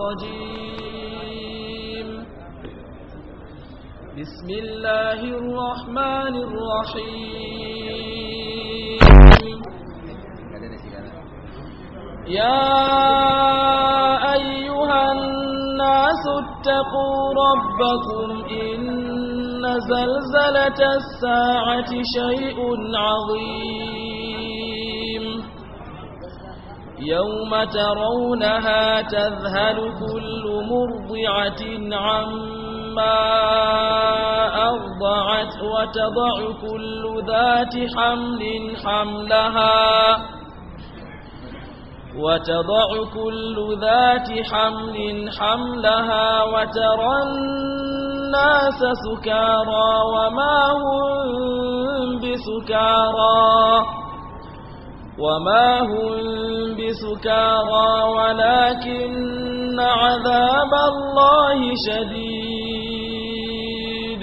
الرجيم بسم الله الرحمن الرحيم يا أيها الناس اتقوا ربكم إن زلزلة الساعة شيء عظيم يوم ترونها تذهل كل مرضعة عما أرضعت وتضع كل ذات حمل حملها وتضع كل ذات حمل حملها وترى الناس سكارى وما هم بسكارى وما هم بسكارى ولكن عذاب الله شديد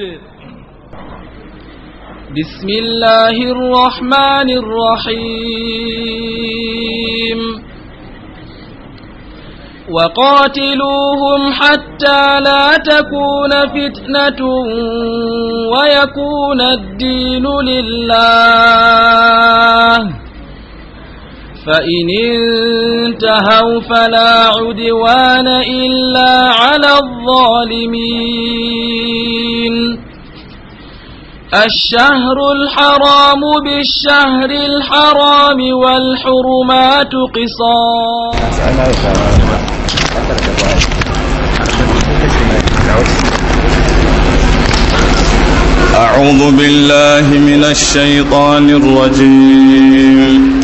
بسم الله الرحمن الرحيم وقاتلوهم حتى لا تكون فتنة ويكون الدين لله فإن انتهوا فلا عدوان إلا على الظالمين الشهر الحرام بالشهر الحرام والحرمات قصاص أعوذ بالله من الشيطان الرجيم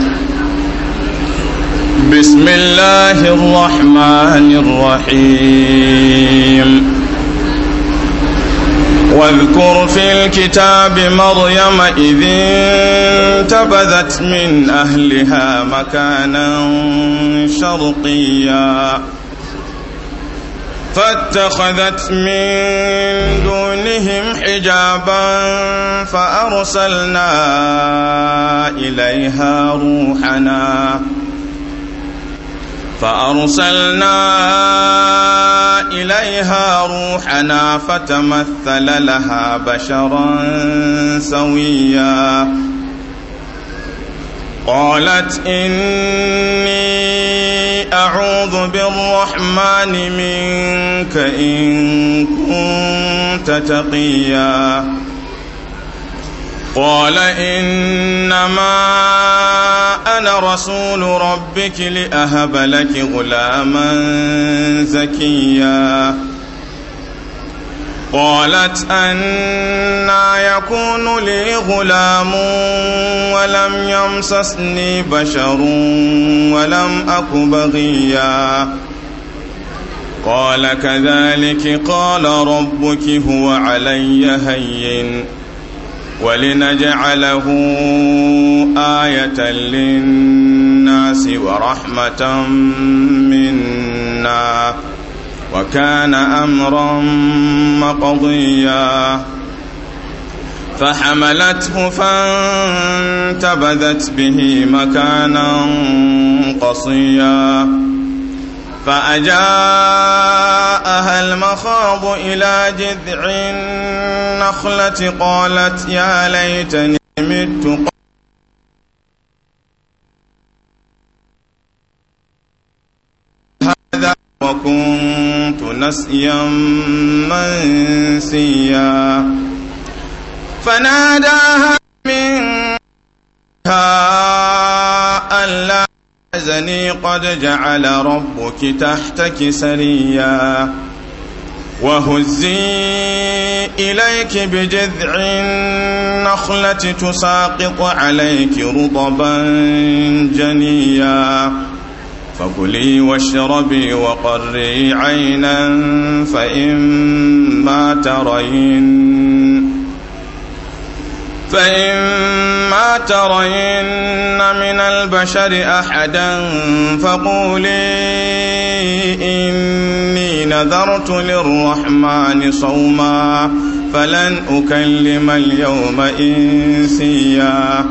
بسم الله الرحمن الرحيم واذكر في الكتاب مريم إذ انتبذت من أهلها مكانا شرقيا فاتخذت من دونهم حجابا فأرسلنا إليها روحنا فأرسلنا إليها روحنا فتمثل لها بشرا سويا قالت إني أعوذ بالرحمن منك إن كنت تقيا قال إنما أنا رسول ربك لأهب لك غلاما زكيا قالت أنا يكون لي غلام ولم يمسسني بشر ولم أك بغيا قال كذلك قال ربك هو علي هين ولنجعله آية للناس ورحمة منا وكان أمرا مقضيا فحملته فانتبذت به مكانا قصيا فأجاءها المخاض إلى جذع النخلة قالت يا ليتني مت هذا وكنت نسيا منسيا فناداها منها ألا تحزني قد جعل ربك تحتك سريا وهزي إليك بجذع النخلة تساقط عليك رطبا جنيا فكلي واشربي وقري عينا فإما ترين فإما ترين من البشر أحدا فقولي إني نذرت للرحمن صوما فلن أكلم اليوم إنسيا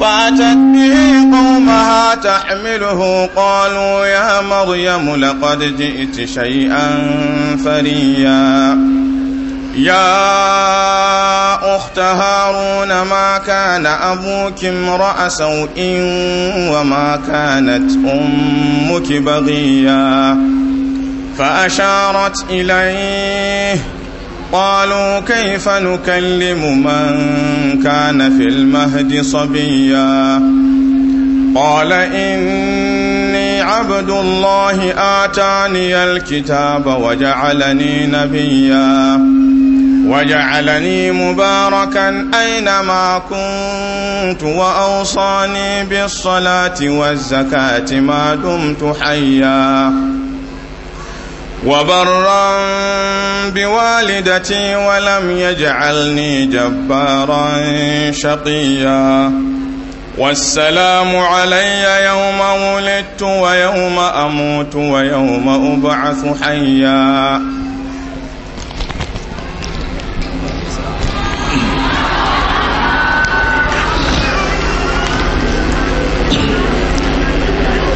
فأتت به قومها تحمله قالوا يا مريم لقد جئت شيئا فريا يا أخت هارون ما كان أبوك امرأ سوء وما كانت أمك بغيا فأشارت إليه قالوا كيف نكلم من كان في المهد صبيا قال إني عبد الله آتاني الكتاب وجعلني نبيا وجعلني مباركا أينما كنت وأوصاني بالصلاة والزكاة ما دمت حيا وبرا بوالدتي ولم يجعلني جبارا شقيا والسلام علي يوم ولدت ويوم أموت ويوم أبعث حيا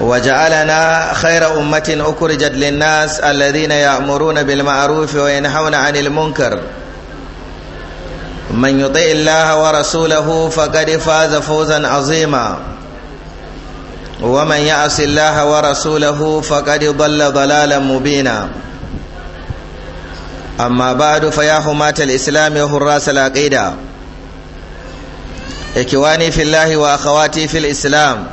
وجعلنا خير أمة أخرجت للناس الذين يأمرون بالمعروف وينهون عن المنكر من يطع الله ورسوله فقد فاز فوزا عظيما ومن يعص الله ورسوله فقد ضل ضلالا مبينا أما بعد فيا حماة الإسلام وحراس العقيدة إخواني في الله وأخواتي في الإسلام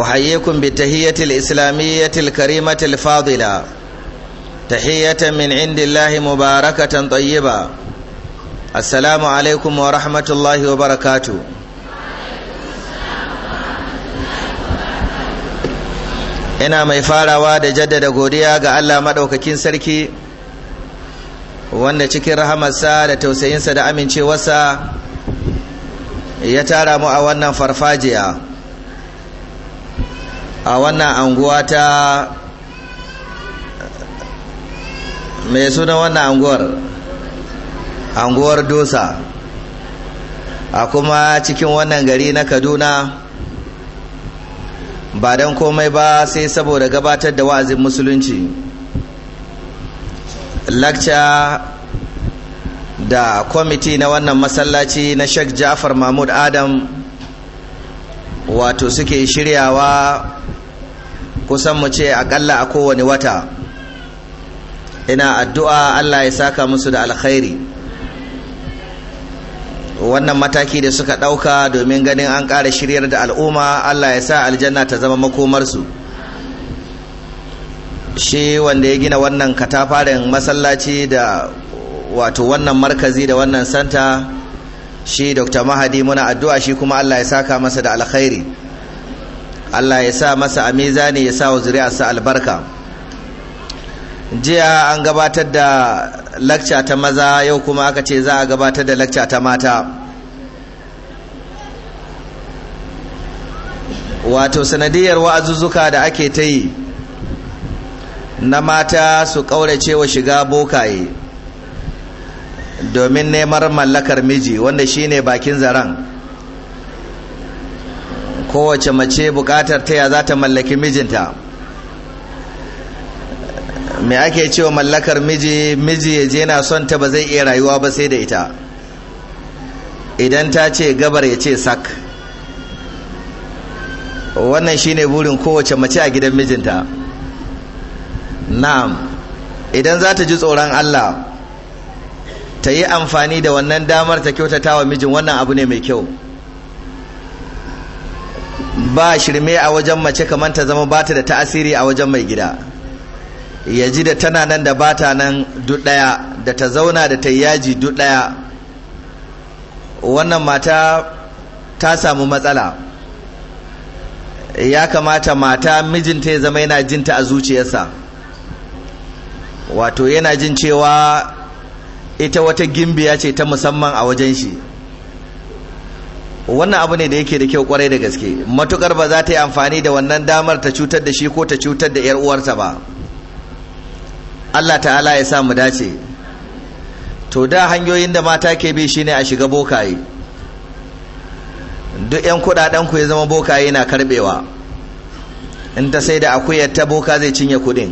أحييكم بالتهية الإسلامية الكريمة الفاضلة تحية من عند الله مباركة طيبة السلام عليكم ورحمة الله وبركاته ina mai farawa da jaddada godiya ga Allah maɗaukakin sarki wanda cikin rahamarsa da tausayinsa da amincewarsa ya tara mu a wannan farfajiya a wannan anguwa ta mai suna wannan anguwar anguwar dosa a kuma cikin wannan gari na kaduna ba don komai ba sai saboda gabatar da wa'azin musulunci lakca da kwamiti na wannan masallaci na sheikh jafar mahmud adam wato suke shiryawa kusan mu ce akalla a kowane wata ina addu'a Allah ya saka musu da alkhairi wannan mataki da suka ɗauka domin ganin an ƙara shiryar da al'umma Allah ya sa aljanna ta zama makomarsu shi wanda ya gina wannan katafaren masallaci da wato wannan markazi da wannan santa shi dr mahadi muna addu'a shi kuma Allah ya saka masa da alkhairi Allah ya sa masa a mizani ya sa wa zuri'arsa albarka jiya an gabatar da lakca ta maza yau kuma aka ce za a gabatar da lakca ta mata wato sanadiyar wa'azuzzuka da ake ta yi na mata su ƙaurace wa shiga bokaye domin neman mallakar miji wanda shine bakin zaren kowace mace bukatar ya za ta mallaki mijinta me ake cewa mallakar miji miji ya je na son ta ba zai iya rayuwa ba sai da ita idan ta ce gabar ya ce sak wannan shine burin kowace mace a gidan mijinta na'am idan za ta ji tsoron Allah ta yi amfani da wannan damar ta kyautata wa mijin wannan abu ne mai kyau ba shirme a wajen mace kamar ta zama bata da ta'asiri a wajen mai gida ya ji da tana nan da bata nan duk ɗaya da ta zauna da ta yaji duk ɗaya wannan mata ta samu matsala ya kamata mata mijinta ya zama yana jinta a zuciyarsa wato yana jin cewa ita wata gimbiya ce ta musamman a wajen shi wannan abu ne da yake da kyau kwarai da gaske matukar ba za ta yi amfani da wannan damar ta cutar da shi ko ta cutar da yar uwarta ba Allah ta'ala ya sa mu dace to da hanyoyin da mata ke bi shine a shiga bokaye duk yan kudaden ku ya zama bokaye na karbewa in ta sai da akuyar ta boka zai cinye kudin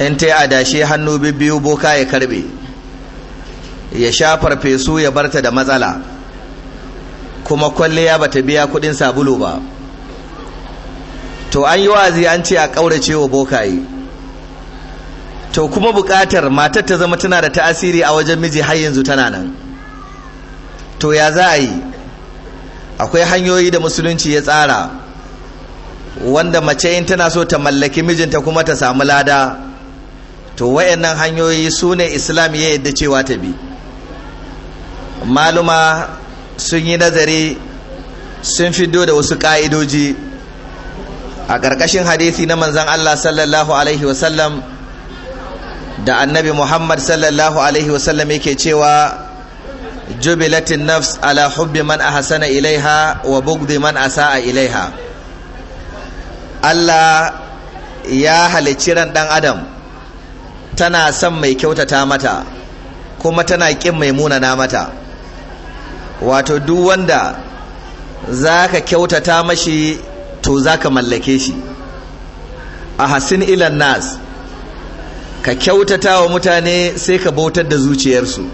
in ta yi adashe hannu biyu-biyu boka ya karbe ya sha farfesu ya barta da matsala kuma kwalliya bata biya kudin sabulu ba to an yi wa'azi an ce a kaurace wa bokaye to kuma bukatar matar ta zama tana da ta'asiri a wajen miji har yanzu tana nan to ya za a yi akwai hanyoyi da musulunci ya tsara wanda mace in tana so ta mallaki mijinta kuma ta samu lada to wayannan hanyoyi su ne islam ya yadda cewa ta bi maluma sun yi nazari sun fido da wasu ƙa'idoji a ƙarƙashin hadisi na manzan Allah sallallahu alaihi wasallam da annabi Muhammad sallallahu alaihi wasallam yake cewa jubilatin nafs ala hubbi man a ahsana ilaiha wa bugdi man a sa'a ilaiha Allah ya halicci ran ɗan adam tana son mai kyautata mata kuma tana ƙin mai na mata wato duk wanda za ka kyautata mashi to za ka mallake shi a hasin ilan nas ka kyautata wa mutane sai ka bautar da zuciyarsu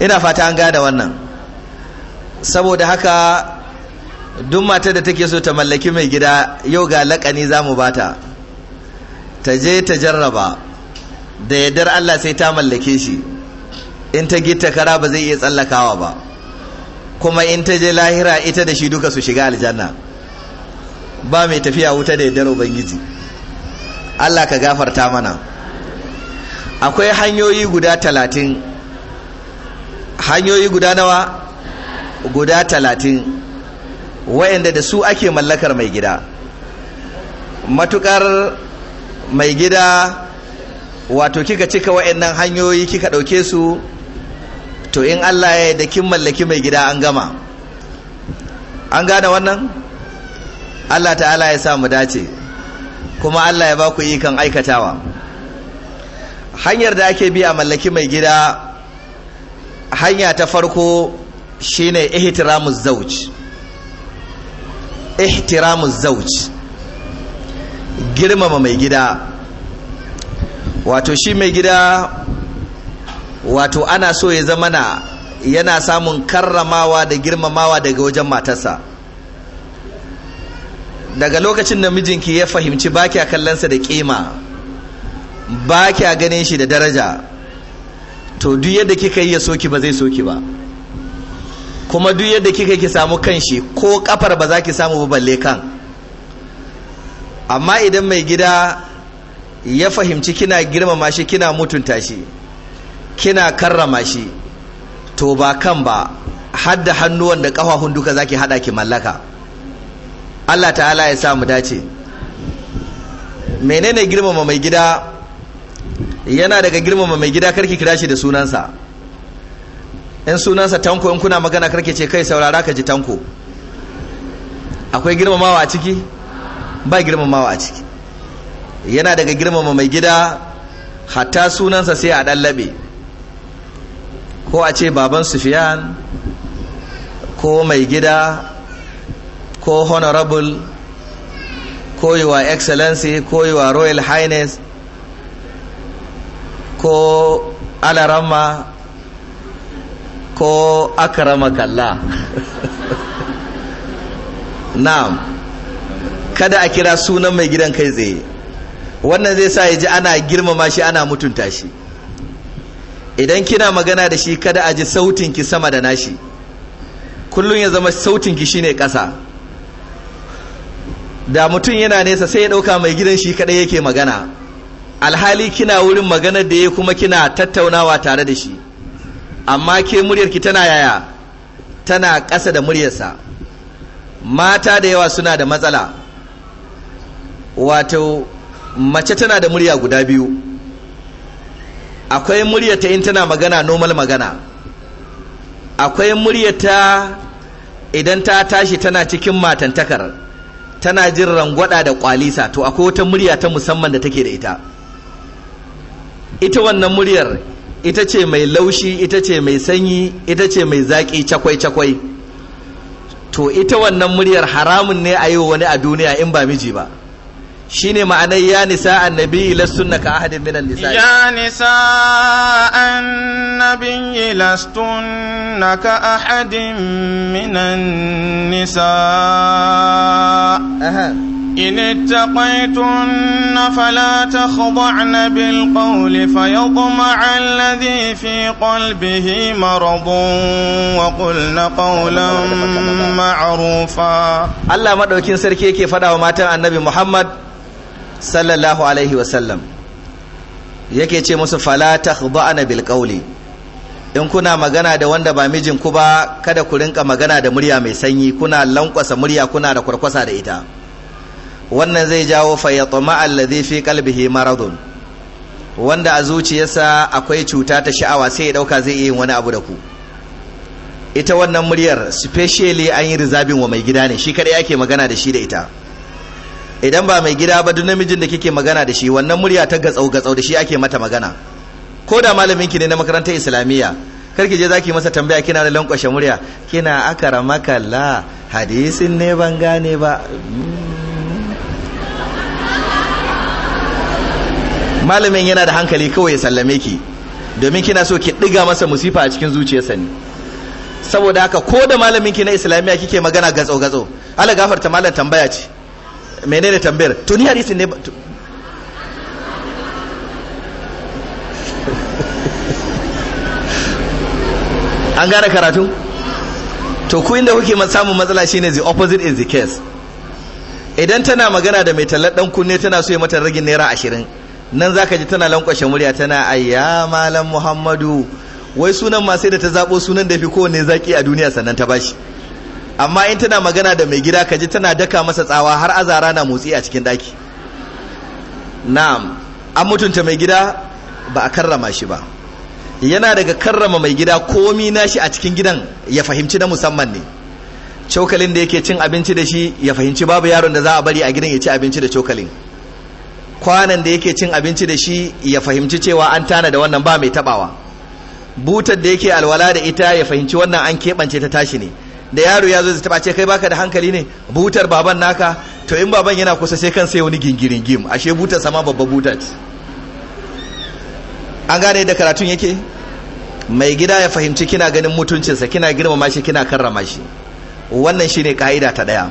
ina fata an gada wannan saboda haka duk matar da take so ta mallaki mai gida yau ga lakani za mu bata ta je ta jarraba da yardar Allah sai ta mallake shi in ta gita kara ba zai iya tsallakawa ba kuma in ta je lahira ita da shi duka su shiga aljanna ba mai tafiya wuta da yaddar ubangiji Allah ka gafarta mana akwai hanyoyi guda talatin hanyoyi guda nawa guda talatin wayanda da su ake mallakar mai gida matukar mai gida wato kika cika wayannan hanyoyi kika ɗauke su to in Allah ya da kin mallaki mai gida an gama an gane wannan Allah ta'ala ya sa mu dace kuma Allah ya ba ku ikon aikatawa hanyar da ake bi a mallaki mai gida hanya ta farko shine ihtiramuz zauj ihtiramuz zauj girmama mai gida wato shi mai gida wato ana so ya zama na yana samun karramawa da girmamawa daga wajen matarsa daga lokacin da mijinki ya fahimci ba kya kallonsa da kima ba kya ganin shi da daraja to duk yadda kika yi ya soki ba zai soki ba kuma duk yadda kika ki samu kanshi ko kafar ba za ki samu ba balle kan amma idan mai gida ya fahimci kina girmama shi kina mutunta shi kina karrama shi to ba kan ba hadda hannuwan da kafafun duka zaki hada ki mallaka Allah ta'ala ya sa mu dace menene girmama mai gida yana daga girmama mai gida karki kira shi da sunansa in sunansa tanko in kuna magana karki ce kai saurara ka ji tanko akwai girmamawa a ciki ba girmamawa a ciki yana daga girmama mai gida hatta sunansa sai a ɗallabe ko a ce baban sufiyan ko mai gida ko honorable ko yiwa excellency ko yiwa royal highness ko alarama ko akarama kalla na'am kada a kira sunan mai gidan kai tsaye wannan zai sa ya ji ana girmama shi ana mutunta shi idan kina magana da shi kada a ji sautin ki sama da nashi kullum ya zama sautin sautinki shine ƙasa da mutum yana nesa sai ya ɗauka mai gidan shi kaɗai yake magana alhali kina wurin maganar da ya kuma kina tattaunawa tare da shi amma ke muryarki tana yaya tana ƙasa da muryarsa mata da yawa suna da matsala wato mace tana da murya guda biyu akwai muryata in tana magana normal magana akwai muryata idan ta tashi tana cikin matantakar tana jin rangwada da kwalisa to akwai wata murya ta musamman da take da ita ita wannan muryar ita ce mai laushi ita ce mai sanyi ita ce mai zaƙi cakwai-cakwai to ita wannan muryar haramun ne a yi wani a duniya in ba miji ba shine ma'anai ya nisa annabi lastunna ka ahadin minan nisa ya nisa annabi lastunna ka ahadin minan nisa aha إن اتقيتن فلا تخضعن بالقول فيطمع الذي في قلبه مرض وقلن قولا معروفا الله ما دوكين سركي كيف دعو ماتن النبي محمد sallallahu alaihi wasallam yake ce musu fala ba'ana bil qawli in kuna magana da wanda ba mijinku ba kada ku rinka magana da murya mai sanyi kuna lankwasa murya kuna da kwarkwasa da ita wannan zai jawo fayyatoma yatma zai fi kalbihi maradun wanda a zuciyarsa akwai cuta ta sha'awa sai ya ɗauka zai iya wani abu da ku ita wannan muryar specially an yi rizabin wa mai gida ne shi kadai ake magana da shi da ita idan ba mai gida ba duk namijin da kike magana da shi wannan murya ta gatsau gatsau da shi ake mata magana ko da malamin ki ne na makarantar islamiyya kar ki je zaki masa tambaya kina da lankwashe murya kina akara la hadisin ne ban gane ba malamin yana da hankali kawai ya sallame ki domin kina so ki ɗiga masa musifa a cikin zuciyarsa ne saboda haka ko da malamin ki na islamiyya kike magana gatso gatso ala gafarta malam tambaya ce menene tambayar to ni hadisin ne an gane karatu to ku inda kuke samun matsala shine the opposite is the case idan tana magana da mai talla ɗan kunne tana so ya mata ragin naira ashirin nan zaka ji tana lankwashe murya tana ayya malam muhammadu wai sunan masu da ta zabo sunan da fi kowane zaki a duniya sannan ta bashi amma in tana magana da mai gida kaji tana daka masa tsawa har azara na motsi a cikin daki na'am an mutunta mai gida ba a karrama shi ba yana daga karrama mai gida komi nashi a cikin gidan ya fahimci na musamman ne cokalin da yake cin abinci da shi ya fahimci babu yaron da za a bari a gidan ya ci abinci da cokalin kwanan da yake cin abinci da shi ya fahimci cewa an tana da wannan ba mai tabawa butar da yake alwala da ita ya fahimci wannan an keɓance ta tashi ne da yaro ya zo zai taba ce kai baka da hankali ne butar baban naka to in baban yana kusa sai kan sai wani gingirin gim ashe butar sama babba butar an gane da karatun yake mai gida ya fahimci kina ganin mutuncinsa kina girmama shi kina karrama shi wannan shine ka'ida ta daya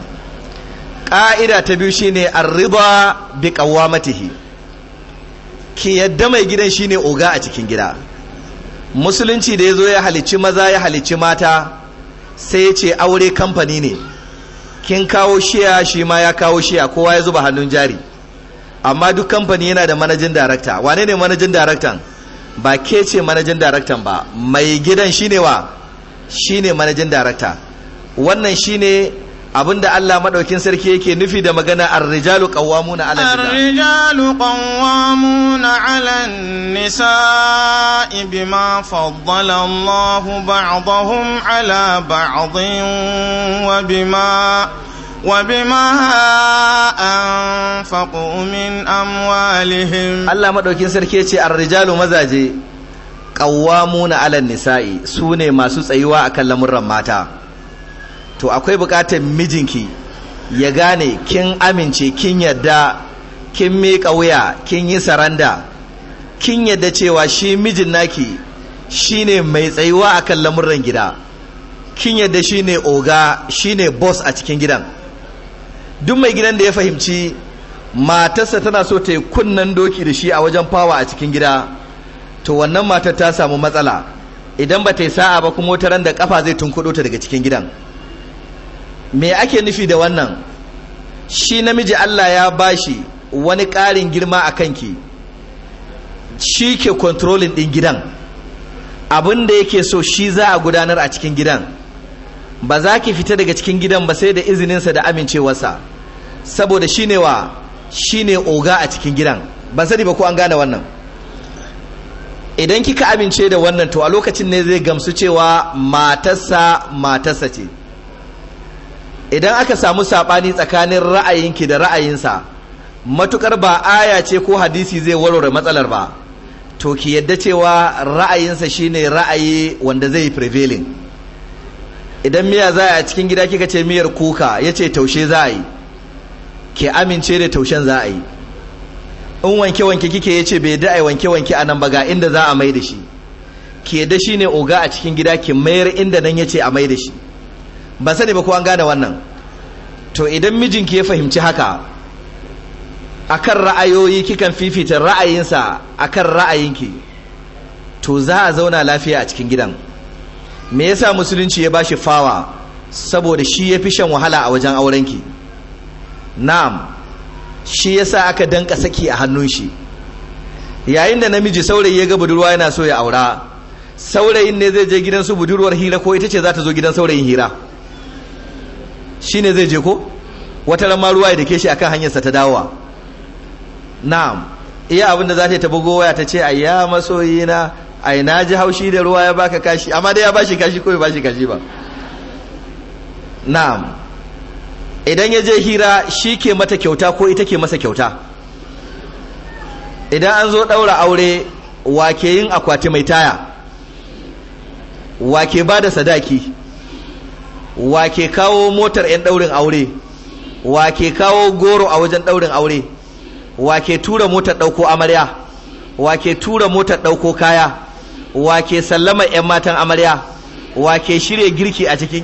ka'ida ta biyu shine arriba bi qawamatihi ki yadda mai gidan shine oga a cikin gida musulunci da yazo ya halicci maza ya halicci mata sai ya ce aure kamfani ne kin kawo shiya shi ma ya kawo shiya kowa ya zuba hannun jari amma duk kamfani yana da manajin darakta wane ne manajin daraktan ba ke ce manajin daraktan ba mai gidan shine wa shine manajin darakta wannan shine abinda Allah madaukin sarki yake nufi da magana ar-rijalu qawwamuna 'ala an-nisa ar-rijalu qawwamuna 'ala an-nisa'i bima faddala Allahu ba'dahum 'ala ba'din wa bima وبما أنفقوا من أموالهم الله مدوكين سركي ce الرجال مزاجي قوامون على النساء سune masu tsayuwa akan lamurran mata to akwai bukatar mijinki ya gane kin amince kin yadda kin mika wuya kin yi saranda kin yadda cewa shi mijin naki shine mai tsayuwa akan lamurran gida kin yadda shine oga shine boss a cikin gidan duk mai gidan da ya fahimci matarsa tana so ta yi kunnen doki da shi a wajen fawa a cikin gida to wannan matar ta samu matsala idan ba ta yi sa'a ba kuma wata ran da kafa zai tunkuɗo ta daga cikin gidan me ake nufi da wannan shi namiji Allah ya bashi wani ƙarin girma a kanki shi ke kontrolin ɗin gidan abin da yake so shi za a gudanar a cikin gidan ba za ki fita daga cikin gidan ba sai da izininsa da amincewarsa saboda shi ne wa shi ne oga a cikin gidan ban sani ba ko an gane wannan idan kika amince da wannan to a lokacin ne zai gamsu cewa matarsa matarsa ce idan aka samu saɓani tsakanin ra'ayinki da ra'ayinsa matukar ba aya ce ko hadisi zai warware matsalar ba to ki yadda cewa ra'ayinsa shine ra'ayi wanda zai prevailing idan miya za a cikin gida kika ce miyar kuka ya ce taushe za a yi ke amince da taushen za a yi in wanke-wanke kike ya ce bai da'ai wanke-wanke a nan ba ga inda za a mai da shi ke da shi ne oga a cikin gida ke mayar inda nan ya ce a mai da shi ba sani ba ko an gane wannan to idan mijinki ya fahimci haka akan ra'ayoyi kikan fifita ra'ayinsa akan ra'ayinki to za a zauna lafiya a cikin gidan me yasa musulunci ya bashi fawa saboda shi ya fi shan wahala a wajen aurenki na'am shi yasa aka danka saki a hannun shi yayin da namiji saurayi ya ga budurwa yana so ya aura saurayin ne zai je gidan su budurwar hira ko ita ce za ta zo gidan saurayin hira Shi ne zai je ko wata ran ma ruwa ya dake shi akan hanyarsa ta dawowa na'am iya abin da za ta bugo goya ta ce ayya masoyina ai na ji haushi da ruwa ya baka kashi amma dai ya bashi kashi ko ya bashi kashi ba na'am idan ya je hira shi ke mata kyauta ko ita ke masa kyauta idan an zo ɗaura aure wake yin akwati mai taya wake ba da sadaki wa ke kawo motar 'yan ɗaurin aure wa ke kawo goro a wajen ɗaurin aure wa ke tura motar ɗauko amarya wa ke tura motar ɗauko kaya wa ke sallama 'yan matan amarya wa ke shirya girki a cikin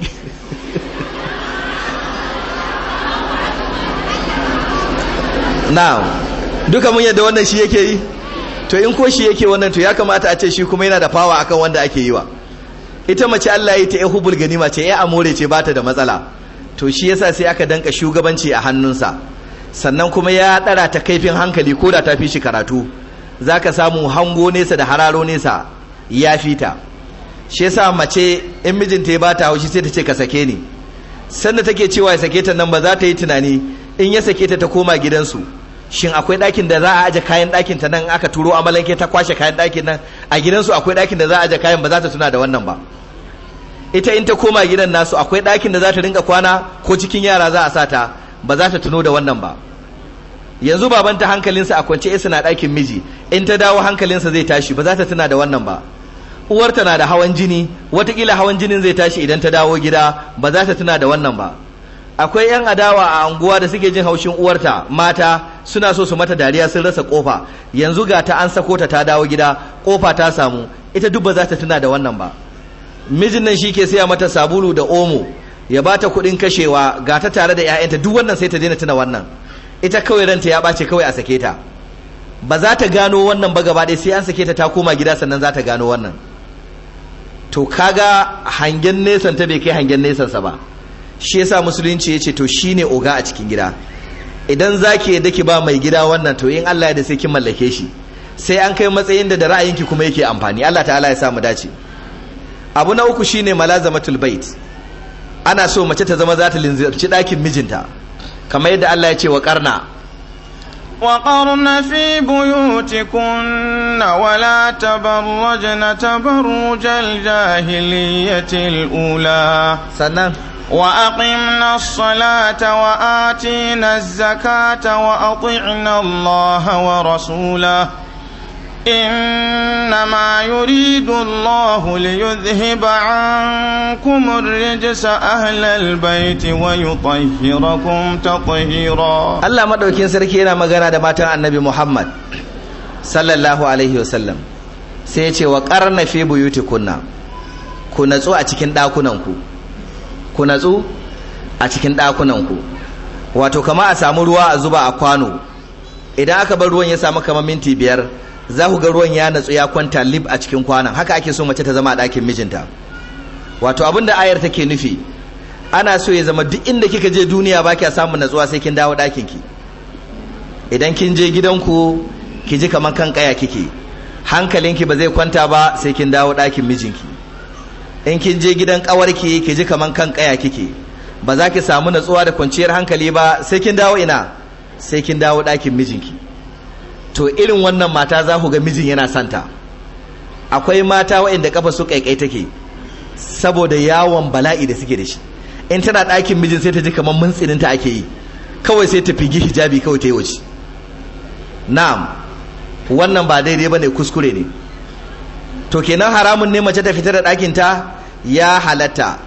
now duka mun yadda wannan shi yake yi to in ko shi yake wannan to ya kamata a ce shi kuma yana da fawa akan wanda ake yi wa ita mace Allah ya ta ya hubul ganima ce ya amore ce bata da matsala to shi yasa sai aka danka shugabanci a hannunsa sannan kuma ya dara ta kaifin hankali ko da ta fi shi karatu zaka samu hango nesa da hararo nesa ya fita shi yasa mace in mijinta ya bata haushi sai ta ce ka sake ni sanda take cewa ya sake ta nan ba za ta yi tunani in ya sake ta ta koma gidansu shin akwai ɗakin da za a aje kayan ɗakin ta nan aka turo amalanke ta kwashe kayan ɗakin nan a gidansu akwai ɗakin da za a aje kayan ba za ta tuna da wannan ba ita in ta koma gidan nasu akwai ɗakin da za ta rinka kwana ko cikin yara za a sata ba za ta tuno da wannan ba yanzu babanta hankalinsa a kwance isa na ɗakin miji in ta dawo hankalinsa zai tashi ba za ta tuna da wannan ba uwarta na da hawan jini watakila hawan jinin zai tashi idan ta dawo gida ba za ta tuna da wannan ba akwai yan adawa a anguwa da suke jin haushin uwarta mata suna so su mata dariya sun rasa kofa yanzu ga ta an sako ta ta dawo gida kofa ta samu ita duk ba za ta tuna da wannan ba mijin nan shi ke siya mata sabulu da omo ya bata kuɗin kashewa ga ta tare da 'ya'yanta duk wannan sai ta daina tuna wannan ita kawai ranta ya ɓace kawai a sake ta ba za ta gano wannan ba gaba ɗaya sai an sake ta ta koma gida sannan za ta gano wannan to kaga hangen nesan ta bai kai hangen nesan sa ba shi yasa musulunci ya ce to shine oga a cikin gida idan zaki yadda ki ba mai gida wannan to in Allah ya da sai kin mallake shi sai an kai matsayin da da ra'ayinki kuma yake amfani Allah ta'ala ya sa mu dace abu na uku shine malazamatul bait ana so mace ta zama za ta linzarci ɗakin mijinta kamar yadda Allah ya ce wa karna وقرن في بيوتكن ولا تبرجن تبرج الجاهلية الأولى سنة وأقمنا الصلاة وآتينا الزكاة وأطعنا الله ورسوله إنما يريد الله ليذهب عنكم الرجس أهل البيت ويطهركم تطهيرا الله ما دوكين سركينا مغانا دماتا النبي محمد صلى الله عليه وسلم سيتي وقرن في بيوتكنا كنا أتكين داكننكو كنتو أتكين داكننكو wato kama a samu واتو كما أسامروا أزوبا أقوانو idan aka bar ruwan ya samu kamar minti biyar za ku ga ruwan ya natsu ya kwanta lib a cikin kwanan haka ake so mace ta zama a ɗakin mijinta wato abin da ayar take nufi ana so ya zama duk inda kika je duniya ba kya samun natsuwa sai kin dawo ɗakin ki idan kin je gidanku ki ji kamar kan kaya kike hankalinki ba zai kwanta ba sai kin dawo ɗakin mijinki in kin je gidan ƙawarki ki ji kamar kan kaya kike ba za ki samu natsuwa da kwanciyar hankali ba sai kin dawo ina sai kin dawo ɗakin mijinki to irin wannan mata za ku ga mijin yana santa akwai mata waɗanda kafa su kaikai take saboda yawon bala'i da suke da shi in tana ɗakin mijin sai ta ji kamar mun ake yi kawai sai ta figi hijabi kawai ta yi waje na'am wannan ba daidai ne kuskure ne to kenan haramun ne mace ta fita da ɗakin ta ya halatta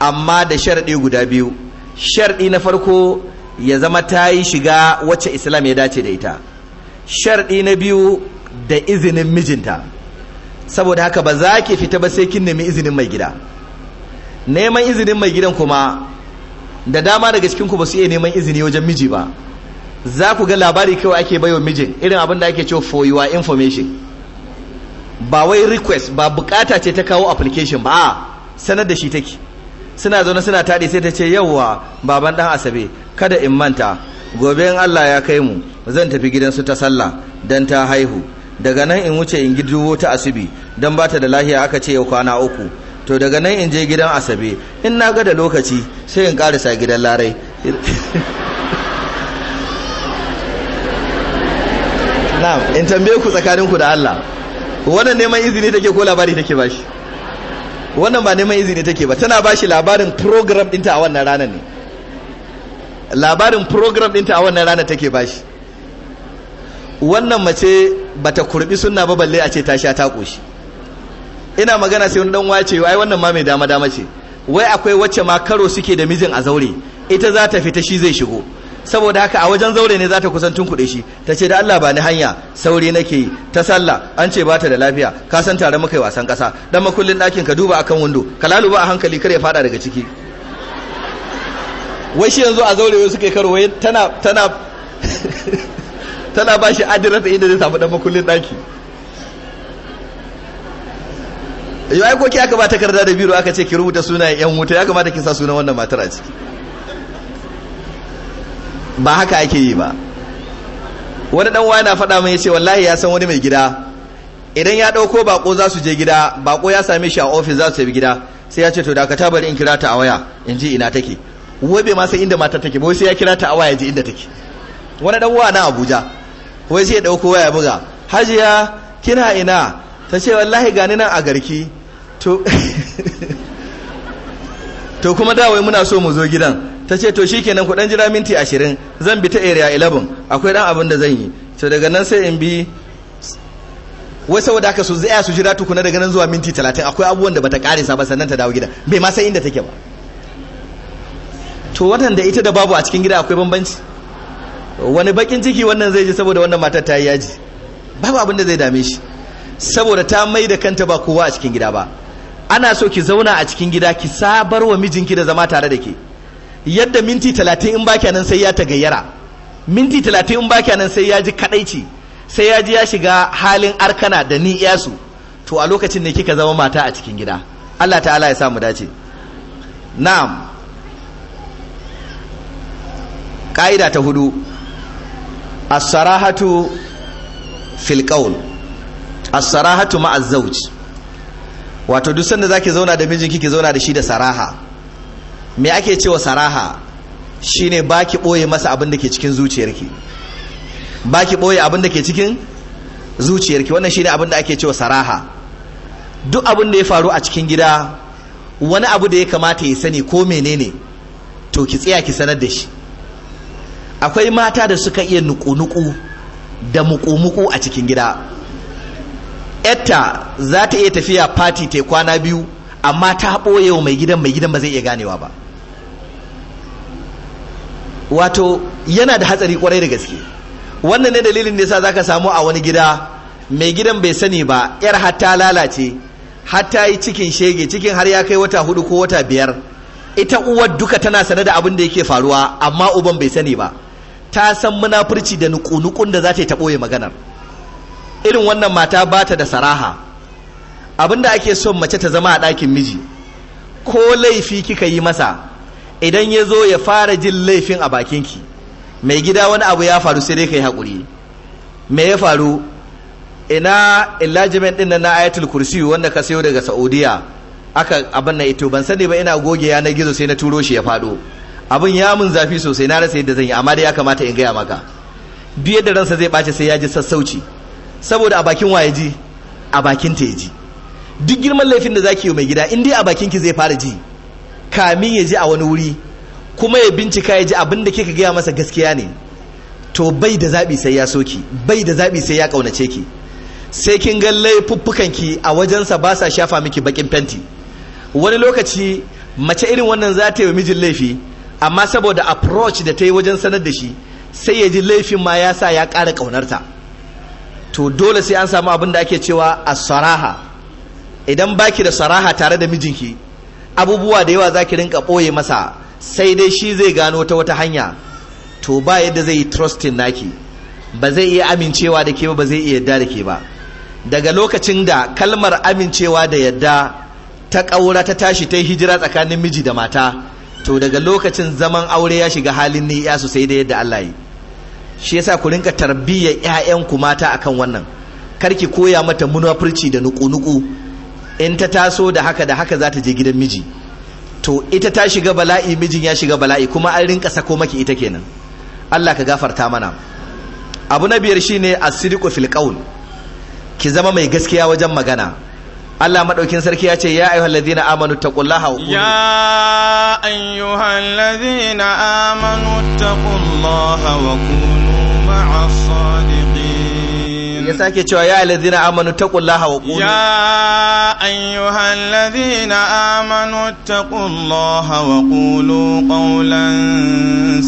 amma da sharɗi guda biyu sharɗi na farko ya zama ta yi shiga wacce islam ya dace da ita sharɗi na biyu da izinin mijinta saboda haka ba za ki fita ba sai kin nemi izinin mai gida neman izinin mai gidan kuma da dama daga cikin ku ba su iya neman izini wajen miji ba za ku ga labari kawai ake baiwa mijin irin abin da ake cewa for your information ba wai request ba bukata ce ta kawo application ba a sanar da shi take suna zaune suna taɗi sai ta ce yawwa baban ɗan asabe kada in manta gobe in Allah ya kai mu zan tafi gidansu ta sallah dan ta haihu daga nan in wuce in giduwo ta asibi dan bata da lahiya aka ce yau kwana uku to daga nan in je gidan asabe in na ga da lokaci sai in karisa gidan larai na'am in tambaye ku tsakanin ku da Allah wannan neman izini take ko labari take bashi wannan ba neman izini take ba tana bashi labarin program dinta a wannan ranar ne labarin program dinta a wannan ranar take bashi wannan mace bata kurbi sunna ba balle a ce ta sha ta koshi ina magana sai wani dan wace ai wannan ma mai dama dama ce wai akwai wacce ma karo suke da mijin a zaure ita za ta fita shi zai shigo saboda haka a wajen zaure ne za ta kusan tun kuɗe shi ta ce da Allah ba ni hanya sauri nake yi ta sallah an ce ba ta da lafiya ka san tare muka wasan ƙasa dan makullin ɗakin ka duba akan wando ka laluba a hankali kar ya fada daga ciki wai shi yanzu a zaure wai suke karo wai tana tana tana ba shi ta inda zai samu dan makullin daki yau ai koki aka ba takarda da biro aka ce ki rubuta sunayen yan wuta ya kamata kin sa sunan wannan matar a ciki ba haka ake yi ba wani dan waya na faɗa min ce wallahi ya san wani mai gida idan ya ɗauko bako za su je gida bako ya same shi a ofis za su tafi gida sai ya ce to dakata bari in kira ta a waya in ji ina take wai bai ma san inda matar take ba sai ya kira ta a waya ji inda take wani dan waya na Abuja wai sai ya dauko waya buga hajiya kina ina ta ce wallahi gani nan a garki to to kuma da wai muna so mu zo gidan ta ce to shikenan ku dan jira minti 20 zan bi ta area 11 akwai dan abin da zan yi to daga nan sai in bi wai saboda haka su zai su jira tukuna daga nan zuwa minti 30 akwai abubuwan da bata sa ba sannan ta dawo gida bai ma san inda take ba to wadanda da ita da babu a cikin gida akwai bambanci wani bakin ciki wannan zai ji saboda wannan matar ta yi yaji babu abin da zai dame shi saboda ta mai da kanta ba kowa a cikin gida ba ana so ki zauna a cikin gida ki sabar wa mijinki da zama tare da ke yadda minti talatin in baki nan sai ya ta gayyara minti talatin in baki nan sai ya ji kadaici sai ya ji ya shiga halin arkana da ni iyasu to a lokacin ne kika zama mata a cikin gida Allah ta'ala ya samu dace na'am ka'ida ta hudu asarahatu sarahatu fil qawl sarahatu ma'a wato duk sanda zaki zauna da mijinki ki zauna da shi da saraha me ake cewa saraha shine baki boye masa abin da ke cikin zuciyarki baki boye abin da ke cikin zuciyarki wannan shine abin da ake cewa saraha duk abin da ya faru a cikin gida wani abu da ya kamata ya sani ko menene to ki tsaya ki sanar da shi akwai mata da suka iya nukunuku da muku a cikin gida yatta za ta iya tafiya fati ta kwana biyu amma ta ɓoye wa mai gidan mai gidan ba zai iya ganewa ba wato yana da hatsari kwarai da gaske wannan ne dalilin da yasa ka samu a wani gida mai gidan bai sani ba yar hatta lalace hatta yi cikin shege cikin har ya kai wata hudu ko wata biyar ita uwar duka tana sane da abin da yake faruwa amma uban bai sani ba ta san munafurci da nukunukun da za ta yi ta ɓoye maganar irin wannan mata ba ta da saraha abinda ake son mace ta zama a ɗakin miji ko laifi kika yi masa idan ya zo ya fara jin laifin a bakinki mai gida wani abu ya faru sai dai ka yi haƙuri me ya faru ina illajimen ɗin na ayatul kursi wanda ka sayo daga saudiya aka abin na ito ban sani ba ina goge yanar gizo sai na turo shi ya faɗo abin ya mun zafi sosai na rasa yadda zan yi amma dai ya kamata in gaya maka duk yadda ransa zai ɓace sai ya ji sassauci saboda a bakin waye ji a bakin ta ji duk girman laifin da zaki yi mai gida in dai a bakin ki zai fara ji kamin ya ji a wani wuri kuma ya bincika ya ji abin da kika gaya masa gaskiya ne to bai da zabi sai ya soki bai da zabi sai ya kaunace ki sai kin ga laifuffukan ki a wajensa ba sa shafa miki bakin fenti wani lokaci mace irin wannan za ta yi wa mijin laifi amma saboda approach da ta yi wajen sanar da shi sai ya ji laifin ma ya sa ya ƙara ƙaunarta to dole sai an samu abin da ake cewa a saraha idan baki da saraha tare da mijinki abubuwa da yawa za ki rinka ɓoye masa sai dai shi zai gano ta wata hanya to ba yadda zai yi trusting naki ba zai iya amincewa da ke ba ba zai iya yadda da ke ba daga lokacin da kalmar amincewa da yadda ta ƙaura ta tashi ta yi hijira tsakanin miji da mata to daga lokacin zaman aure ya shiga halin ni ya sosai da yadda Allah yi shi yasa ku rinka tarbiyyar ƴaƴanku mata akan wannan kar ki koya mata munafurci da nuku-nuku in ta taso da haka da haka za ta je gidan miji to ita ta shiga bala'i mijin ya shiga bala'i kuma an rinka sako maki ita kenan Allah ka gafarta mana abu na biyar shine as-sidqu fil qawl ki zama mai gaskiya wajen magana Allah madaukin sarki ya ce ya ayyuhal ladina amanu taqullaha ya ayyuhal ladina amanu taqullaha wa kunu ma'as sadiqin ya sake cewa ya alladhina amanu taqullaha wa kunu ya ayyuhal ladina amanu taqullaha wa qulu qawlan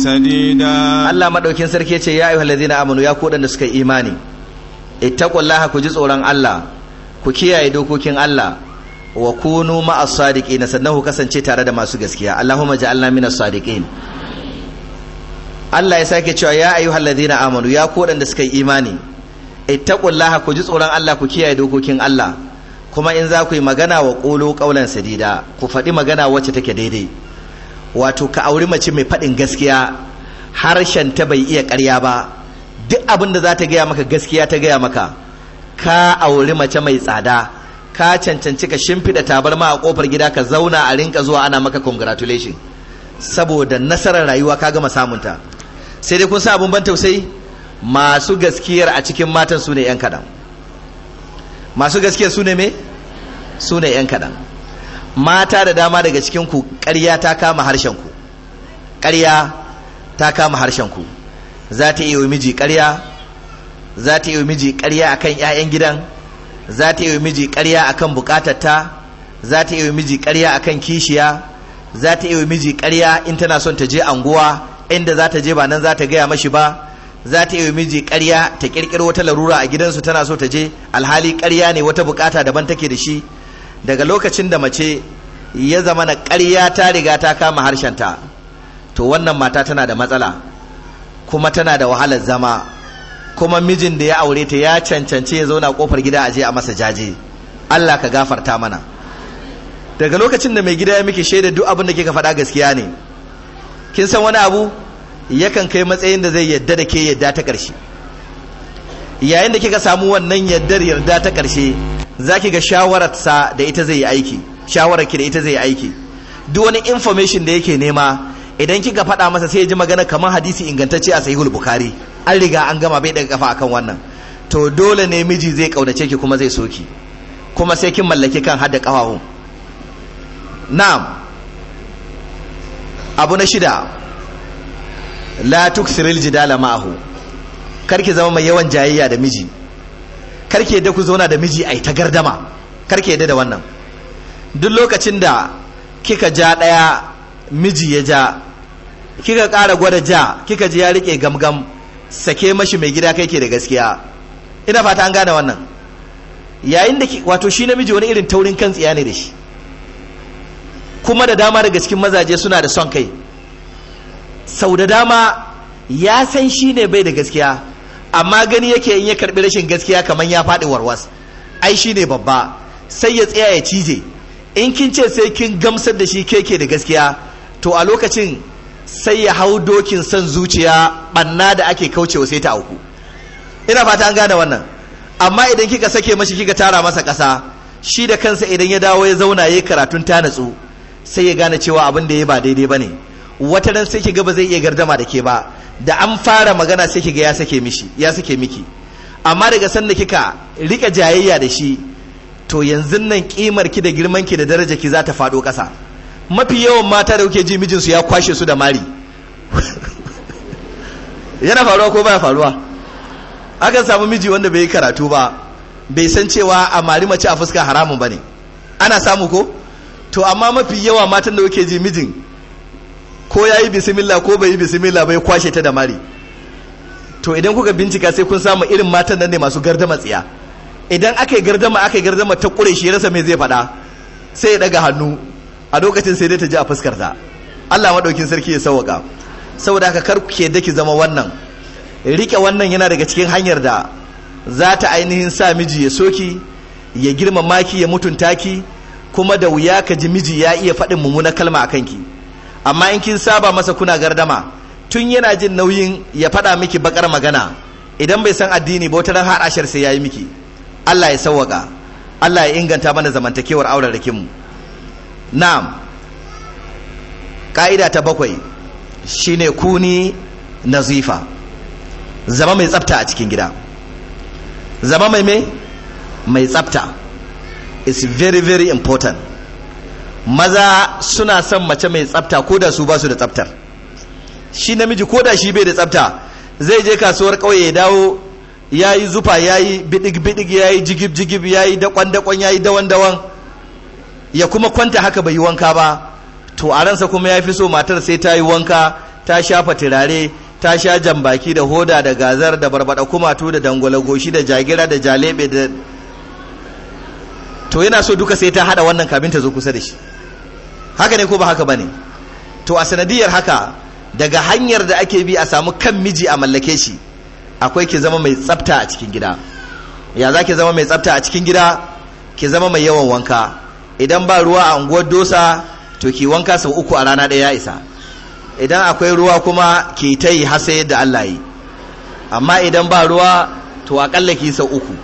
sadida Allah madaukin sarki ya ce ya ayyuhal ladina amanu ya ku da suka imani ittaqullaha ku ji tsoron Allah ku kiyaye dokokin Allah wa kunu ma'as sadiqin sannan ku kasance tare da masu gaskiya Allahumma ja'alna minas sadiqin Allah ya sake cewa ya ayyuhal ladina amanu ya ku wadanda suka yi imani ittaqullaha ku ji tsoron Allah ku kiyaye dokokin Allah kuma in za ku yi magana wa qulu qawlan sadida ku faɗi magana wacce take daidai wato ka auri mace mai faɗin gaskiya harshen ta bai iya ƙarya ba duk abin da za ta gaya maka gaskiya ta gaya maka ka auri mace mai tsada ka cancanci ka shimfiɗa tabarma a kofar gida ka zauna a rinka zuwa ana maka congratulation saboda nasarar rayuwa ka gama samunta sai dai kun sa abun ban tausayi masu gaskiyar a cikin matan su ne yan kaɗan masu gaskiyar su me su yan kadan mata da dama daga cikin ku ƙarya ta kama harshen ku ƙarya ta kama harshen ku za ta iya miji ƙarya za ta yi miji ƙarya akan 'ya'yan gidan za ta yi miji ƙarya akan buƙatarta za ta yi miji ƙarya akan kishiya za ta yi miji ƙarya in tana son ta je anguwa inda za ta je ba nan za ta gaya mashi ba za ta yi miji karya ta ƙirƙiro wata larura a gidansu tana so ta je alhali karya ne wata bukata daban take da shi daga lokacin da mace ya zama na ƙarya ta riga ta kama harshenta to wannan mata tana da matsala kuma tana da wahalar zama kuma mijin da ya aure ta ya cancanci ya zauna kofar gida a je a masa jaje Allah ka gafarta mana daga lokacin da mai gida ya miki shaida duk abin da kika faɗa gaskiya ne kin san wani abu yakan kai matsayin da zai yadda da ke yadda ta ƙarshe yayin da kika samu wannan yaddar yarda ta ƙarshe za ki ga shawararsa da ita zai yi aiki shawarar da ita zai yi aiki duk wani information da yake nema idan kika faɗa masa sai ya ji magana kamar hadisi ingantacce a sahihul bukhari an riga an gama bai daga kafa akan wannan to dole ne miji zai kaunace ki kuma zai so ki kuma sai kin mallaki kan hada kafafun na'am abu na shida la tuksiril jidala ma'ahu ki zama mai yawan jayayya da miji Kar ki yadda ku zauna da miji ai ta gardama Kar ki yadda da wannan duk lokacin da kika ja daya miji ya ja kika ƙara gwada ja kika ji ya rike gamgam sake mashi mai gida kai ke da gaskiya ina fata an gane wannan yayin da wato shi namiji wani irin taurin kan tsiya ne da shi kuma da dama daga cikin mazaje suna da son kai sau da dama ya san shi ne bai da gaskiya amma gani yake in ya karbi rashin gaskiya kamar ya faɗi warwas ai shi ne babba sai ya tsaya ya cije in kin ce sai kin gamsar da shi keke da gaskiya to a lokacin sai ya hau dokin son zuciya banna da ake kauce kaucewa sai ta auku ina fata an gane wannan amma idan kika sake mashi kika tara masa ƙasa shi da kansa idan ya dawo ya zauna ya yi karatun ta natsu sai ya gane cewa abin da ya ba daidai ba ne wata ran sai kiga ba zai iya gardama da ke ba da an fara magana sai kiga ya sake mishi ya sake miki amma daga sanda kika rika jayayya da shi to yanzu nan kimar ki da girman ki da daraja ki za ta faɗo ƙasa mafi yawan mata da kuke ji mijinsu ya kwashe su da mari yana faruwa ko baya faruwa akan samu miji wanda bai yi karatu ba bai san cewa a mari mace a fuska haramun ba ne ana samu ko to amma mafi yawa matan da kuke ji mijin ko ya yi bisimila ko bai yi bisimila bai kwashe ta da mari to idan kuka bincika sai kun samu irin matan nan ne masu gardama tsiya idan aka yi gardama aka yi gardama ta kure shi rasa mai zai faɗa sai ya daga hannu a lokacin sai dai ta ji a fuskar ta Allah madaukin sarki ya sauka saboda haka kar ke daki zama wannan rike wannan yana daga cikin hanyar da za ta ainihin sa miji ya soki ya girmama ki ya mutunta ki kuma da wuya ka ji miji ya iya faɗin mummunar kalma a ki. amma in kin saba masa kuna gardama tun yana jin nauyin ya faɗa miki bakar magana idan bai san addini ba wata ran har ashar sai yayi miki Allah ya sauwaka Allah ya inganta mana zamantakewar auren mu na'am ka'ida ta bakwai shine kuni nazifa zama mai tsafta a cikin gida zama mai mai mai tsafta is very very important maza suna son mace mai tsafta ko da su ba su da tsaftar shi namiji ko da shi bai da tsafta zai je kasuwar ƙauye ya dawo ya yi zufa ya yi bidig bidig ya yi jigib jigib ya yi dakon dakon ya yi dawan dawan ya kuma kwanta haka bai yi wanka ba to a ransa kuma ya fi so matar sai ta yi wanka ta shafa turare ta sha jambaki da hoda da gazar da barbada kumatu da dangwala goshi da jagira da jalebe da to yana so duka sai ta hada wannan kamin ta zo kusa da shi haka ne ko ba haka bane to a sanadiyar haka daga hanyar da ake bi a samu kan miji a mallake shi akwai ki zama mai tsafta a cikin gida ya za ki zama mai tsafta a cikin gida ki zama mai yawan wanka idan ba ruwa a unguwar dosa to ki wanka sau uku a rana ɗaya ya isa idan akwai ruwa kuma ki ta yi har yadda Allah yi amma idan ba ruwa to aƙalla ki sau uku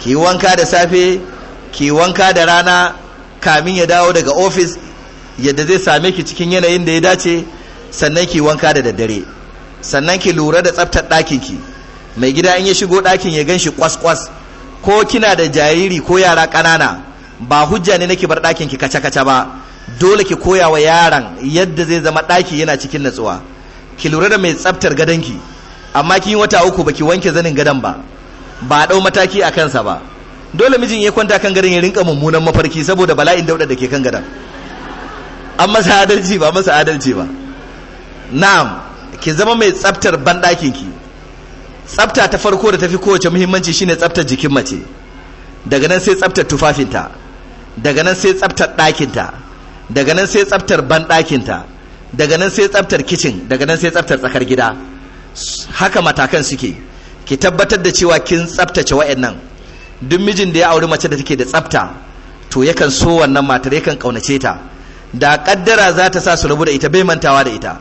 ki wanka da safe ki wanka da rana kamin ya dawo daga ofis yadda zai same ki cikin yanayin da ya dace sannan ki wanka da daddare sannan ki lura da tsaftar ɗakin ki mai gida in ya shigo ɗakin ya gan shi kwas-kwas ko kina da jariri ko yara ƙanana ba hujja ne nake bar ɗakin ki kaca kaca ba dole ki koya wa yaran yadda zai zama ɗaki yana cikin natsuwa ki lura da mai tsaftar ki amma kin wata uku baki wanke zanin gadon ba ba ɗau mataki a kansa ba dole mijin ya kwanta kan gadon ya rinka mummunan mafarki saboda bala'in dauɗa da ke kan gadon an masa adalci ba masa adalci ba na'am ki zama mai tsaftar banɗakin ki tsafta ta farko da tafi kowace muhimmanci shine tsaftar jikin mace daga nan sai tsaftar tufafinta daga nan sai tsaftar ɗakinta daga nan sai tsaftar ban banɗakinta daga nan sai tsaftar kicin daga nan sai tsaftar tsakar gida haka matakan suke ki tabbatar da cewa kin tsaftace wa'annan duk mijin da ya auri mace da take da tsafta to yakan so wannan matar yakan kaunace ta da kaddara za ta sa su rabu da ita bai mantawa da ita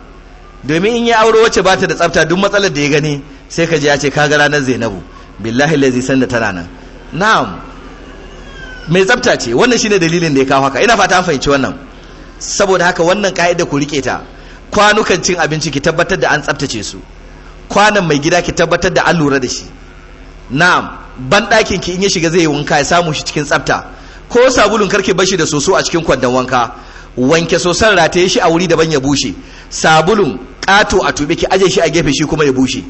domin in ya auro wacce ba ta da tsafta duk matsalar da ya gani sai ka ji ya ce ka ga ranar zainabu billahi lazi san da tana nan na'am mai tsafta ce wannan shine dalilin da ya kawo haka ina fata an fahimci wannan saboda haka wannan ka'ida ku rike ta kwanukan cin abinci ki tabbatar da an tsaftace su kwanan mai gida ki tabbatar da an lura da shi na'am ban ɗakin ki in ya shiga zai wanka ya samu shi cikin tsafta ko sabulun ki bashi da soso a cikin kwandon wanka wanke sosan rataye shi a wuri daban ya bushe sabulun ƙato a tube ki aje shi a gefe shi kuma ya bushe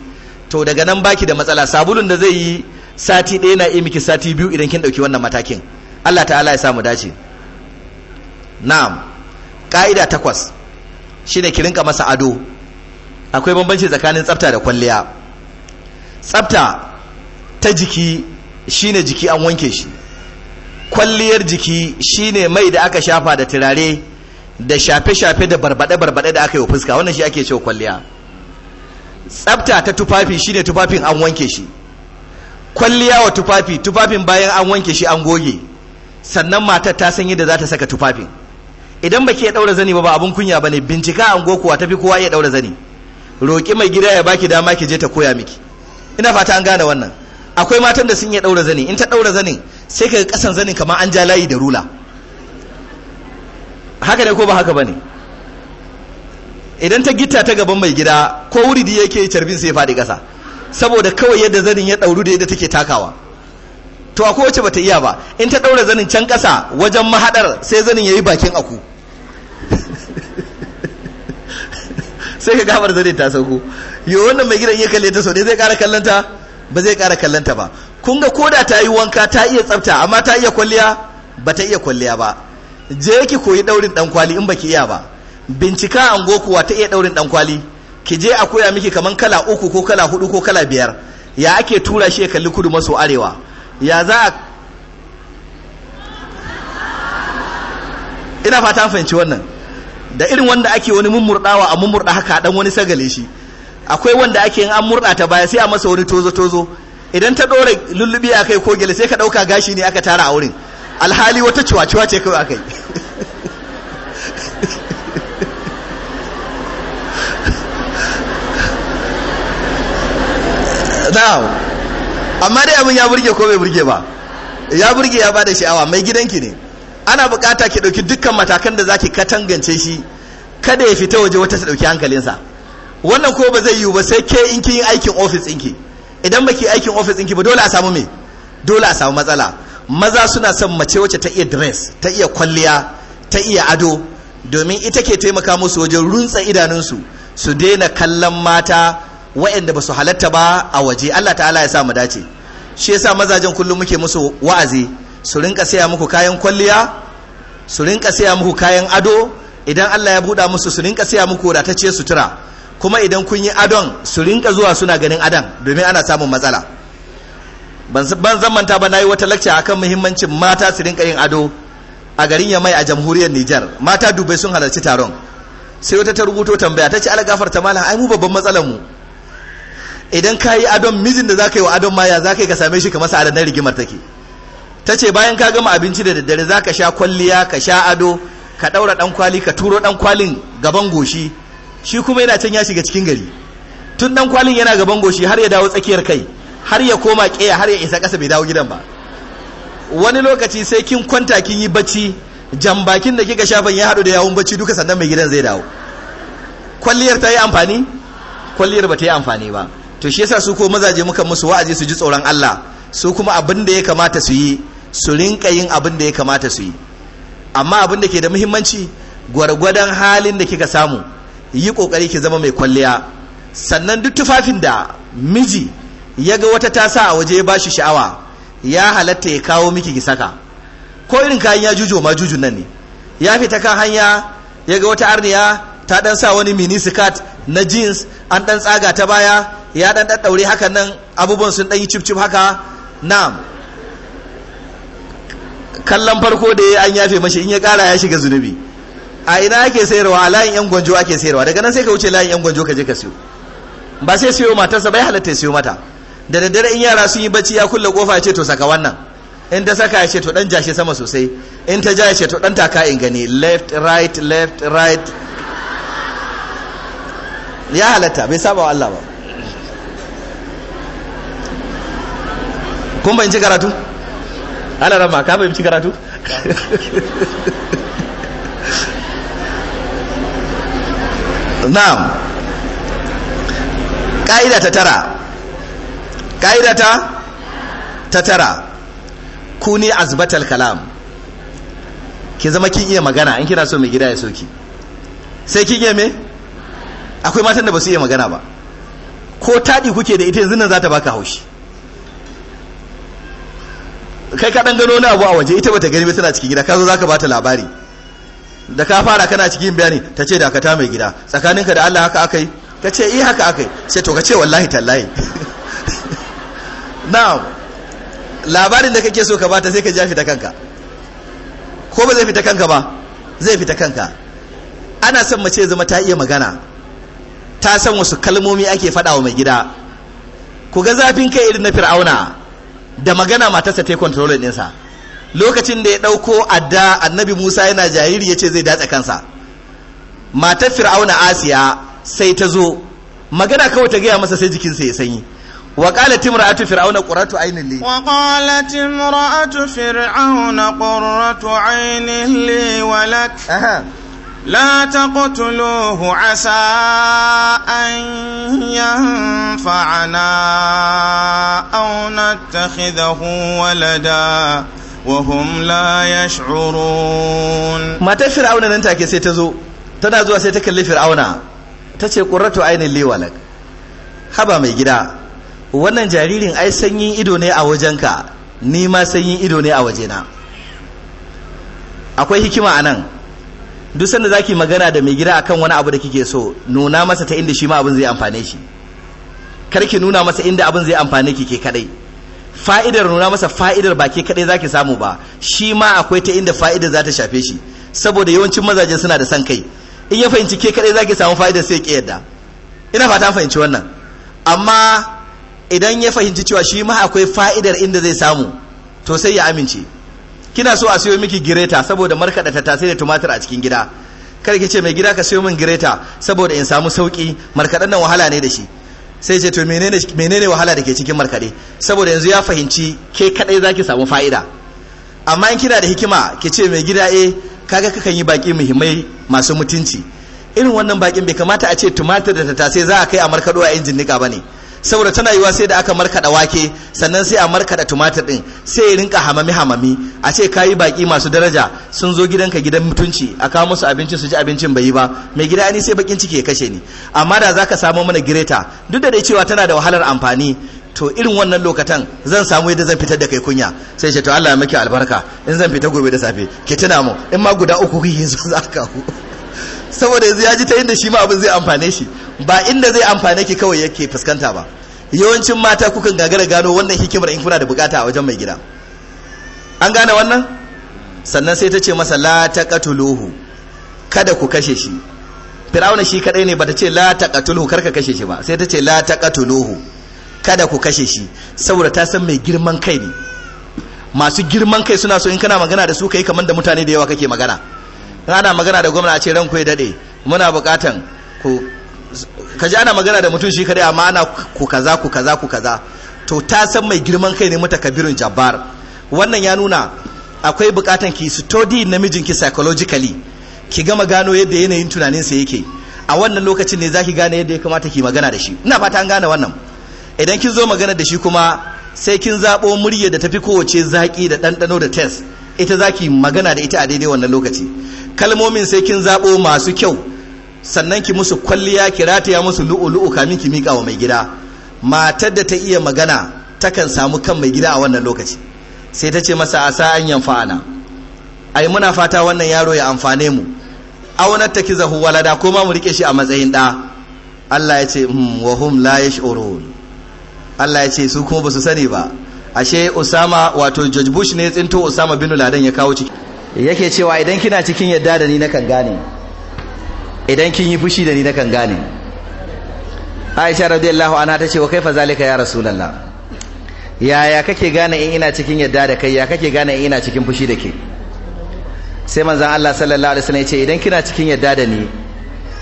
to daga nan baki da matsala sabulun da zai yi sati ɗaya na imiki miki sati biyu idan kin ɗauki wannan matakin Allah ta'ala ya samu dace na'am ka'ida takwas shine ki masa ado akwai bambanci tsakanin tsafta da kwalliya tsafta ta jiki shine jiki an wanke shi kwalliyar jiki shine mai da aka shafa da turare da shafe-shafe da barbade-barbade da aka yi wa fuska wannan shi ake cewa kwalliya tsafta ta tufafi shine tufafin an wanke shi kwalliya wa tufafi tufafin bayan an wanke shi an goge sannan matar ta san yadda za ta saka tufafin idan ba ke daura zani ba ba abun kunya bane bincika an go kuwa tafi kowa ya daura zani roki mai gida ya baki dama ki je ta koya miki ina fata an gane wannan akwai matan da sun iya daura zani in ta daura zanin sai ka kasan zanin kamar an ja layi da rula haka ne ko ba haka bane idan ta gita ta gaban mai gida ko wuri da yake carbin sai ya faɗi ƙasa saboda kawai yadda zanin ya ɗauru da yadda take takawa to akwai wacce bata iya ba in ta daura zanin can kasa wajen mahadar sai zanin yayi bakin aku sai ka gabar zanin ta sauko yo wannan mai gidan iya kalle ta sau ne zai kara kallanta ba zai kara kallanta ba kun ga koda ta yi wanka ta iya tsafta amma ta iya kwalliya bata iya kwalliya ba je ki koyi daurin dan kwali in baki iya ba bincika an kuwa ta iya daurin dan kwali ki je a koya miki kaman kala uku ko kala hudu ko kala biyar ya ake tura shi ya kalli kudu maso arewa ya za a ina fata fahimci wannan da irin wanda ake wani mummurdawa a mummurda haka dan wani sagale shi akwai wanda ake yin an murda ta baya sai a masa wani tozo tozo idan ta dore lullubi akai ko gele sai ka ɗauka gashi ne aka tara a wurin alhali wata ciwaciwa ce kawai akai now amma dai abin ya burge ko bai burge ba ya burge ya bada sha'awa mai gidanki ne ana bukata ki dauki dukkan matakan da zaki katangance shi kada ya fita waje wata ta dauki hankalinsa wannan ko ba zai yiwu ba sai ke in kin yi aikin office ɗinki idan baki aikin office ɗinki ba dole a samu me dole a samu matsala maza suna son mace wacce ta iya dress ta iya kwalliya ta iya ado domin ita ke taimaka musu wajen runtsa idanunsu su daina kallon mata waɗanda ba su halatta ba a waje Allah ta'ala ya sa mu dace shi yasa mazajen kullum muke musu wa'azi su rinka saya muku kayan kwalliya su rinka saya muku kayan ado idan Allah ya buɗa musu su rinka saya muku wadatacce sutura kuma idan kun yi adon su rinka zuwa suna ganin adon domin ana samun matsala ban zamanta ba nayi wata lacca akan muhimmancin mata su rinka yin ado a garin Yamai a jamhuriyar Nijar mata dubai sun halarci taron sai wata ta rubuto tambaya ta Allah gafarta malam ai mu babban matsalar mu idan ka yi adon mijin da za ka yi wa adon maya za ka yi ka same shi ka masa na rigimar take ta ce bayan ka gama abinci da daddare za ka sha kwalliya ka sha ado ka ɗaura ɗan kwali ka turo ɗan kwalin gaban goshi shi kuma yana can ya shiga cikin gari tun ɗan kwalin yana gaban goshi har ya dawo tsakiyar kai har ya koma ƙeya har ya isa ƙasa bai dawo gidan ba wani lokaci sai kin kwanta kin yi bacci bakin da kika shafan ya haɗu da yawon bacci duka sannan mai gidan zai dawo kwalliyar ta yi amfani kwalliyar ba ta yi amfani ba to shi yasa su ko mazaje muka musu wa'azi su ji tsoron Allah su kuma abin da ya kamata su yi su rinka yin abin da ya kamata su yi amma abin da ke da muhimmanci gwargwadon halin da kika samu yi kokari ki zama mai kwalliya sannan duk tufafin da miji ya ga wata ta sa a waje ya bashi sha'awa ya halatta ya kawo miki ki saka ko irin kayan ya jujo ma jujun nan ne ya fita kan hanya ya ga wata arniya ta dan sa wani mini skirt na jeans an dan tsaga ta baya ya dan daddaure haka nan abubuwan sun dan yi cip cip haka na'am kallon farko da ya an yafe mashi in ya kara ya shiga zunubi a ina ake sayarwa a layin yan gwanjo ake sayarwa daga nan sai ka wuce layin yan gwanjo ka je ka siyo ba sai siyo matarsa bai halatta siyo mata da daddare in yara sun yi bacci ya kulle kofa ya ce to saka wannan in ta saka ya ce to dan jashe sama sosai in ta ja ya ce to dan taka in gani left right left right ya halatta bai saba wa Allah ba kun bayanci karatu ana rama ka bayanci karatu na'am ƙa'ida ta tara ƙa'ida ta ta tara kuni azbatal kalam ki zama kin iya magana in kina so mai gida ya soki sai kin iya me akwai matan da ba su iya magana ba ko taɗi kuke da ita yanzu nan za ta baka haushi kai ka ɗan gano na abu a waje ita ba ta gani ba tana cikin gida ka zo za ka bata labari da ka fara kana cikin bayani ta ce dakata mai gida tsakaninka da Allah haka akai ka ce iya eh, haka akai sai to ka ce wallahi tallahi na'am labarin da kake so ka bata sai ka jafi ta kanka ko ba zai fita kanka ba zai fita kanka ana son mace zama ta iya magana ta san wasu kalmomi ake faɗa wa mai gida ku ga zafin kai irin na fir'auna da magana matarsa ta yi kontrolin ɗinsa lokacin da ya ɗauko adda annabi musa yana jariri ya ce zai datsa kansa matar fir'auna asiya sai ta zo magana kawai ta gaya masa sai jikinsa ya sanyi وقالت امرأة فرعون قرة عين لي وقالت امرأة فرعون قرة عين لي ولك لا تقتلوه عسى أن ينفعنا أو نتخذه ولدا وهم لا يشعرون ما تفر تفرعون أنت كي سيتك اللي فر فرعون تشي قرة عين اللي ولك haba مي جدا وانا jaririn ai سنين ido ne a wajenka ni ma sanyin ido ne a wajena akwai hikima a duk sanda zaki magana da mai gida akan wani abu da kike so nuna masa ta inda shi ma abin zai amfane shi kar ki nuna masa inda abin zai amfane ki ke kadai fa'idar nuna masa fa'idar ba ke kadai zaki samu ba shi ma akwai ta inda fa'idar za ta shafe shi saboda yawancin mazaje suna da san kai in ya fahimci ke kadai zaki samu fa'idar sai ki yadda ina fata fahimci wannan amma idan ya fahimci cewa shi ma akwai fa'idar inda zai samu to sai ya amince kina so a siyo miki gireta saboda markaɗa tattasai da tumatir a cikin gida kar ki ce mai gida ka siyo min gireta saboda in samu sauki markaɗen nan wahala ne da shi sai ce to menene menene wahala da ke cikin markaɗe saboda yanzu ya fahimci ke kadai zaki samu fa'ida amma in kina da hikima ki ce mai gida eh kaga kakan yi baki muhimmai masu mutunci irin wannan bakin bai kamata a ce tumatir da tattasai za a kai a markaɗo a injin nika bane ne saboda tana yiwa sai da aka markada wake sannan sai a markada tumatir din sai ya rinka hamami hamami a ce ka yi baki masu daraja sun zo gidanka gidan mutunci a kawo musu abincin su ji abincin bai yi ba mai gida ni sai bakin ciki ya kashe ni amma da zaka samo mana gireta duk da dai cewa tana da wahalar amfani to irin wannan lokatan zan samu yadda zan fitar da kai kunya sai ce to Allah ya maki albarka in zan fita gobe da safe ki tuna mu in ma guda uku kike zo za ka ku saboda yanzu ya ji ta inda shi ma abin zai amfane shi ba inda zai amfane ki kawai yake fuskanta ba yawancin mata kuka gagara gano wannan hikimar in kuna da bukata a wajen mai gida an gane wannan sannan sai ta ce masa la taqatuluhu kada ku kashe shi fir'auna shi kadai ne bata ce la taqatuluhu karka kashe shi ba sai ta ce la taqatuluhu kada ku kashe shi saboda ta san mai girman kai ne masu girman kai suna so in kana magana da su kai kamar da mutane da yawa kake magana ana magana da gwamna a ce ranku ya dade muna bukatan ku kaji ana magana da mutum shi kadai amma ana ku kaza ku kaza ku kaza to ta san mai girman kai ne mata kabirin jabbar wannan ya nuna akwai bukatan ki study namijinki psychologically ki gama gano yadda yanayin tunanin sa yake a wannan lokacin ne zaki gane yadda ya kamata ki magana da shi ina fata an gane wannan idan kin zo magana da shi kuma sai kin zabo murya da tafi kowace zaki da ɗanɗano da test ita za ki magana da ita a daidai wannan lokaci kalmomin sai kin zaɓo masu kyau sannan ki musu kwalliya ki rataya musu lu'ulu'u kamin ki miƙa wa mai gida matar da ta iya magana takan samu kan mai gida a wannan lokaci sai ta ce masa asa an yanfa'ana ai muna fata wannan yaro ya amfane mu aunar ta kizahu walada ko ma mu rike shi a matsayin ɗa Allah ya ce mm, wa hum la yash'urun Allah ya ce su kuma basu sani ba ashe Usama wato George Bush ne tsinto Usama bin Laden ya kawo ciki yake cewa idan kina cikin yadda da ni nakan gane idan kin yi fushi da ni nakan gane Aisha radiyallahu anha ce wa kaifa zalika ya Rasulullah yaya kake gane in ina cikin yadda da kai ya kake gane in ina cikin fushi da ke sai manzon Allah sallallahu alaihi wasallam ya ce idan kina cikin yadda da ni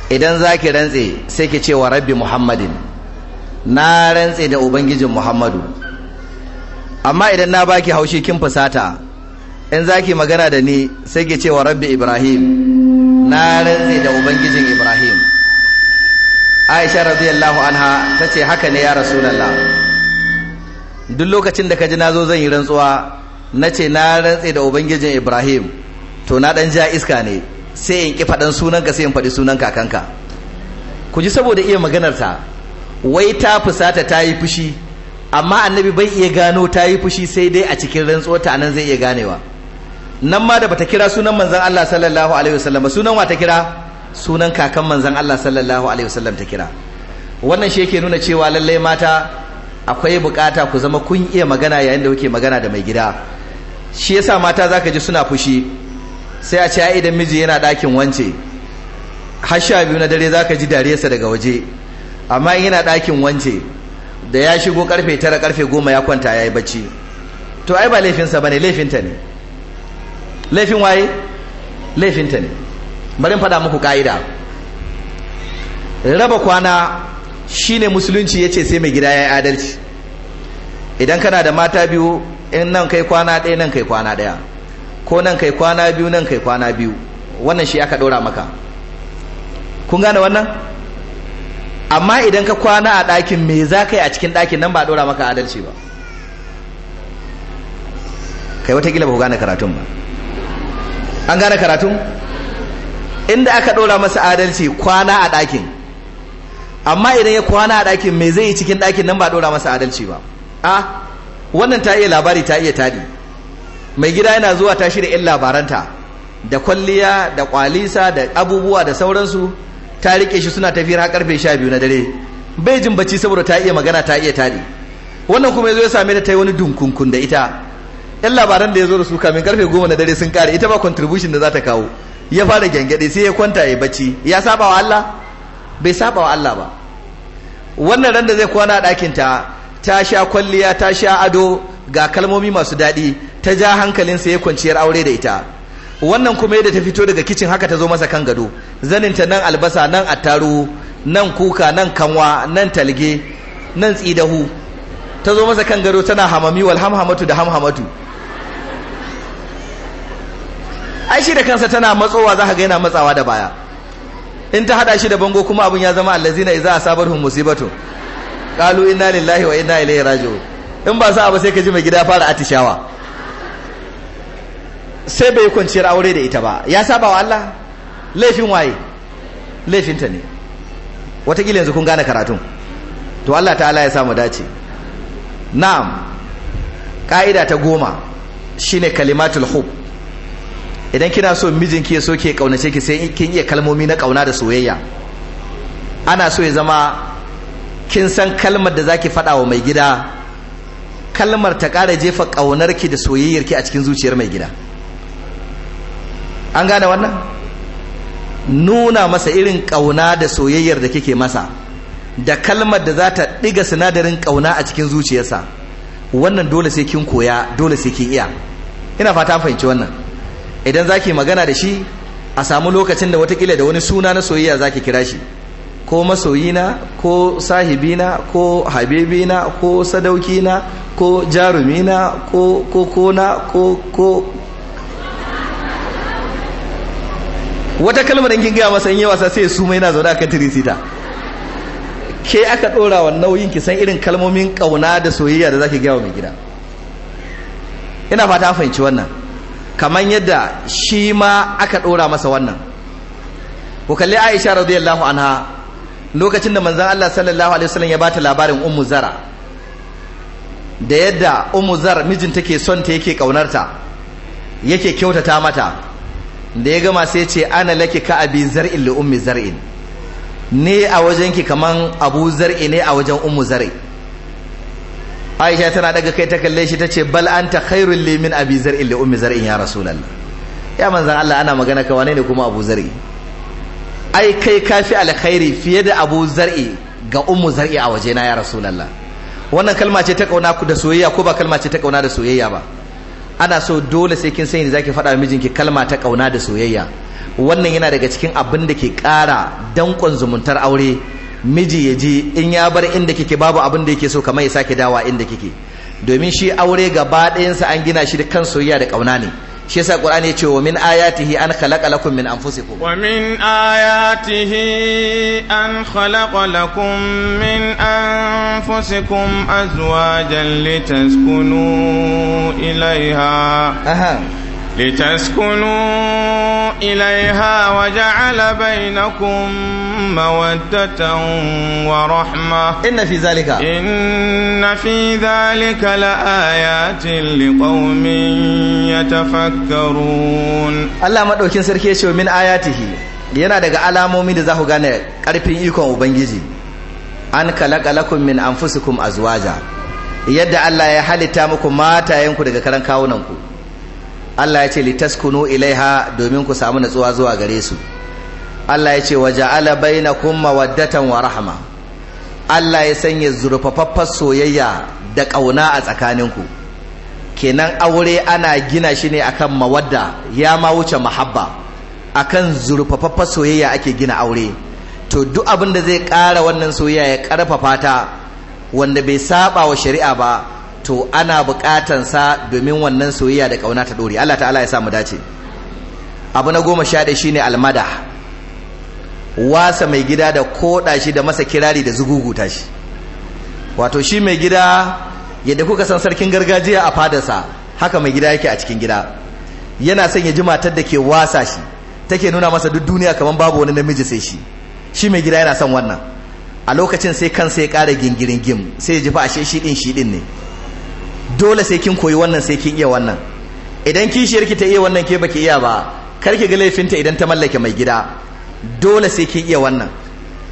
idan zaki rantse sai ki ce wa rabbi Muhammadin na rantse da ubangijin Muhammadu amma idan na baki haushi kin fusata in zaki magana da ni sai ke cewa rabbi ibrahim na rantse da ubangijin ibrahim aisha radiyallahu anha ta ce haka ne ya rasulallah duk lokacin da ka ji na zo zan yi rantsuwa na ce na rantse da ubangijin ibrahim to na dan ja iska ne sai in ki faɗan sunanka sai in faɗi sunan kakanka ku ji saboda iya maganarta wai ta fusata ta yi fushi amma annabi bai iya gano ta yi fushi sai dai a cikin ta anan zai iya ganewa nan ma da bata kira sunan manzon Allah sallallahu alaihi wasallam sunan wa ta kira sunan kakan manzan Allah sallallahu alaihi wasallam ta kira wannan shi yake nuna cewa lallai mata akwai bukata ku zama kun iya magana yayin da kuke magana da mai gida shi yasa mata zaka ji suna fushi sai a ce ai idan miji yana dakin wance har sha biyu na dare zaka ji dariyarsa daga waje amma in yana dakin wance da ya shigo karfe tara karfe goma ya kwanta ya yi bacci to ai ba laifinsa ba ne laifinta ne laifin waye laifinta ne bari in faɗa muku ka'ida raba kwana shine musulunci ya ce sai mai gida ya yi adalci idan kana da mata biyu in nan kai kwana ɗaya nan kai kwana ɗaya ko nan kai kwana biyu nan kai kwana biyu wannan shi aka ɗora maka kun gane wannan amma idan ka kwana a ɗakin me za ka yi a cikin ɗakin nan ba ɗora maka adalci ba kai watakila ba ku gane karatun ba an gane karatun inda aka ɗora masa adalci kwana a ɗakin amma idan ya kwana a ɗakin me zai yi cikin ɗakin nan ba ɗora masa adalci ba a wannan ta iya labari ta iya tadi mai gida yana zuwa ta shirya 'yan labaranta da kwalliya da kwalisa da abubuwa da sauransu ta rike shi suna tafiyar har karfe 12 na dare bai jin bacci saboda ta iya magana ta iya tadi wannan kuma yazo ya same ta ta wani dunkunkun da ita yan labaran da ya zo da su kamin karfe 10 na dare sun kare ita ba contribution da za ta kawo ya fara gyangyaɗe sai ya kwanta ya bacci ya saba wa Allah bai saba wa Allah ba wannan ran da zai kwana a ɗakin ta ta sha kwalliya ta sha ado ga kalmomi masu daɗi ta ja hankalinsa ya kwanciyar aure da ita wannan kuma yadda ta fito daga kicin haka ta zo masa kan gado zaninta nan albasa nan attaru, nan kuka nan kanwa nan talge nan tsidahu ta zo masa kan gado tana hamami wal hamhamatu da hamhamatu ai shi da kansa tana matsowa za ka ga yana matsawa da baya in ta hada shi da bango kuma abin ya zama allazina iza asabarhum musibatu qalu inna lillahi wa inna ilaihi raji'un in ba sa ba sai ka ji mai gida fara atishawa sai bai kwanciyar aure da ita ba ya saba wa Allah laifin waye laifinta ne watakila yanzu kun gane karatun to Allah ta'ala ya samu dace na'am ka'ida ta goma shine kalimatul hub idan kina so mijinki ya so ke kaunace ki sai kin iya kalmomi na kauna da soyayya ana so ya zama kin san kalmar da zaki faɗawa wa mai gida kalmar ta ƙara jefa ƙaunarki da soyayyarki a cikin zuciyar mai gida an gane wannan nuna masa irin ƙauna da soyayyar da kike masa da kalmar da za ta ɗiga sinadarin ƙauna a cikin zuciyarsa wannan dole sai kin koya dole sai kin iya ina fata fahimci wannan idan za ki magana da shi a samu lokacin da watakila da wani suna na soyayya za ki kira shi ko masoyina ko sahibina ko habibina ko sadaukina ko jarumina ko kokona ko ko wata kalmar in kin gaya masa in wasa sai su mai na zaune tiri tirisita ke aka ɗora wa nauyin kisan irin kalmomin kauna da soyayya da zaki gaya wa mai gida ina fata fahimci wannan kamar yadda shi ma aka dora masa wannan ku kalli Aisha radiyallahu anha lokacin da manzon Allah sallallahu alaihi wasallam ya bata labarin Ummu Zara da yadda Ummu zara mijin take son ta yake kaunarta yake kyautata mata da ya gama sai ce ana laki ka abi zar'in li ummi zar'in ne a wajen ki kaman abu zar'i ne a wajen ummu zar'i Aisha tana daga kai ta kalle shi tace bal anta khairul li min abi zar'in li ummi zar'in ya rasulullah ya manzan Allah ana magana ka wane ne kuma abu zar'i ai kai kafi alkhairi fiye da abu zar'i ga ummu zar'i a na ya rasulullah wannan kalma ce ta kauna ku da soyayya ko ba kalma ce ta kauna da soyayya ba ana so dole sai kin sani zaki faɗa mijinki kalma ta kauna da soyayya wannan yana daga cikin abin da ke ƙara danƙon zumuntar aure miji ya ji in ya bar inda kike babu abin da yake so kamar ya sake dawa inda kike domin shi aure gaba ɗayansa an gina shi da kan soyayya da ƙauna ne shi yasa qur'ani ya ce wa min ayatihi an khalaqa lakum min anfusikum wa min ayatihi an khalaqa lakum min anfusikum azwajan litaskunu ilaiha لتسكنوا إليها وجعل بينكم مودة ورحمة إن في ذلك إن في ذلك لآيات لقوم يتفكرون الله ما دوكين سركي من آياته yana daga alamomi da za ku gane ƙarfin ikon ubangiji an kalaka lakum min a azwaja yadda Allah ya halitta muku matayenku daga karan kawunanku Allah ya ce litaskunu ilaiha domin ku samu natsuwa zuwa gare su Allah ya ce waja'ala bainakum mawaddatan wa rahma Allah ya sanya zurfafaffar soyayya da ƙauna a tsakaninku kenan aure ana gina shi ne akan mawadda ya ma wuce mahabba akan zurfafaffar soyayya ake gina aure to duk abin da zai ƙara wannan soyayya ya ƙarfafa ta wanda bai saba wa shari'a ba to ana buƙatan sa domin wannan soyayya da kauna ta dore Allah ta'ala ya sa mu dace abu na goma sha shi shine almada wasa mai gida da koda shi da masa kirari da zuguguta shi wato shi mai gida yadda kuka san sarkin gargajiya a fadarsa haka mai gida yake a cikin gida yana son ya ji matar da ke wasa shi take nuna masa duk duniya kamar babu wani namiji sai shi shi mai gida yana son wannan a lokacin sai kansa ya ƙara gingirin gim sai ya ji fa ashe shi din shi din ne dole sai kin koyi wannan sai kin iya wannan idan kishiyarki ta iya wannan ke baki iya ba kar ki ga laifinta idan ta mallake mai gida dole sai kin iya wannan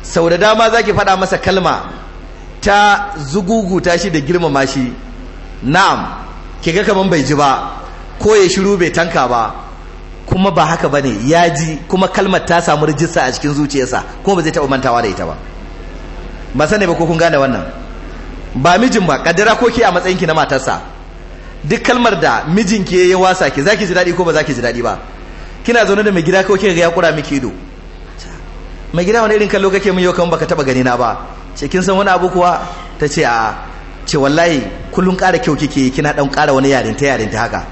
sau da dama za ki faɗa masa kalma ta ta shi da girmama shi na'am ki ga kaman bai ji ba ko ya shiru bai tanka ba kuma ba haka bane ya ji kuma kalmar ta samu rijista a cikin zuciyarsa ko ba zai taɓa mantawa da ita ba ba sani ba ko kun gane wannan ba mijin ba kaddara ko ke a matsayinki na matarsa duk kalmar da mijin ke ya wasa ki zaki ji dadi ko ba zaki ji dadi ba kina zaune da mai gida ko ke ga ya kura miki ido mai gida wani irin kallo kake mun yau kan baka taba gani na ba ce kin san wani abu kuwa ta ce a ce wallahi kullun ƙara kyau kike kina dan ƙara wani yarin ta haka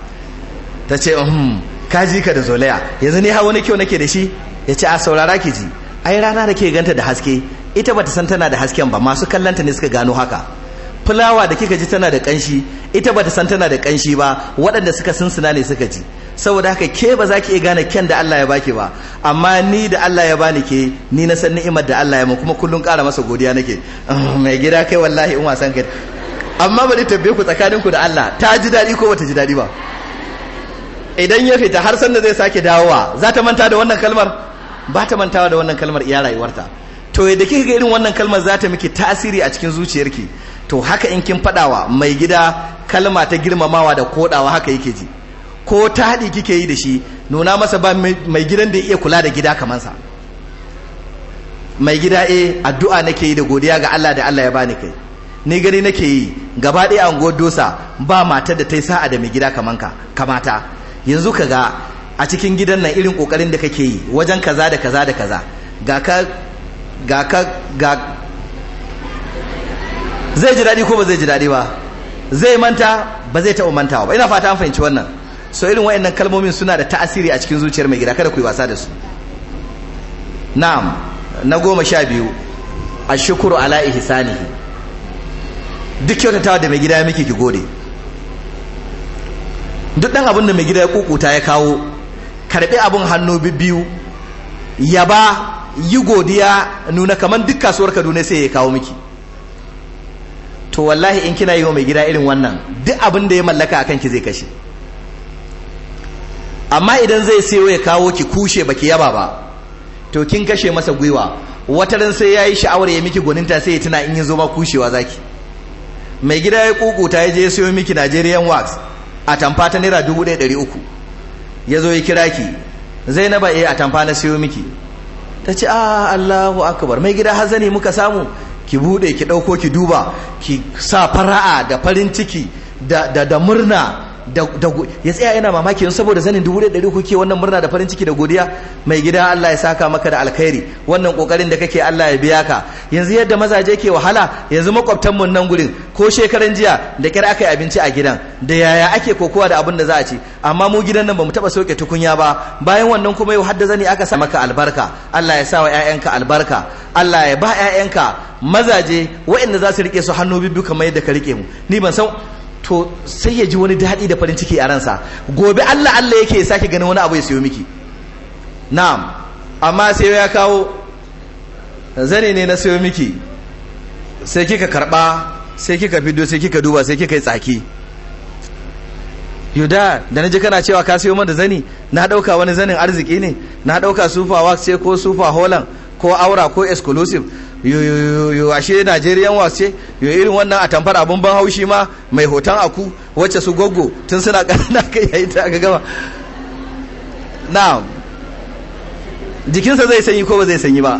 ta ce um ka ka da zolaya yanzu ne ha wani kyau nake da shi ya ce a saurara ki ji ai rana da ke ganta da haske ita bata san tana da hasken ba masu kallanta ne suka gano haka fulawa da kika ji tana da kanshi ita bata san tana da kanshi ba waɗanda suka sunsuna ne suka ji saboda haka ke ba za ki iya gane kyan da Allah ya baki ba amma ni da Allah ya bani ke ni na san ni'imar da Allah ya mun kuma kullun ƙara masa godiya nake ah, mai gida kai wallahi in wasan kai amma bari tabbe ku tsakanin ku da Allah ta ji daɗi ko bata ji daɗi ba idan ya fita har sanda zai sake dawowa za ta manta da wannan kalmar ba ta mantawa da wannan kalmar iya rayuwarta to yadda kika ga irin wannan kalmar za ta miki tasiri a cikin zuciyarki to haka in kin fadawa mai gida kalma ta girmamawa da kodawa haka yake ji ko ta haɗi kike yi da shi nuna masa ba mai gidan da iya kula da gida kamar sa mai gida e addu'a nake yi da godiya ga Allah da Allah ya bani kai ni gani nake yi gaba ɗaya an dosa ba matar da ta yi sa'a da mai gida kamar ka kamata yanzu ka ga a cikin gidan nan irin kokarin da kake yi wajen kaza da kaza da kaza ga ka ga ka ga zai ji daɗi ko ba zai ji daɗi ba zai manta ba zai taɓa mantawa ba ina fata an fahimci wannan so irin wa'annan kalmomin suna da ta'asiri a cikin zuciyar mai gida kada ku yi wasa da su na'am na goma sha biyu a shukuru ala ihsanihi duk kyautatawa da mai gida ya miki ki gode duk dan abin da mai gida ya kukuta ya kawo karɓi abin hannu biyu yaba yi godiya nuna kamar duk kasuwar Kaduna sai ya kawo miki to wallahi in kina yi wa mai gida irin wannan duk abin da ya mallaka akan ki zai kashe amma idan zai sayo ya kawo ki kushe baki yaba ba to kin kashe masa gwiwa wata ran sai yayi sha'awar ya miki goninta sai ya tuna in yazo ba kushewa zaki mai gida ya kukuta ya je ya sayo miki Nigerian wax a tamfa ta naira 1300 yazo ya kira ki Zainaba eh a tamfa na sayo miki tace ah Allahu akbar mai gida hazani muka samu ki bude ki dauko ki duba ki sa fara'a da farin ciki da da, da murna ya tsaya yana mamaki saboda zanin dubu da ɗari kuke wannan murna da farin ciki da godiya mai gida Allah ya saka maka da alkhairi wannan kokarin da kake Allah ya biya ka yanzu yadda mazaje ke wahala yanzu makwabtan mu nan gurin ko shekaran jiya da kyar aka yi abinci a gidan da yaya ake kokowa da abin da za a ci amma mu gidan nan bamu taba soke tukunya ba bayan wannan kuma yau hadda zani aka sa maka albarka Allah ya sa wa ƴaƴanka albarka Allah ya ba ƴaƴanka mazaje waɗanda za su rike su hannu bibbiyu kamar da ka rike mu ni ban san to sai ya ji wani daɗi da farin ciki a ransa gobe Allah Allah yake ya sake ganin wani abu ya siyo miki na'am amma sai ya kawo zane ne na siyo miki sai kika karba sai kika fido sai kika duba sai kika yi tsaki yuda da na ji kana cewa ka siyo da zani na ɗauka wani zanin arziki ne na ɗauka sufa wax ce ko sufa holland ko aura ko exclusive yoyoyo ashe najeriyan wase yo irin wannan a tamfar abin ban haushi ma mai hoton aku wacce su gogo tun suna ƙarna kai yayi ta aka gama na jikinsa zai sanyi ko ba zai sanyi ba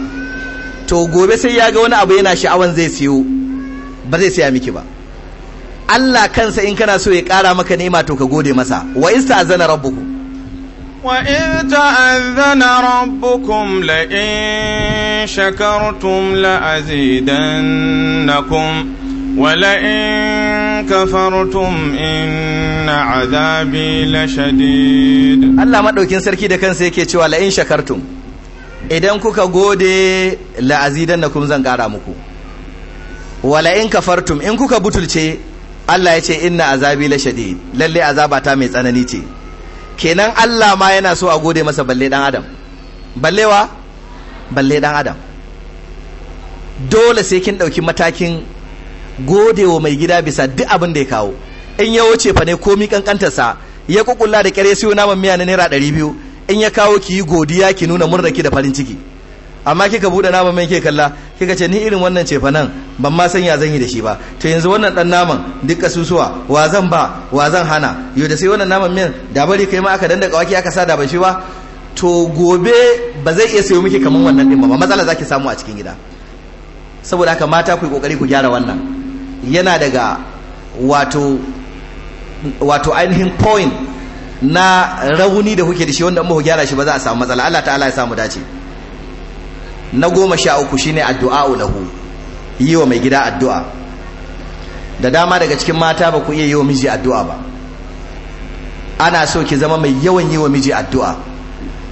to gobe sai ya ga wani abu yana sha'awan zai siyo ba zai siya miki ba Allah kansa in kana so ya ƙara maka nema to ka gode masa wa ista'zana rabbuku وإذ تأذن ربكم لئن شكرتم لأزيدنكم ولئن كفرتم إن عذابي لشديد الله ما دوكين سركي da kansa yake cewa la'in shakartum idan kuka gode la'azidannakum zan kara muku wala in kafartum in kuka butulce Allah ya ce inna azabi la lashadid lalle azabata mai tsanani ce kenan Allah ma yana so a gode masa balle dan adam ballewa balle dan adam dole sai kin ɗauki matakin godewa mai gida bisa duk abin da ya kawo in ya wuce fa ne komi kankantarsa ya kukulla da sai siyo naman miya na naira 200 in ya kawo ki yi godiya ki nuna murna ki da farin ciki amma kika bude naman mai ke kalla kika ce ni irin wannan ce fa nan ban ma san ya zan yi da shi ba to yanzu wannan dan naman duk kasusuwa wa zan ba wa zan hana yau da sai wannan naman min da bari kai ma aka dandaka waki aka sada ban shi ba to gobe ba zai iya sayo miki kaman wannan din ba matsala zaki samu a cikin gida saboda haka mata ku yi kokari ku gyara wannan yana daga wato wato ainihin point na rauni da kuke da shi wanda an ba gyara shi ba za a samu matsala Allah ta'ala ya samu dace na goma sha uku shine addu'a lahu yi wa mai gida addu'a da dama daga cikin mata ba ku iya yi wa miji addu'a ba ana so ki zama mai yawan yi wa miji addu'a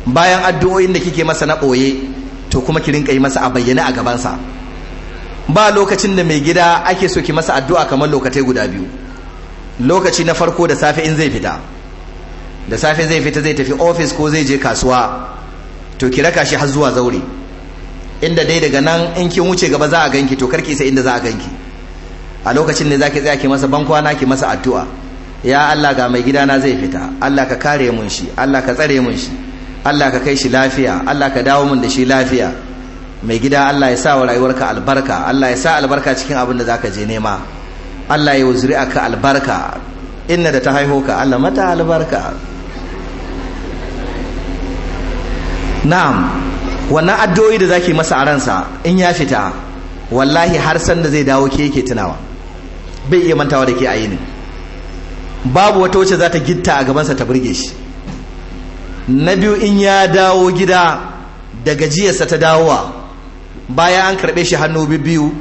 bayan addu'o'in da kike masa na ɓoye to kuma ki rinka yi masa a bayyane a gabansa ba lokacin da mai gida ake so ki masa addu'a kamar lokacin guda biyu lokaci na farko da safe in zai fita da safe zai fita zai tafi ofis ko zai je kasuwa to ki raka shi har zuwa zaure inda dai daga nan in kin wuce gaba za a ganki to karki sai inda za a ganki a lokacin ne zaki tsaya ki masa na ki masa addu'a ya Allah ga mai gida na zai fita Allah ka kare mun shi Allah ka tsare mun shi Allah ka kai shi lafiya Allah ka dawo mun da shi lafiya mai gida Allah ya sa wa rayuwarka albarka Allah ya sa albarka cikin abin da zaka je nema Allah ya wuzuri aka albarka inna da ta haihu ka Allah mata albarka na'am wannan addu'o'i da zaki masa a ransa in ya fita wallahi har san da zai dawo ke yake tunawa bai iya mantawa da ke a yini babu wata wacce za ta gitta a gabansa ta burge shi na biyu in ya dawo gida da gajiyarsa ta dawowa baya an karɓe shi hannu biyu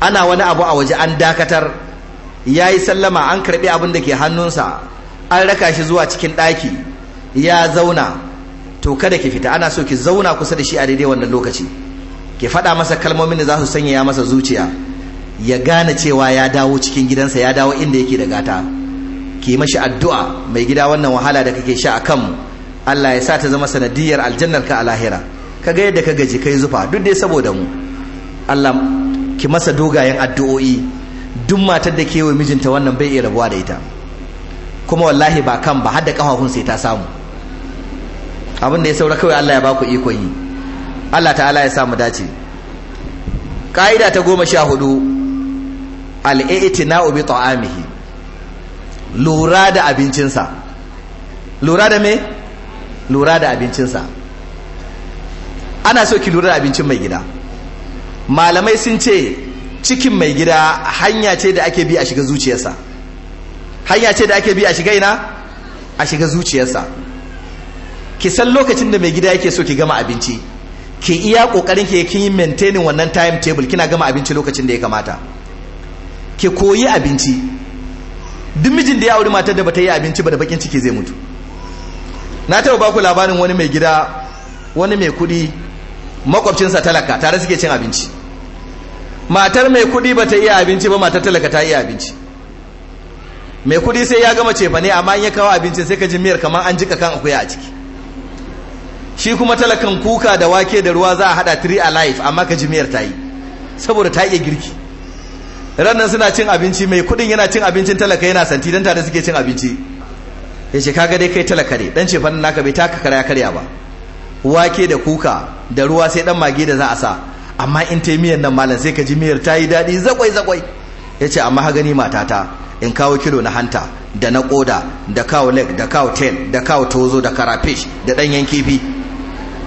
ana wani abu a waje an dakatar ya yi sallama an karɓi abin da ke hannunsa an raka shi zuwa cikin ɗaki ya zauna to kada ki fita ana so ki zauna kusa da shi a daidai wannan lokaci ki faɗa masa kalmomin da za su sanya masa zuciya ya gane cewa ya dawo cikin gidansa ya dawo inda yake da gata ki mashi addu'a mai gida wannan wahala da kake sha akan mu Allah ya sa ta zama sanadiyar aljannar ka a lahira kaga yadda ka gaji kai zufa duk dai saboda mu Allah ki masa dogayen addu'o'i duk matar da ke wa mijinta wannan bai iya rabuwa da ita kuma wallahi ba kan ba har da kafafun sai ta samu abin da ya saura kawai Allah ya baku ikon yi Allah ta'ala ya samu dace ka'ida ta goma sha hudu al'i'tina'u bi ta'amihi lura da abincinsa lura da me lura da abincinsa ana so ki lura da abincin mai gida malamai sun ce cikin mai gida hanya ce da ake bi a shiga zuciyarsa hanya ce da ake bi a shiga ina a shiga zuciyarsa ki san lokacin da mai gida yake so ki gama abinci ki iya kokarin ki kin yi maintaining wannan time table kina gama abinci lokacin da ya kamata ki koyi abinci duk mijin da ya auri matar da bata yi abinci ba da bakin ciki zai mutu na taɓa baku labarin wani mai gida wani mai kuɗi sa talaka tare suke cin abinci matar mai kuɗi bata iya abinci ba matar talaka ta iya abinci mai kuɗi sai ya gama cefane amma in ya kawo abincin sai ka ji miyar kamar an jika kan akuya a ciki shi kuma talakan kuka da wake da ruwa za a hada three alive amma ka jimiyar ta yi saboda ta iya girki Rannan suna cin abinci mai kudin yana cin abincin talaka yana santi don tare suke cin abinci ya ce kaga dai kai talaka ne dan cefanin naka bai taka karya karya ba wake da kuka da ruwa sai dan mage da za a sa amma in ta miyan nan malam sai ka jimiyar ta yi daɗi zakwai zakwai ya ce amma hagani matata in kawo kilo na hanta da na koda da kawo leg da kawo tail da kawo tozo da karafish da ɗanyen kifi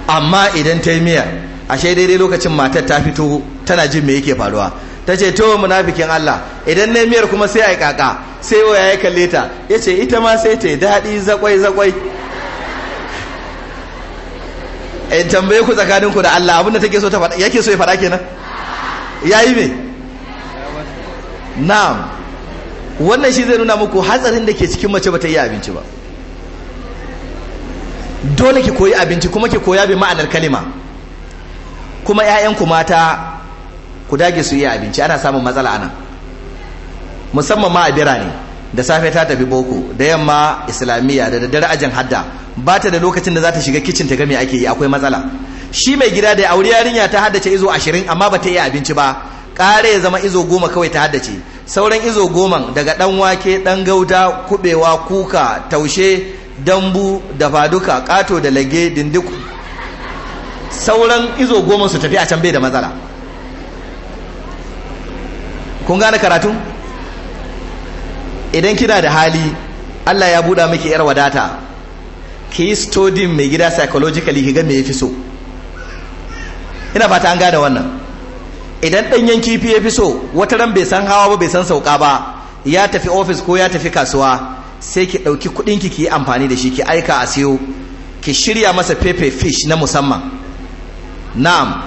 amma idan ta yi miya ashe dai lokacin matar ta fito tana jin me yake faruwa ta ce to munafikin Allah idan na miyar kuma sai a yi kaka sai waya ya kalle ta ya ce ita ma sai ta yi daɗi zakwai zakwai in eh, tambaye ku tsakaninku da Allah abinda take so ta faɗa yake so ya faɗa kenan ya yi me na'am wannan shi zai nuna muku hatsarin da ke cikin mace bata yi abinci ba dole ki koyi abinci kuma ki koya bi ma'anar kalima kuma 'ya'yanku mata ku dage su iya abinci ana samun matsala anan musamman ma a birane da safe ta tafi boko da yamma islamiyya da daddare ajin hadda ba ta da lokacin da za ta shiga kicin ta ga ake yi akwai matsala shi mai gida da aure yarinya ta haddace izo ashirin amma ba ta iya abinci ba kare ya zama izo goma kawai ta haddace sauran izo goman daga dan wake dan gauda kubewa kuka taushe dambu da faduka kato da lage dinduku sauran izo goma su tafi a can bai da matsala kun gane karatu idan kina da hali Allah ya buɗa miki yar wadata ki yi studying mai gida psychologically ki ga me yafi so ina fata an gane wannan idan ɗanyen kifi ya fi so wata ran bai san hawa ba bai san sauka ba ya tafi ofis ko ya tafi kasuwa sai ki ɗauki kuɗin ki yi amfani da shi ki aika a siyo ki shirya masa pepe fish na musamman na'am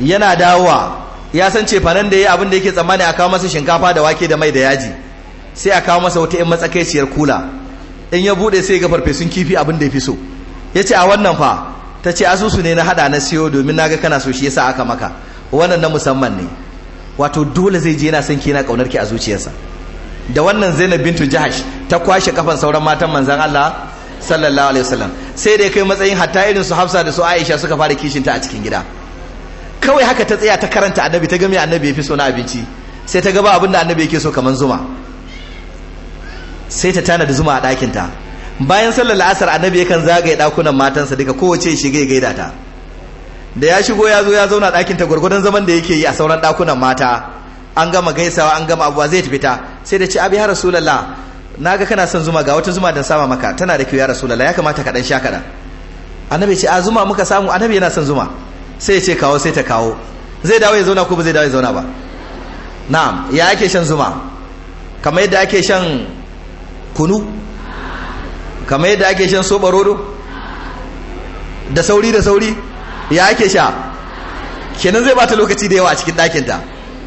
yana dawowa ya san ce fanan da ya abin da yake tsammani a kawo masa shinkafa da wake da mai da yaji sai a kawo masa wata 'yan matsakaiciyar kula in ya bude sai ga farfesun kifi abin da ya fi so yace a wannan fa ta ce asusu ne na hada na siyo domin ga kana so shi yasa aka maka wannan na musamman ne wato dole zai je yana son ki yana kaunar ki a zuciyarsa da wannan zainab bintu jahash ta kwashe kafan sauran matan manzan Allah sallallahu alaihi wasallam sai da kai matsayin hatta irin su Hafsa da su Aisha suka fara kishin ta a cikin gida kawai haka ta tsaya ta karanta annabi ta ga me annabi yafi so na abinci sai ta ga ba abin da annabi yake so kaman zuma sai ta tana da zuma a ɗakin ta bayan sallar la'asar annabi yakan zagaye ɗakunan matansa duka kowace shi gaida ta da ya shigo ya zo ya zauna ɗakin ta gwargwadon zaman da yake yi a sauran ɗakunan mata an gama gaisawa an gama abuwa zai tafita sai da ce abi ya rasulullah naga kana son zuma ga wata zuma dan sama maka tana da kyau ya rasulullah ya kamata ka dan sha kadan annabi ce a zuma muka samu annabi yana son zuma sai ya ce kawo sai ta kawo zai dawo ya zauna ko ba zai dawo ya zauna ba na'am ya ake shan zuma kamar yadda ake shan kunu kamar yadda ake shan soba rodo da sauri da sauri ya ake sha kenan zai bata lokaci da yawa a cikin ɗakinta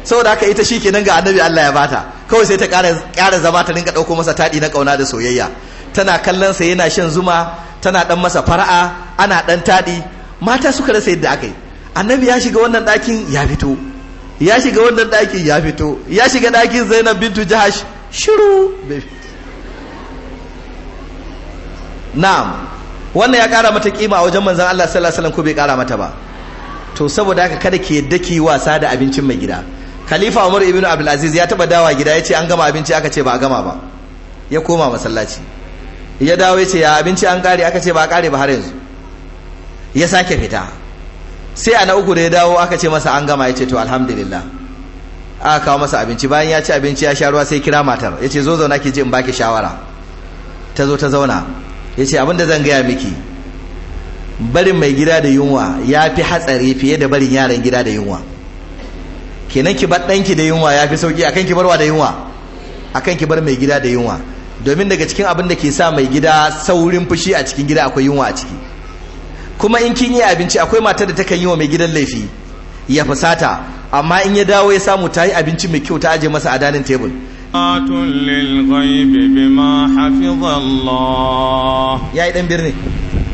saboda haka ita shi kenan ga annabi Allah ya bata kawai sai ta ƙara zama ta rinka ɗauko masa taɗi na ƙauna da soyayya tana kallon sa yana shan zuma tana ɗan masa fara'a ana ɗan taɗi mata suka rasa yadda aka yi annabi ya shiga wannan ɗakin ya fito ya shiga wannan ɗakin ya fito ya shiga ɗakin zainab bintu jahash shiru na'am wannan ya ƙara mata kima a wajen manzon Allah sallallahu alaihi wasallam ko bai ƙara mata ba to saboda haka kada ki yadda ki wasa da abincin mai gida khalifa umar ibn aziz ya taba dawa gida ya ce an gama abinci aka ce ba a gama ba ya koma masallaci ya dawo ya ce ya abinci an kare aka ce ba a kare ba har yanzu ya sake fita sai a na uku da ya dawo aka ce masa an gama ya ce to alhamdulillah aka kawo masa abinci bayan ya ci abinci ya sha ruwa sai kira matar ya ce zo zauna ki ji in baki shawara ta zo ta zauna ya ce abinda zan gaya miki barin mai gida da yunwa ya fi hatsari fiye da barin yaran gida da yunwa kenan ki bar ɗanki da yunwa ya fi sauki akan ki barwa da yunwa akan ki bar mai gida da yunwa domin daga cikin abin da ke sa mai gida saurin fushi a cikin gida akwai yunwa a ciki kuma in kin yi abinci akwai matar da ta kan yi wa mai gidan laifi ya fasata amma in ya dawo ya samu ta yi abinci mai kyau ta aje masa a dining tebul للغيب بما حفظ الله يا ايدن برني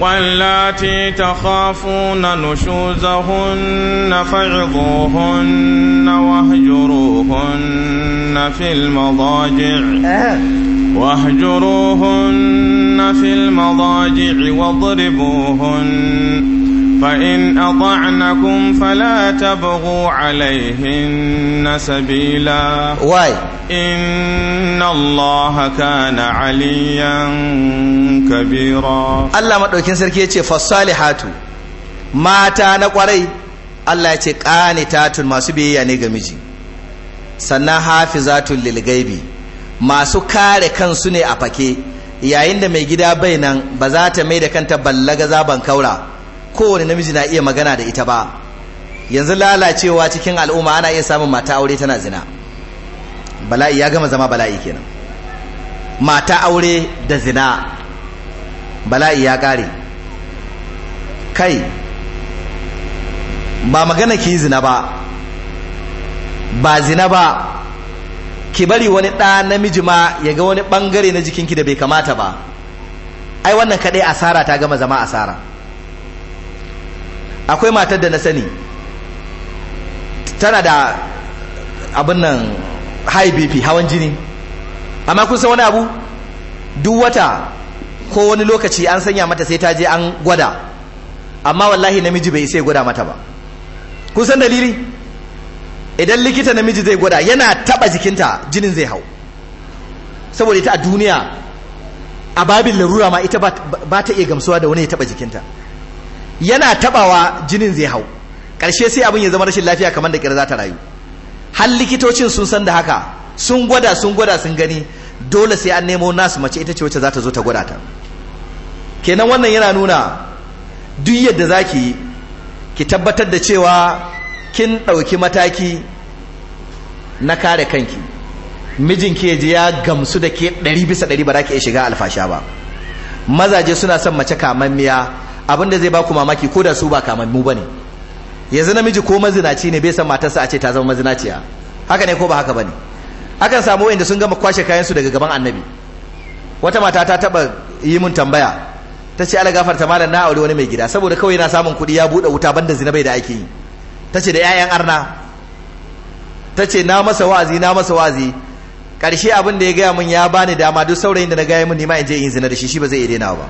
واللاتي تخافون نشوزهن فعظوهن واهجروهن في المضاجع واهجروهن في المضاجع واضربوهن فإن أطعنكم فلا تبغوا عليهن سبيلا واي إن الله كان عليا كبيرا الله ما دوكين سركي يتي فالصالحات ماتا نقري الله يتي قانتات ما سبي يعني غمجي سنة حافظات للغيب ما masu كان kansu أباكي a fake yayin da mai gida bai nan ba za ta mai da kanta ballaga zaban kaura kowane namiji na iya magana da ita ba yanzu lalacewa cikin al'umma ana iya samun mata aure tana zina bala'i ya gama zama bala'i kenan mata aure da zina bala'i ya kare kai ba magana ki zina ba ba zina ba ki bari wani ɗa namiji ma ya ga wani ɓangare na jikinki da bai kamata ba ai wannan kaɗai asara ta gama zama asara akwai matar da na sani tana da abin nan high bp hawan jini amma kun san wani abu duk wata ko wani lokaci an sanya mata sai ta je an gwada amma wallahi namiji bai sai gwada mata ba kun san dalili idan likita namiji zai gwada yana taba jikinta jinin zai hau saboda ita a duniya a babin larura ma ita ba ta iya gamsuwa da wani ya taba jikinta yana tabawa jinin zai hau ƙarshe sai abin ya zama rashin lafiya kamar da ƙira za ta rayu har likitocin sun san da haka sun gwada sun gwada sun gani dole sai an nemo nasu mace ita ce wacce za ta zo ta gwada ta kenan wannan yana nuna duk yadda za ki ki tabbatar da cewa kin ɗauki mataki na kare kanki mijinki ya ya gamsu da ke ɗari bisa ɗari ba za ki iya shiga alfasha ba mazaje suna son mace kamammiya abin da zai ba ku mamaki ko da su ba kamammu ba ne yanzu namiji ko mazinaci ne bai san matarsa a ce ta zama mazinaciya haka ne ko ba haka ba ne akan samu wanda sun gama kwashe kayansu daga gaban annabi wata mata ta taba yi mun tambaya ta ce alagafarta ta malam na aure wani mai gida saboda kawai yana samun kuɗi ya buɗe wuta banda zina bai da ake yi ta ce da 'ya'yan arna ta ce na masa wa'azi na masa wa'azi ƙarshe abin da ya gaya min ya bani dama duk saurayin da na gaya min nima in je in zina da shi shi ba zai iya daina ba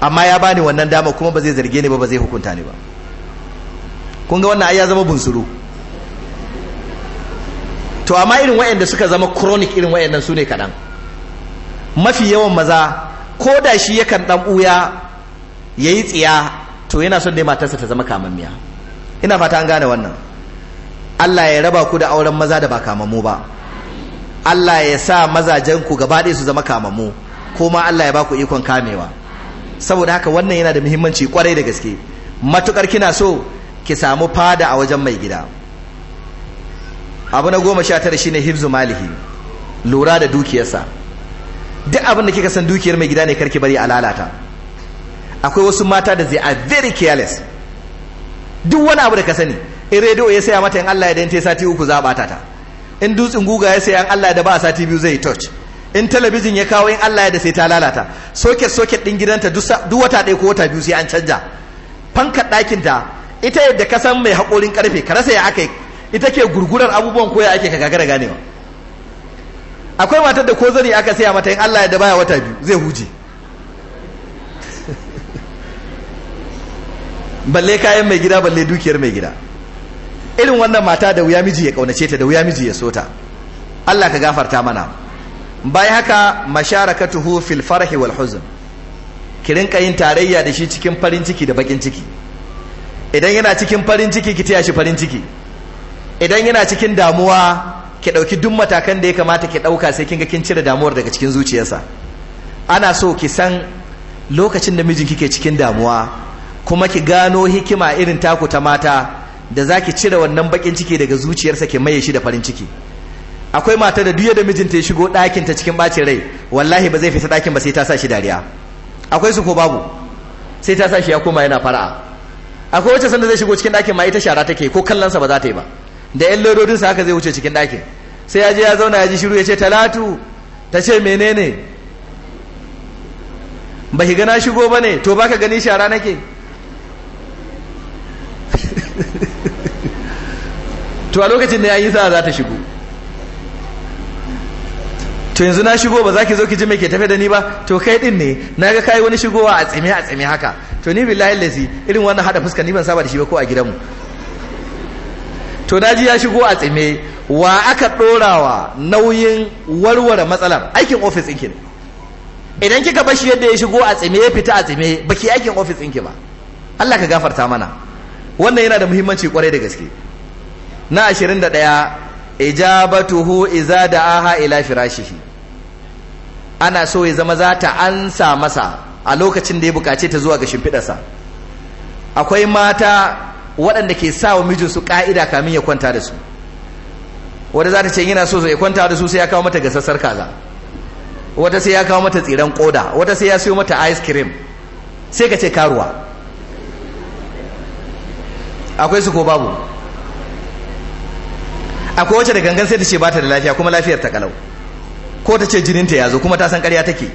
amma ya bani wannan dama kuma ba zai zarge ni ba ba zai hukunta ni ba kun ga wannan ai ya zama bunsuru to amma irin waanda suka zama chronic irin waɗannan su ne kaɗan mafi yawan maza ko da shi yakan ɗan ɓuya ya yi tsiya to yana son dai matarsa ta zama kamammiya ina fata an gane wannan Allah ya raba ku da auren maza da ba kamammu ba Allah ya sa mazajen ku gaba ɗaya su zama kamammu ko Allah ya ba ku ikon kamewa saboda haka wannan yana da muhimmanci kwarai da gaske matukar kina so ki samu fada a wajen mai gida abu na goma sha tara shine hibzu malihi lura da dukiyarsa duk abin da kika san dukiyar mai gida ne karki bari a lalata akwai wasu mata da zai a very careless duk wani abu da ka sani in rediyo ya saya mata in Allah ya dante sati uku za a bata ta in dutsen guga ya saya in Allah da ba sati biyu zai touch in talabijin ya kawo in Allah ya da sai ta lalata soket soket din gidanta duk wata ɗaya ko wata biyu sai an canja fankar ɗakin ta ita yadda ka san mai haƙorin ƙarfe ka rasa ya aka yi ita ke gurgurar abubuwan koya ake ka gagara ganewa akwai matar da ko zani aka saya mata in Allah ya da baya wata biyu zai huje balle kayan mai gida balle dukiyar mai gida irin wannan mata da wuya miji ya kaunace ta da wuya miji ya so ta Allah ka gafarta mana bai haka masharakatuhu fil farhi wal huzn ki rinka yin tarayya da shi cikin farin ciki da bakin ciki idan yana cikin farin ciki ki taya shi farin ciki idan yana cikin damuwa ki dauki duk matakan da ya kamata ki dauka sai kin ga kin cire damuwar daga cikin zuciyarsa ana so ki san lokacin da mijin kike cikin damuwa kuma ki gano hikima irin taku ta mata da zaki cire wannan bakin ciki daga zuciyarsa ki maye shi da farin ciki akwai mata da duk da mijinta ya shigo ɗakinta cikin ɓacin rai wallahi ba zai fita ɗakin ba sai ta sa shi dariya akwai su ko babu sai ta sa shi ya koma yana fara'a akwai wacce sanda zai shigo cikin ɗakin ma ita shara take ko kallonsa ba za ta yi ba da yan ledodinsa haka zai wuce cikin ɗakin sai ya je ya zauna ya ji shiru ya ce talatu ta ce menene ba ki gana shigo ba ne to baka gani shara nake to a lokacin da ya yi sa za ta shigo to yanzu na shigo ba za ki zo ki ji me ke tafe da ni ba to kai din ne na ga kai wani shigowa a tsime a tsime haka to ni billahi lazi irin wannan hada fuska ni ban saba da shi ba ko a gidanmu to naji ya shigo a tsime wa aka dorawa nauyin warware matsalar aikin office ɗinki idan kika bar shi yadda ya shigo a tsime ya fita a tsime baki aikin office ɗinki ba Allah ka gafarta mana wannan yana da muhimmanci kwarai da gaske na 21 ijabatuhu iza aha ila firashihi ana so ya zama zata ansa masa a lokacin da ya bukace ta zuwa ga shimfiɗarsa akwai mata waɗanda ke sa wa mijinsu ƙa'ida kamin ya kwanta da su wata za ta ce yana so ya kwanta da su sai ya kawo mata gasassar kaza wata sai ya kawo mata tsiran koda wata sai ya siyo mata ice cream sai ka ce karuwa akwai su ko babu akwai wacce da gangan sai ta ce bata da lafiya kuma lafiyar ta kalau ko ta ce jininta ya zo kuma ta san ƙarya take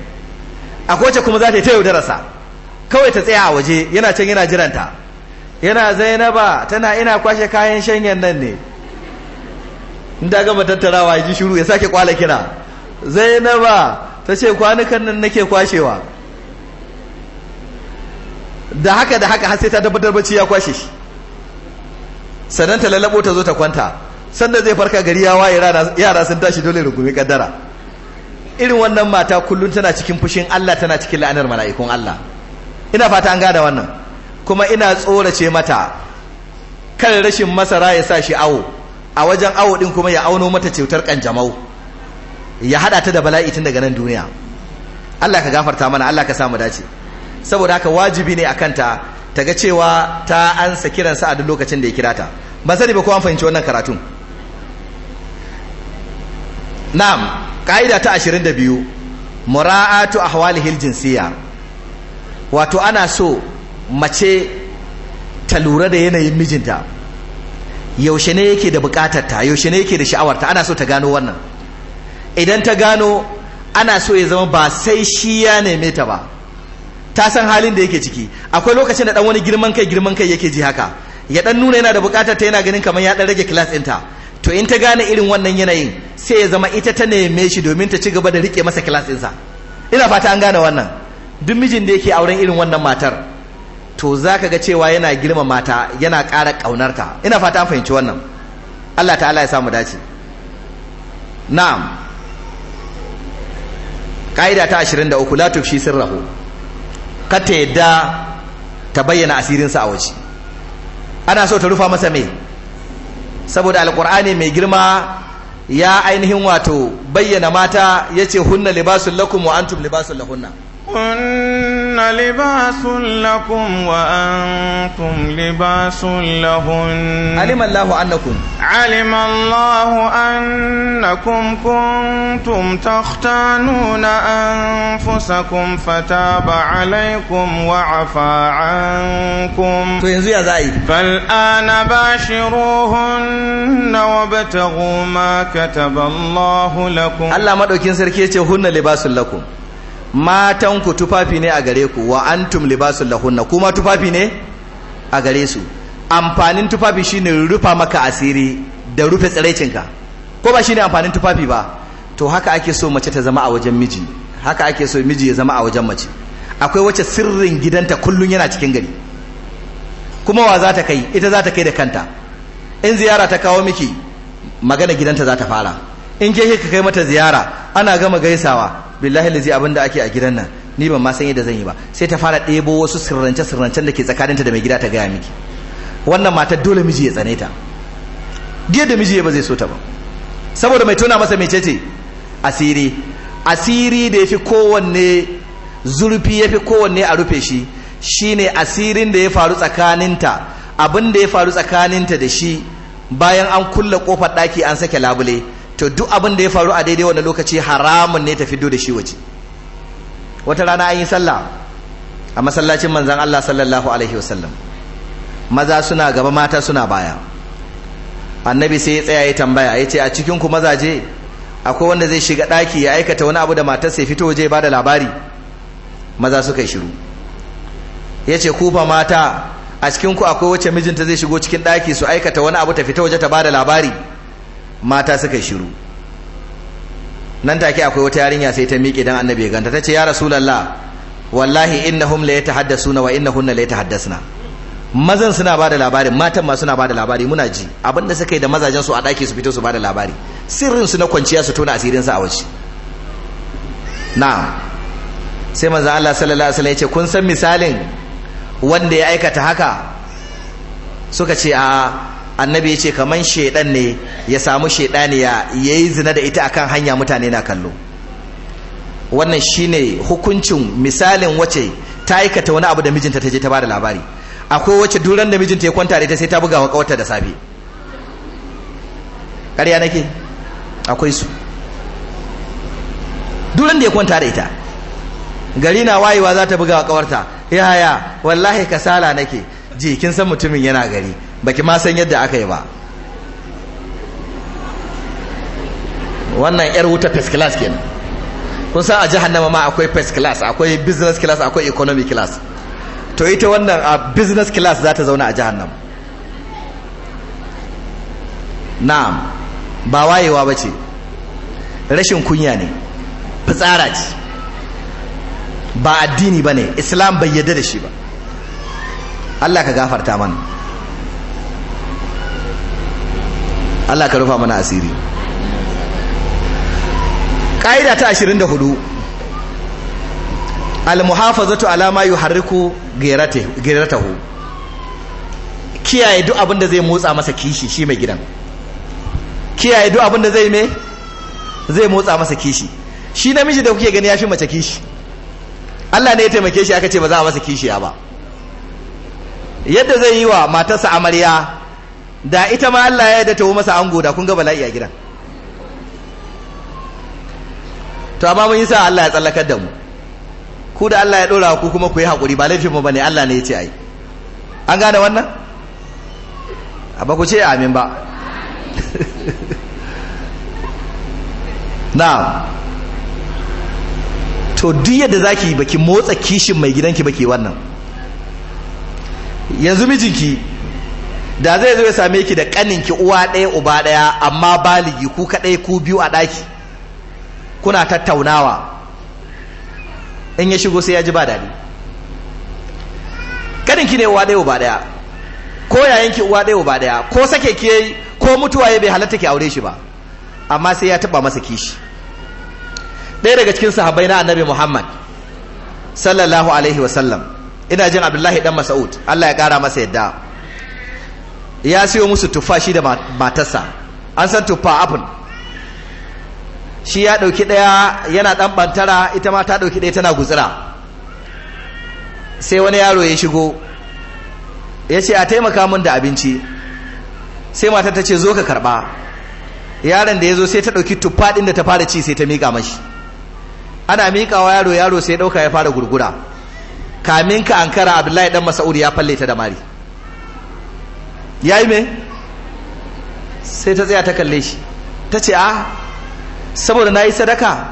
akwai wacce kuma za ta yi ta yaudararsa kawai ta tsaya a waje yana can yana jiranta yana zainaba tana ina kwashe kayan shanyan nan ne in ta gama tattarawa ya ji shiru ya sake kwala kira zainaba ta ce kwanukan nan nake kwashewa da haka da haka har sai ta tabbatar bacci ya kwashe shi sanan ta lalabo ta zo ta kwanta sanda zai farka gari ya waye yara sun tashi dole rungumi kaddara irin wannan mata kullum tana cikin fushin Allah tana cikin la'anar mala'ikun Allah ina fata an gada wannan kuma ina tsorace mata kan rashin masara ya sa shi awo a wajen awo din kuma ya auno mata cutar kanjamau ya hada ta da bala'i tun daga nan duniya Allah ka gafarta mana Allah ka samu dace saboda haka wajibi ne akan ta ta ga cewa ta ansa kiransa a duk lokacin da ya kira ta ban sani ba ko an fahimci wannan karatun na'am ka'ida ta 22 mura'atu ahwalihil jinsiya wato ana so mace ta lura da yanayin mijinta yaushe ne yake da ta? yaushe ne yake da sha'awar ta? ana so ta gano wannan idan ta gano ana so ya zama ba sai shi ya neme ta ba ta san halin da yake ciki akwai lokacin da dan wani girman kai girman kai yake ji haka ya dan nuna yana da bukatar ta yana ganin kamar ya dan rage class ɗinta to in ta gane irin wannan yanayin sai ya zama ita ta neme shi domin ta ci gaba da rike masa kilasinsa ina fata an gane wannan duk mijin da yake auren irin wannan matar to za ka ga cewa yana girma mata yana ƙara ƙaunarta ina fata an fahimci wannan Allah ta'ala ya samu dace na'am ƙa'ida ta ashirin da 23 la sun sirrahu kata yadda ta bayyana asirinsa a waje ana so ta rufa masa mai saboda alƙur'ani mai girma ya ainihin wato bayyana mata ya ce hunna libasun lakum wa antum libasun lahunna هن لباس لكم وأنتم لباس لهن علم الله أنكم علم الله أنكم كنتم تختانون أنفسكم فتاب عليكم وعفى عنكم فالآن باشروهن وابتغوا ما كتب الله لكم الله ما دوكين سركيتي هن لباس لكم matanku tufafi ne a gare ku wa antum libasul lahunna kuma tufafi ne a gare su amfanin tufafi shine rufa maka asiri da rufe tsiraicinka ko ba shine amfanin tufafi ba to haka ake so mace ta zama a wajen miji haka ake so miji ya zama a wajen mace akwai wace sirrin gidanta kullun yana cikin gari kuma wa za ta kai ita za ta kai da kanta in ziyara ta kawo miki magana gidanta za ta fara in ke ka kai mata ziyara ana gama gaisawa billahi lazi abin ake a gidan nan ni ban ma san yadda zan yi ba sai ta fara ɗebo wasu sirrance sirrancen da ke tsakaninta da mai gida ta gaya miki wannan matar dole miji ya tsane ta giya da miji ya ba zai so ta ba saboda mai tona masa ce asiri asiri da ya fi kowanne zurfi ya fi kowanne a rufe shi shine asirin da ya faru tsakaninta abin da ya faru tsakaninta da shi bayan an kulle kofar ɗaki an sake labule to duk abin da ya faru a daidai wani lokaci haramun ne ta fiddo da shi waje wata rana an yi sallah a masallacin manzan Allah sallallahu alaihi wasallam maza suna gaba mata suna baya annabi sai ya tsaya ya tambaya ya ce a cikin ku mazaje akwai wanda zai shiga ɗaki ya aikata wani abu da matar sai fito waje ba da labari maza suka yi shiru ya ce ku mata a cikin ku akwai wacce mijinta zai shigo cikin ɗaki su aikata wani abu ta fita waje ta ba da labari mata suka shiru nan take akwai wata yarinya sai ta miƙe dan annabi ya ganta tace ya rasulullah wallahi innahum la yatahaddasuna wa innahunna la yatahaddasna mazan suna bada labari matan ma suna bada labari muna ji abinda suka yi da mazajen su a daki su fito su bada labari sirrin su na kwanciya su tona asirin su a waje na'am sai manzo Allah sallallahu alaihi wasallam ya ce kun san misalin wanda ya aikata haka suka ce a annabi ya ce kaman shaidan ne ya samu shaidani ya yi zina da ita akan hanya mutane na kallo wannan shine hukuncin misalin wace ta aikata wani abu da mijinta ta je ta bada labari akwai wace duran da mijinta ya kwanta da ita sai ta buga wa da safe ƙarya nake akwai su duran da ya kwanta da ita gari na wayewa za ta buga wa ya haya wallahi kasala nake je kin san mutumin yana gari baki ma san yadda aka yi ba wannan yar wuta first class kenan kun san a jahannama ma akwai first class akwai business class akwai economy class to ita wannan a business class za ta zauna a jahannama na'am ba wayewa ba ce rashin kunya ne fitsara ce ba addini ba ne islam bai yarda da shi ba allah ka gafarta mana Allah ka rufa mana asiri ƙa'ida ta 24 al-muhafazatu ala ma yuharriku gairatahu kiyaye duk abin da zai motsa masa kishi shi mai gidan kiyaye duk abin da zai me zai motsa masa kishi shi namiji da kuke gani ya fi mace kishi Allah ne ya taimake shi aka ce ba za a masa kishiya ba yadda zai yi wa matarsa amarya da ita ma Allah ya da tawo masa ango da kun ga bala'i a gidan to amma mun yi sa Allah ya tsallakar da mu ku da Allah ya dora ku kuma ku yi hakuri ba laifin mu bane Allah ne ya ce ai an gane wannan amma ku ce amin ba na'am to duk yadda zaki baki motsa kishin mai gidanki baki wannan yanzu mijinki da zai zo ya same ki da kaninki uwa ɗaya uba ɗaya amma baligi ku kaɗai ku biyu a ɗaki kuna tattaunawa in ya shigo sai ya ji ba daɗi kaninki ne uwa ɗaya uba ɗaya ko yayinki uwa ɗaya uba ɗaya ko sake ke ko mutuwa ya bai halatta ki aure shi ba amma sai ya taɓa masa kishi ɗaya daga cikin sahabbai na annabi muhammad sallallahu alaihi wasallam ina jin abdullahi dan mas'ud allah ya ƙara masa yadda ya siyo musu tufa shi da matarsa an san tufa apple shi ya ɗauki ɗaya yana ɗan ɓantara ita ma ta ɗauki ɗaya tana gutsira sai wani yaro ya shigo ya ce a taimaka min da abinci sai matar ta ce zo ka karɓa yaron da ya zo sai ta ɗauki tuffa ɗin da ta fara ci sai ta miƙa mashi ana miƙawa yaro yaro sai ɗauka ya fara gurgura kamin ka ankara abdullahi ɗan masa'ud ya falle ta da mari ya yi mai sai ta tsaya ta kalle shi ta ce a ah, saboda na yi sadaka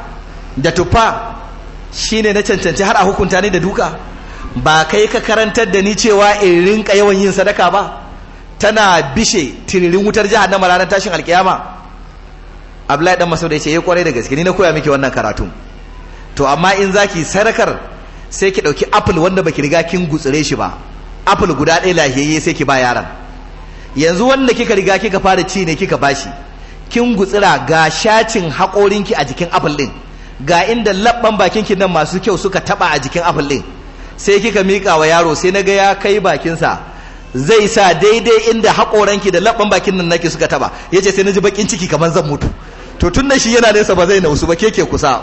da tufa shine na cancanci har a hukunta ni da duka ba kai ka karantar da ni cewa in rinka yawan yin sadaka ba tana bishe tiririn wutar jihar na ranar tashin alkiyama abdullahi dan masauda ya ce ya eh, kwarai da gaske ni na koya miki wannan karatu to amma in zaki sadakar sai ki ɗauki apple wanda baki riga kin gutsure shi ba apple guda ɗaya lahiyayye sai ki ba yaran yanzu wanda kika riga kika fara ci ne kika bashi kin gutsira ga shacin haƙorinki a jikin apple din ga inda labban bakinki nan masu kyau suka taba a jikin apple din sai kika mika wa yaro sai na ga ya kai bakinsa zai sa daidai inda haƙoranki da labban bakin nan naki suka taba yace sai na naji bakin ciki kaman zan mutu to tun da shi yana nesa ba zai nausu ba ke ke kusa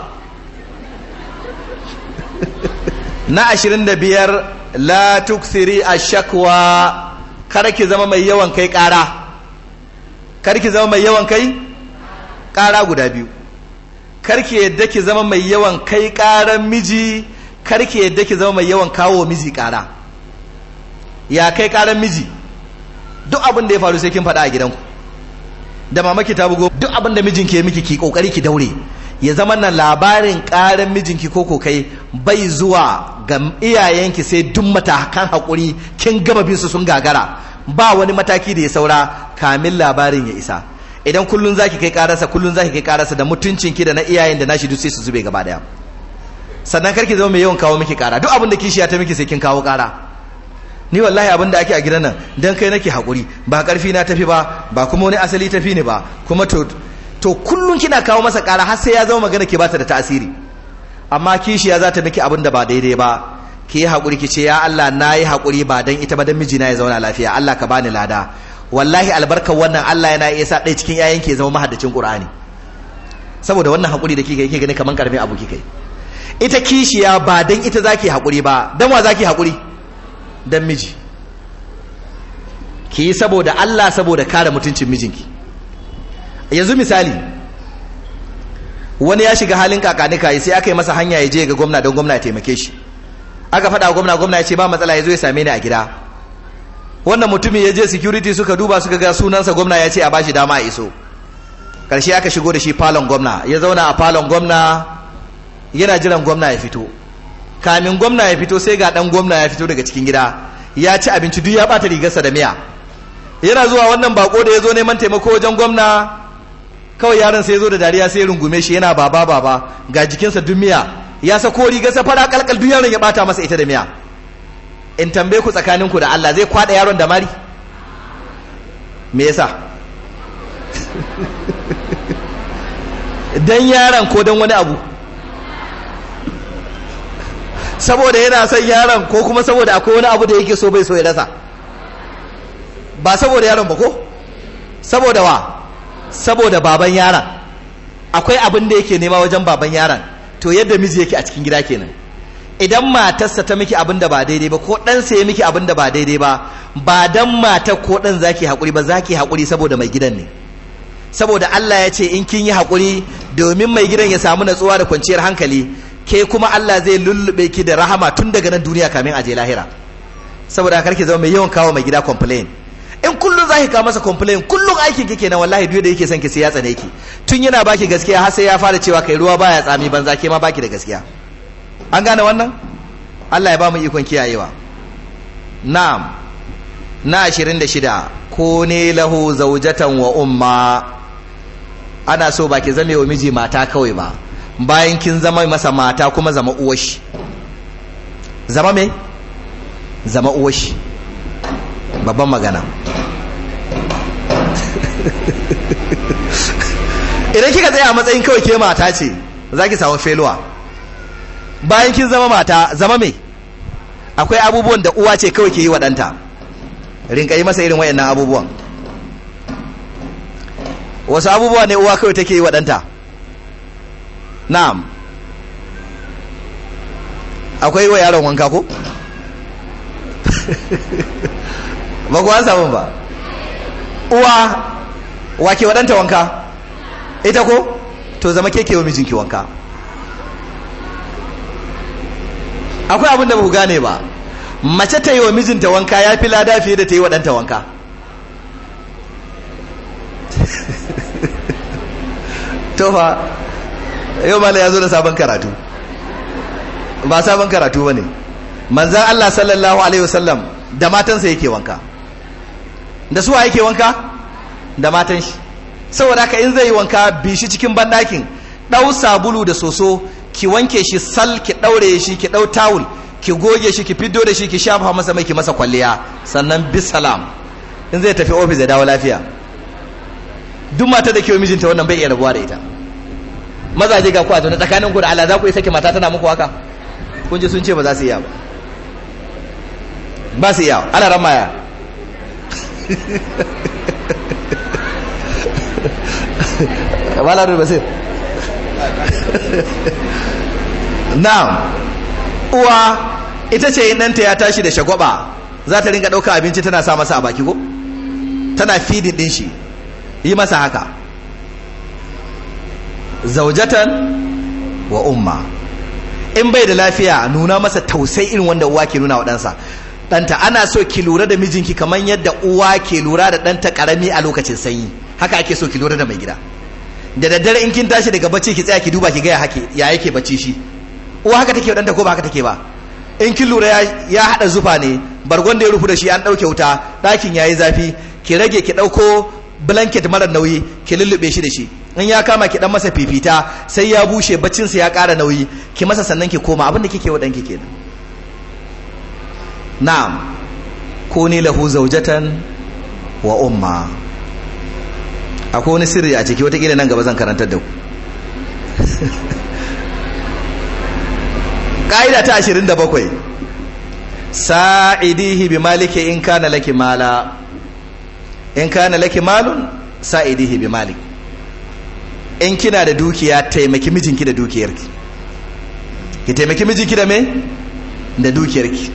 na ashirin biyar la tuksiri a kar ki zama mai yawan kai ƙara kar ki zama mai yawan kai ƙara guda biyu kar ki yadda ki zama mai yawan kai ƙaran miji kar ki yadda ki zama mai yawan kawo miji ƙara ya kai ƙaran miji duk abin da ya faru sai kin faɗa a gidanku da mamaki ta bugo duk abin da mijinki ya miki ki kokari ki daure ya zama nan labarin ƙaran mijinki ko ko kai bai zuwa ga iyayenki sai duk matakan haƙuri kin gama bin su sun gagara ba wani mataki da ya saura kamin labarin ya isa idan kullun zaki kai karasa kullun zaki kai karasa da mutuncin ki da na iyayen da nashi duk sai su zube gaba daya sannan ki zama mai yawan kawo miki kara duk abin da kishiya ta miki sai kin kawo kara ni wallahi abin da ake a gidan nan dan kai nake hakuri ba karfi na tafi ba ba kuma wani asali tafi ne ba kuma to to kullun kina kawo masa kara har sai ya zama magana ke bata da tasiri amma kishiya za ta miki abin da ba daidai ba ki yi haƙuri ki ce ya Allah na yi haƙuri ba don ita ba don mijina ya zauna lafiya Allah ka bani lada wallahi albarka wannan Allah yana iya sa ɗaya cikin yayan ke zama mahaddacin ƙur'ani saboda wannan haƙuri da kika yi gani kaman karamin abu kika yi ita kishiya ba don ita zaki haƙuri ba don wa zaki haƙuri don miji ki yi saboda Allah saboda kare mutuncin mijinki yanzu misali wani ya shiga halin kakanika sai aka yi masa hanya ya je ga gwamna don gwamna ya taimake shi aka faɗa gwamna gwamna ya ce ba matsala ya zo ya same ni a gida wannan mutumin ya je security suka duba suka ga sunansa gwamna ya ce a bashi dama a iso ƙarshe aka shigo da shi falon gwamna ya zauna a falon gwamna yana jiran gwamna ya fito kamin gwamna ya fito sai ga ɗan gwamna ya fito daga cikin gida ya ci abinci duk ya ɓata rigarsa da miya yana zuwa wannan bako da ya zo neman taimako wajen gwamna kawai yaron sai ya zo da dariya sai ya rungume shi yana baba baba ga jikinsa duk miya ya sako riga sa fara kalkal duk yaron ya bata masa ita da miya in tambaye ku tsakanin ku da Allah zai kwada yaron da mari me yasa dan yaron ko dan wani abu saboda yana son yaron ko kuma saboda akwai wani abu da yake so bai so ya rasa ba saboda yaron ba ko saboda wa saboda baban yaron akwai abin da yake nema wajen baban yaron to yadda miji yake a cikin gida kenan idan matarsa ta miki abin da ba daidai ba ko ɗansa ya miki abin da ba daidai ba ba dan matar ko ɗan zaki haƙuri ba zaki haƙuri saboda mai gidan ne saboda Allah ya ce in kin yi haƙuri domin mai gidan ya samu natsuwa da kwanciyar hankali ke kuma Allah zai lullube ki da rahama tun daga nan duniya kamin a je lahira saboda karki zama mai yawan kawo mai gida complain in kullum zaki ka masa complain kullum aikin kike na wallahi duk da yake son ki sai ya tsane ki tun yana baki gaskiya har sai ya fara cewa kai ruwa baya tsami banza ke ma baki da gaskiya an gane wannan Allah ya ba mu ikon kiyayewa na'am na 26 ko ne lahu zaujatan wa umma ana so baki zame wa miji mata kawai ba bayan kin zama masa mata kuma zama uwashi zama me zama uwashi babban magana idan kika tsaya a matsayin kawai ke mata ce za ki samu feluwa bayan kin zama mata zama me akwai abubuwan da uwa ce kawai ke yi wa ɗanta rinka yi masa irin wayannan abubuwan wasu abubuwa ne uwa kawai take yi wa na'am akwai wa yaron wanka ko ba ku an samu ba uwa wake waɗanta wanka ita ko to zama wa mijinki wanka akwai abin da ba ku gane ba mace ta yi wa mijinta wanka ya fi lada fiye da ta yi waɗanta wanka tofa yau mala ya zo da sabon karatu ba sabon karatu ba ne manzan Allah sallallahu Alaihi wasallam da matansa yake wanka da suwa yake wanka da matan shi saboda haka in zai yi wanka bi shi cikin bandakin ɗau sabulu da soso ki wanke shi sal ki ɗaure shi ki ɗau tawul ki goge shi ki fiddo da shi ki shafa masa mai ki masa kwalliya sannan bi salam. in zai tafi ofis ya dawo lafiya duk mata da kiwo mijinta wannan bai iya rabuwa da ita mazaje ga ku a zaune tsakanin ku da Allah za ku yi sake mata tana muku haka kun ji sun ce ba za su iya ba ba su iya Allah ramaya malarul na'am uwa ita ce in ɗanta ya tashi da shagwaba za ta ringa ɗauka abinci tana sa masa a baki ko tana fidin ɗin shi yi masa haka zaujatan wa umma in bai da lafiya nuna masa tausai irin wanda uwa ke nuna wa ɗansa ɗanta ana so ki lura da mijinki kamar yadda uwa ke lura da ɗanta ƙarami a lokacin sanyi haka ake so ki lura da mai gida da daddare in kin tashi daga bacci ki tsaya ki duba ki ga ya yake bacci shi uwa haka take ɗanta ko ba haka take ba in kin lura ya haɗa zufa ne bargon da ya rufu da shi an ɗauke wuta ɗakin ya yi zafi ki rage ki dauko blanket mara nauyi ki lullube shi da shi in ya kama ki dan masa fifita sai ya bushe baccin sa ya kara nauyi ki masa sannan ki koma abin da kike wa danki kenan na'am kuni lahu zaujatan wa umma akwai wani sirri a ciki kila nan gaba zan karantar da ku ƙa'ida ta 27 sa'idihi bi maliki in kana laki mala in kana laki malun sa'idihi bi malik in kina da dukiya taimaki mijinki da dukiyarki ki taimaki mijinki da me da dukiyarki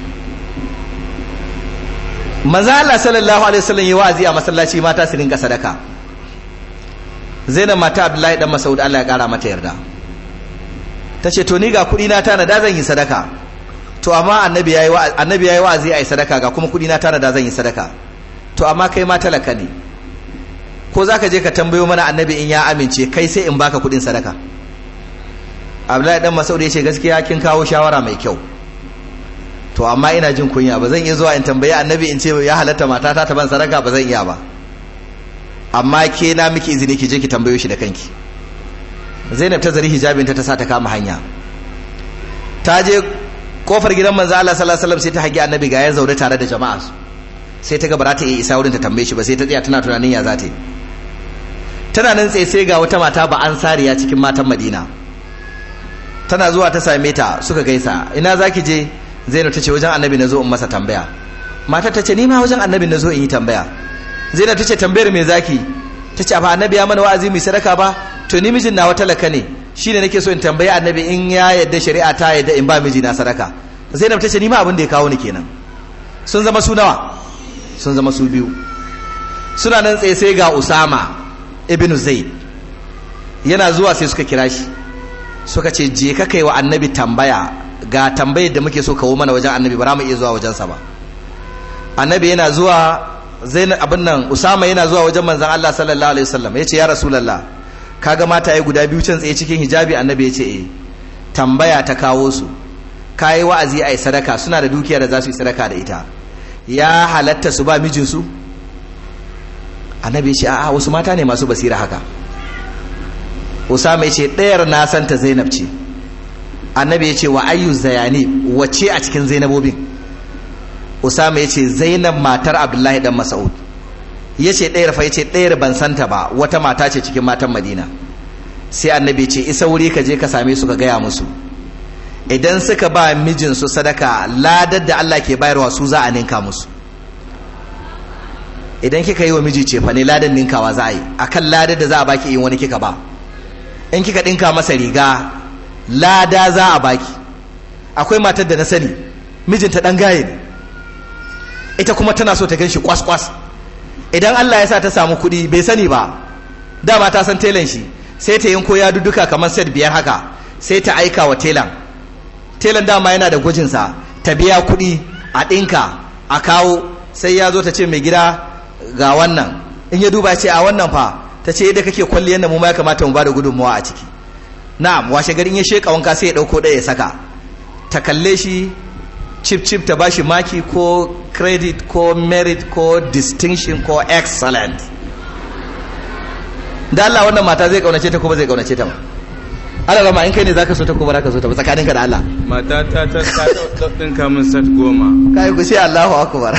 maza Allah sallallahu alaihi wasallam yi wa'azi a masallaci mata su rinka sadaka zainab mata abdullahi dan masaud Allah ya kara mata yarda ta ce to ni ga kuɗi na tana da zan yi sadaka to amma annabi yayi annabi yayi wa'azi ai sadaka ga kuma kuɗi na tana da zan yi sadaka to amma kai ma talaka ne ko zaka je ka tambayo mana annabi in ya amince kai sai in baka kuɗin sadaka abdullahi dan masaud ya ce gaskiya kin kawo shawara mai kyau to amma ina jin kunya ba zan iya zuwa in tambayi annabi in ce ya halatta mata ta ban sadaka ba zan iya ba amma ke na miki izini ki je ki tambayo shi da kanki Zainab ta zari hijabin ta ta sa ta kama hanya ta je kofar gidan manzo Allah sallallahu alaihi wasallam sai ta hagi annabi ga ya zaune tare da jama'a sai ta ga ba za ta iya isa wurin ta tambaye shi ba sai ta tsaya tana tunanin ya za ta tana nan tsaye sai ga wata mata ba an cikin matan Madina tana zuwa ta same ta suka gaisa ina zaki je zainab ta ce wajen annabi na zo in masa tambaya matar ta ce ni ma wajen annabi na zo in yi tambaya zainab ta ce tambayar me zaki ta ce ba annabi ya mana wa'azi mai sadaka ba to ni mijin nawa talaka ne shine nake so in tambayi annabi in ya yadda shari'a ta yadda in ba miji na sadaka zainab ta ce ni ma abin da ya kawo ni kenan sun zama su nawa sun zama su biyu suna nan tsaye sai ga usama ibn zaid yana zuwa sai suka kira shi suka ce je ka kai wa annabi tambaya ga tambayar da muke so kawo mana wajen annabi ba mu iya zuwa wajensa ba annabi yana zuwa zainab abin nan usama yana zuwa wajen manzon Allah sallallahu alaihi wasallam yace ya rasulullah kaga mata yi guda biyu can tsaye cikin hijabi annabi yace eh tambaya ta kawo su kayi wa'azi ai sadaka suna da dukiya da za su yi sadaka da ita ya halatta su ba mijinsu annabi ya ce a'a wasu mata ne masu basira haka usama ya ce ɗayar na santa zainab ce annabi ya ce wa ayyu zayani wace a cikin zainabobin usama ya ce zainab matar abdullahi dan mas'ud ya ce ɗayar fa ya ce ɗayar ban santa ba wata mata ce cikin matan madina sai annabi ce isa wuri ka je ka same su ka gaya musu idan suka ba mijinsu sadaka ladar da allah ke bayarwa su za a ninka musu idan kika yi wa miji ce fa ne ladan ninkawa za a yi akan ladar da za a baki yin wani kika ba in kika ɗinka masa riga lada za a baki akwai matar da na sani mijinta dan gaye ne ita kuma tana so ta gan shi kwas-kwas idan Allah ya sa ta samu kuɗi bai sani ba dama ta san telan shi sai ta yanko ya duduka kamar set biyar haka sai ta aika wa telan telan dama yana da gwajinsa ta biya kuɗi a ɗinka a kawo sai ya zo ta ce mai gida ga wannan in ya duba ce a wannan fa ta ce yadda kake kwalliyar da mu ma ya kamata mu ba da gudunmawa a ciki na'am washe garin ya sheka wanka sai ya dauko da ya saka ta kalle shi chip chip ta bashi maki ko credit ko merit ko distinction ko excellent da Allah wannan mata zai kaunace ta ko ba zai kaunace ta ba Allah rama in kai ne zaka so ta ko ba zaka so ta ba tsakanin ka da Allah mata ta ta ta ka min sat goma kai ku sai Allahu akbar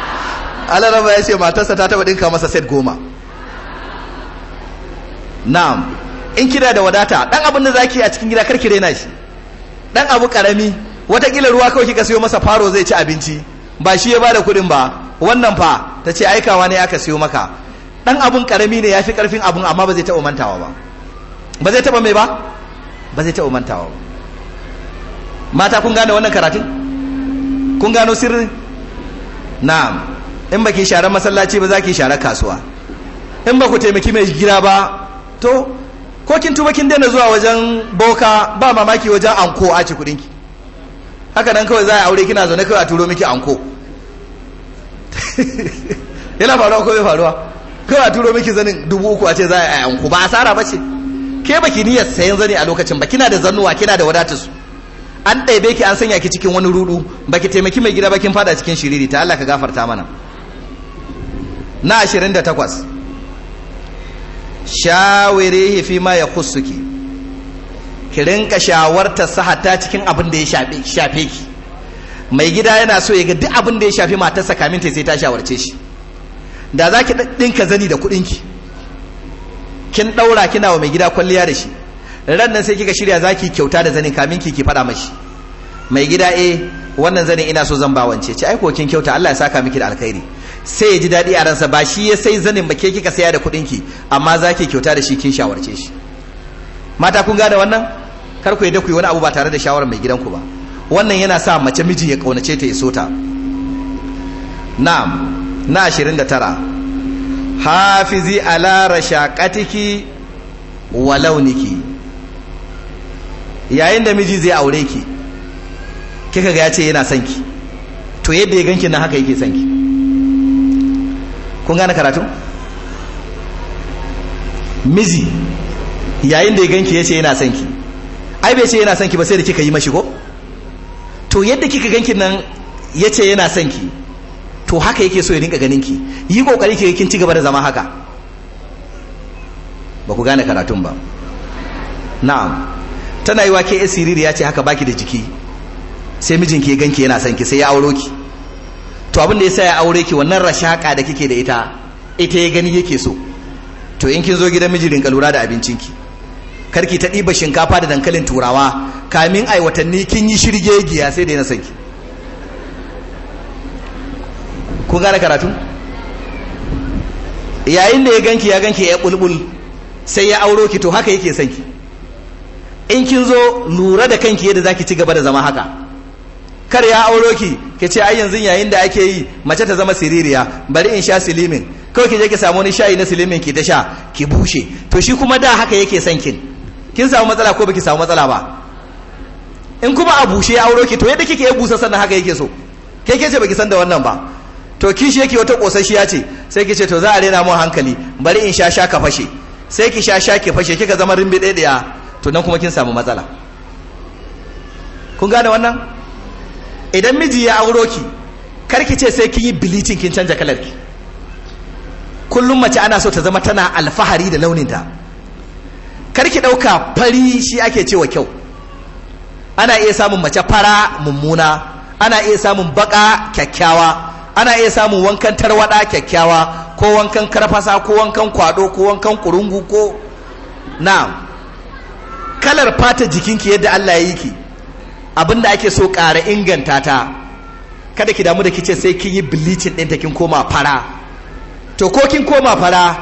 Allah ba ya ce mata sa ta ta din ka masa set goma na'am in kira da wadata dan abin da zaki a cikin gida karki daina shi dan abu karami wataƙila ruwa kawai kika siyo masa faro zai ci abinci ba shi ya bada kuɗin ba wannan fa ta ce aikawa ne aka siyo maka dan abun karami ne ya fi karfin abun amma ba zai taɓa mantawa ba ba zai taɓa mai ba ba zai taɓa mantawa ba mata kun gane wannan karatun kun gano sirri? na'am in baki share masallaci ba za ki share kasuwa in ba ku taimaki mai gida ba to ko kin tuba kin daina zuwa wajen boka ba mamaki wajen anko a ci kudinki haka nan kawai za a aure kina zaune kawai a turo miki anko yana faruwa ko bai faruwa kawai a turo miki zanin dubu uku a ce za a yi anko ba asara ba ce ke baki niyyar sayan zani a lokacin ba kina da zannuwa kina da wadatar su an ɗaibe ki an sanya ki cikin wani rudu baki taimaki mai gida bakin fada cikin shiriri ta Allah ka gafarta mana na 28 shawirihi fi ma ya kusuki ki rinka shawarta sahata cikin abin da ya shafe ki mai gida yana so ya ga duk abin da ya shafi matarsa kamin ta sai ta shawarce shi da za ki ɗinka zani da kuɗin ki kin ɗaura kina wa mai gida kwalliya da shi ran nan sai kika shirya za ki kyauta da zani kamin ki ki faɗa mashi mai gida eh wannan zanin ina so zan bawance ci aiko kin kyauta Allah ya saka miki da alkhairi sai ya ji daɗi a ransa ba shi ya sai zanin ba ke kika saya da kuɗin ki amma za ki kyauta da shi kin shawarce shi mata kun gane wannan kar ku yi ku yi wani abu ba tare da shawarar mai gidanku ba wannan yana sa mace miji ya kaunace ta ya so ta na'am na 29 hafizi ala rashaqatiki wa launiki yayin da miji zai aure ki kika ga ya ce yana son ki to yadda ya ganki na haka yake son ki kun gane karatu mizi yayin da ya ganki ya ce yana son ki ai bai ce yana son ki ba sai da kika yi mashi ko to yadda kika ganki nan ya ce yana son ki to haka yake so ya rinka ganin ki yi kokari ki kin ci gaba da zama haka ba ku gane karatun ba na'am tana yi wa ke asiriri ya ce haka baki da jiki sai mijinki ya ganki yana son ki sai ya auro ki to abin da ya sa ya aure ki wannan rashaka da kike da ita ita ya gani yake so to in kin zo gidan miji rinka lura da ki karki ta ɗiba shinkafa da dankalin turawa kamin ai watanni kin yi shirge giya sai dai na sanki kun gane karatu yayin da ya ganki ya ganki ya bulbul sai ya auro ki to haka yake sanki in kin zo lura da kanki yadda zaki ci gaba da zama haka kar ya auro ki ki ce ai yanzu yayin da ake yi mace ta zama siririya bari in sha silimin kawai ki je ki samu wani shayi na silimin ki ta sha ki bushe to shi kuma da haka yake son kin kin samu matsala ko baki samu matsala ba in kuma a bushe ya auro ki to yadda kike busa sannan haka yake so kai ke ce baki san da wannan ba to kishi yake wata kosasshiya ce sai ki ce to za a rena mun hankali bari in sha sha ka fashe sai ki sha sha ki fashe kika zama rimbi daya to nan kuma kin samu matsala kun gane wannan idan miji ya auro ki kar ki ce sai kin yi bleaching kin canja kalar ki kullum mace ana so ta zama tana alfahari da launin launinta ki ɗauka fari shi ake cewa kyau ana iya samun mace fara mummuna ana iya samun baka kyakkyawa ana iya samun wankan tarwada kyakkyawa ko wankan karfasa ko wankan kwado ko wankan kurungu ko na kalar fata jikinki yadda Allah ya yi ki abin da ake so ƙara inganta ta kada ki damu da kice sai kin yi ɗin ɗinta kin koma fara to ko kin koma fara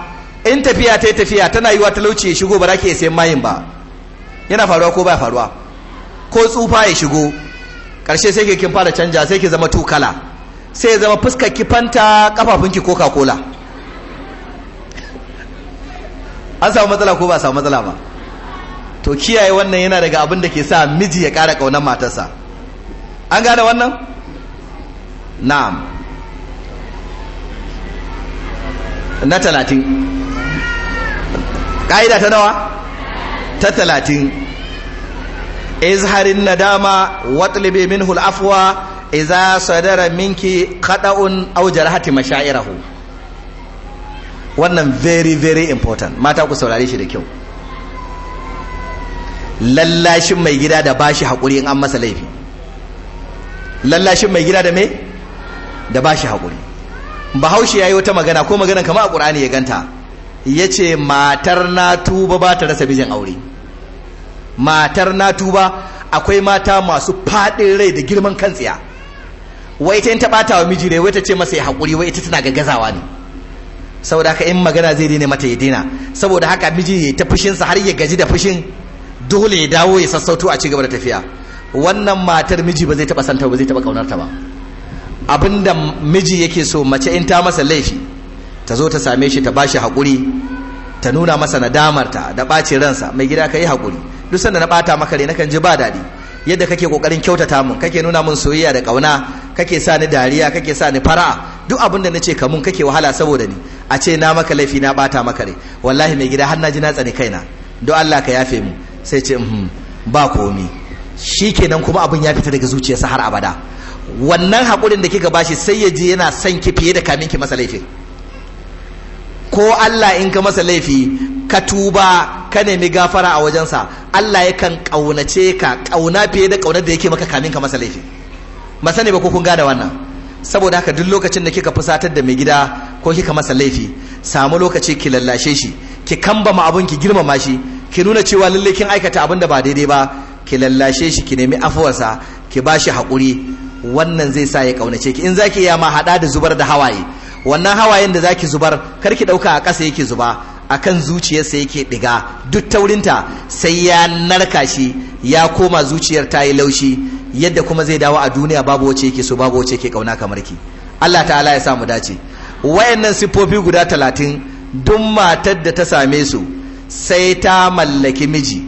in tafiya ta tafiya tana yiwa talauci ya shigo ba za ki iya sayan mayin ba yana faruwa ko ba faruwa ko tsufa ya shigo ƙarshe sai ke kin fara canja sai ki zama tukala sai ya zama fuskar ki fanta kafafun ki coca cola an samu matsala ko ba samu matsala ba to kiyaye wannan yana daga abin da ke sa miji ya ƙara ƙaunar matarsa an gane wannan na'am na talatin ƙa'ida ta nawa ta talatin izharin nadama watlibe min hul’afuwa iza sadara minki kaɗa'un aujar hati mashairahu wannan very very important mata ku saurare shi da kyau lallashin mai gida da ba shi haƙuri in an masa laifi lallashin mai gida da me da ba shi haƙuri bahaushe ya yi wata magana ko magana kama a ƙura'ani ya ganta ya ce matar na tuba ba ta rasa bijin aure matar na tuba akwai mata masu faɗin rai da girman kan tsiya wai ta yin ta wa miji ne wai ta ce masa ya haƙuri wai ita tana gaggazawa ne saboda haka in magana zai daina mata ya daina saboda haka miji ya ta fushinsa har ya gaji da fushin dole ya dawo ya sassauto a cigaba da tafiya wannan matar miji ba zai taba santa ba zai taba kaunarta ba abinda miji yake so mace in ta masa laifi ta zo ta same shi ta bashi hakuri ta nuna masa ta da ɓacin ransa mai gida ka yi hakuri duk sanda na ɓata maka rai nakan ji ba daɗi yadda kake kokarin kyautata mun kake nuna mun soyayya da kauna kake sa ni dariya kake sa ni fara duk abin da ce ka mun kake wahala saboda ni a ce na maka laifi na bata maka rai wallahi mai gida har na ji na tsani kaina don Allah ka yafe mu sai ce hmm, ba komi shi nan kuma abin ya fita daga zuciyarsa har abada wannan haƙurin da kika bashi sai ya je yana son ki fiye da kamin ki masa laifin ko Allah in ka masa laifi ka tuba ka nemi gafara a wajensa Allah yakan ƙaunace ka ƙauna fiye da ƙaunar da yake maka kamin ka masa laifi ba sani ba ko kun gada wannan saboda haka duk lokacin da kika fusatar da mai gida ko kika masa laifi samu lokaci ki lallashe shi ki kambama abun ki girmama shi ki nuna cewa lallai kin aikata abin da ba daidai ba ki lallashe shi ki nemi afuwarsa ki ba shi haƙuri wannan zai sa ya ƙaunace ki in zaki iya ma haɗa da zubar da hawaye wannan hawayen da zaki zubar kar ki ɗauka a ƙasa yake zuba a kan zuciyarsa yake ɗiga duk taurinta sai ya narka shi ya koma zuciyar ta yi laushi yadda kuma zai dawo a duniya babu wacce yake so babu wacce yake ƙauna kamar ki Allah ta'ala ya sa mu dace wayannan siffofi guda talatin duk matar da ta same su sai ta mallaki miji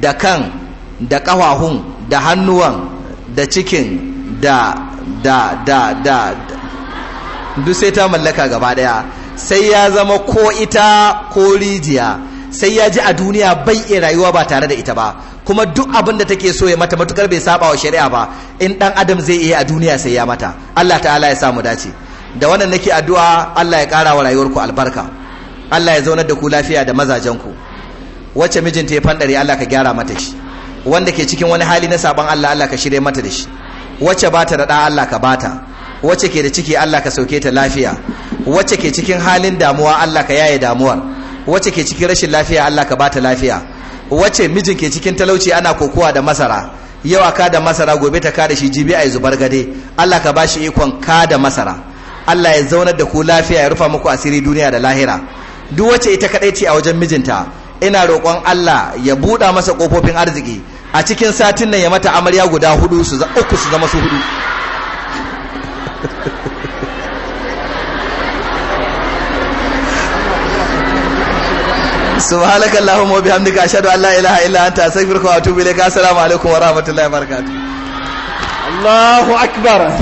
da kan da ƙafafun da hannuwan da cikin da da da da duk sai ta mallaka gaba daya sai ya zama ko ita ko rijiya sai ya ji a duniya bai iya rayuwa ba tare da ita ba kuma duk abin da take so ya mata matukar bai saba wa shari'a ba in dan adam zai iya a duniya sai ya mata Allah ta'ala ya samu dace da wannan nake addu'a Allah ya ƙara wa rayuwarku albarka Allah ya zaunar da ku lafiya da mazajen ku wacce mijinta ya fandare Allah ka gyara mata shi wanda ke cikin wani hali na saban Allah Allah ka shirye mata da shi wacce ba ta da ɗa Allah ka bata wacce ke da ciki Allah ka sauke ta lafiya wacce ke cikin halin damuwa Allah ka yaye damuwar wacce ke cikin rashin lafiya Allah ka bata lafiya wacce mijin ke cikin talauci ana kokowa da masara yau a da masara gobe ta kada shi jibi ai zubar gade Allah ka bashi ikon ka da masara Allah ya zaunar da ku lafiya ya rufa muku asiri duniya da lahira duk wacce ita kadai ce a wajen mijinta ina roƙon Allah ya buɗa masa ƙofofin arziki a cikin satin nan ya mata amarya guda hudu su uku su zama su hudu subhanaka allahumma wa bihamdika ashhadu an la ilaha illa anta astaghfiruka wa atubu ilayka assalamu alaikum wa rahmatullahi wa barakatuh Allahu akbar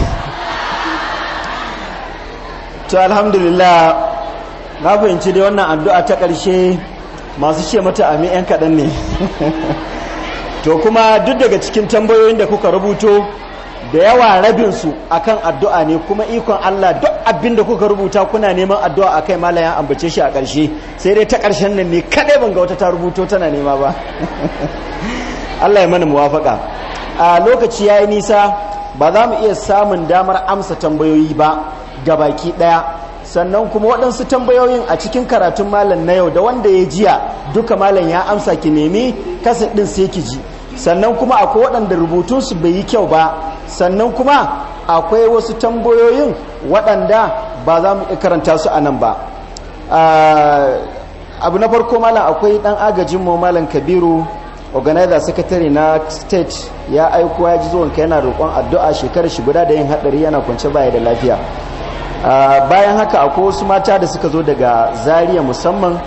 to alhamdulillah na fahimci dai wannan addu'a ta ƙarshe masu ce mata amin 'yan kaɗan ne to kuma duk daga cikin tambayoyin da kuka rubuto da yawa rabin su akan addu'a ne kuma ikon Allah duk abin da kuka rubuta kuna neman addu'a a kai malayan ambace shi a ƙarshe sai dai ta ƙarshen nan ne kaɗai ban ga wata ta rubuto tana nema ba Allah ya mana muwafaka a lokaci ya yi nisa ba za mu iya samun damar amsa tambayoyi ba ga baki ɗaya sannan kuma waɗansu tambayoyin a cikin karatun malam na yau da wanda ya jiya duka malam ya amsa ki nemi kasa ɗin sai ki ji sannan kuma akwai waɗanda rubutunsu bai yi kyau ba sannan kuma akwai wasu tambayoyin waɗanda ba za mu karanta su a nan ba ah, abu na farko malam akwai ɗan agajin mu malam kabiru organizer secretary na state ya aiko ya ji zuwanka yana roƙon addu'a shekarar shi guda da yin haɗari yana kwance baya da lafiya bayan haka akwai wasu mata da suka zo daga zaria musamman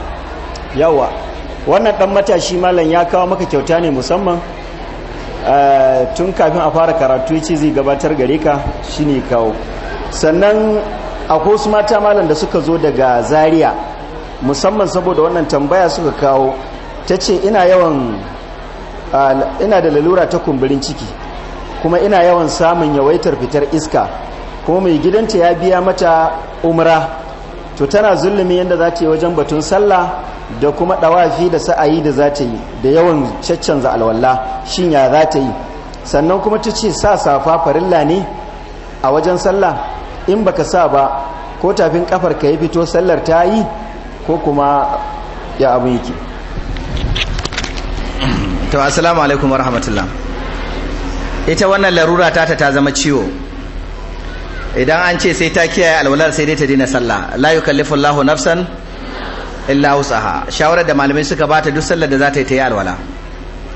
yawa wannan dan matashi malam ya kawo maka kyauta ne musamman tun kafin a fara karatu ya ce zai gabatar gare ka shine kawo sannan akwai wasu mata malam da suka zo daga zariya musamman saboda wannan tambaya suka kawo ta ce ina yawan ina da lalura ta kumburin ciki kuma ina yawan samun yawaitar fitar iska ko mai gidanta ya biya mata umra to tana zulumi yadda za ta yi wajen batun sallah da kuma ɗawafi da sa'ayi da za ta yi da yawan caccanza alwala shin ya za ta yi sannan kuma ta ce sa safa farilla ne a wajen sallah in baka sa ba ko tafin kafar ka ya fito sallar ta yi ko kuma ya abin yake to assalamu alaikum warahmatullah ita wannan larura ta ta zama ciwo idan an ce sai ta kiyaye alwalar sai dai ta daina sallah la yukallifu Allahu nafsan illa wusaha shawarar da malamai suka bata duk sallar da za ta yi ta yi alwala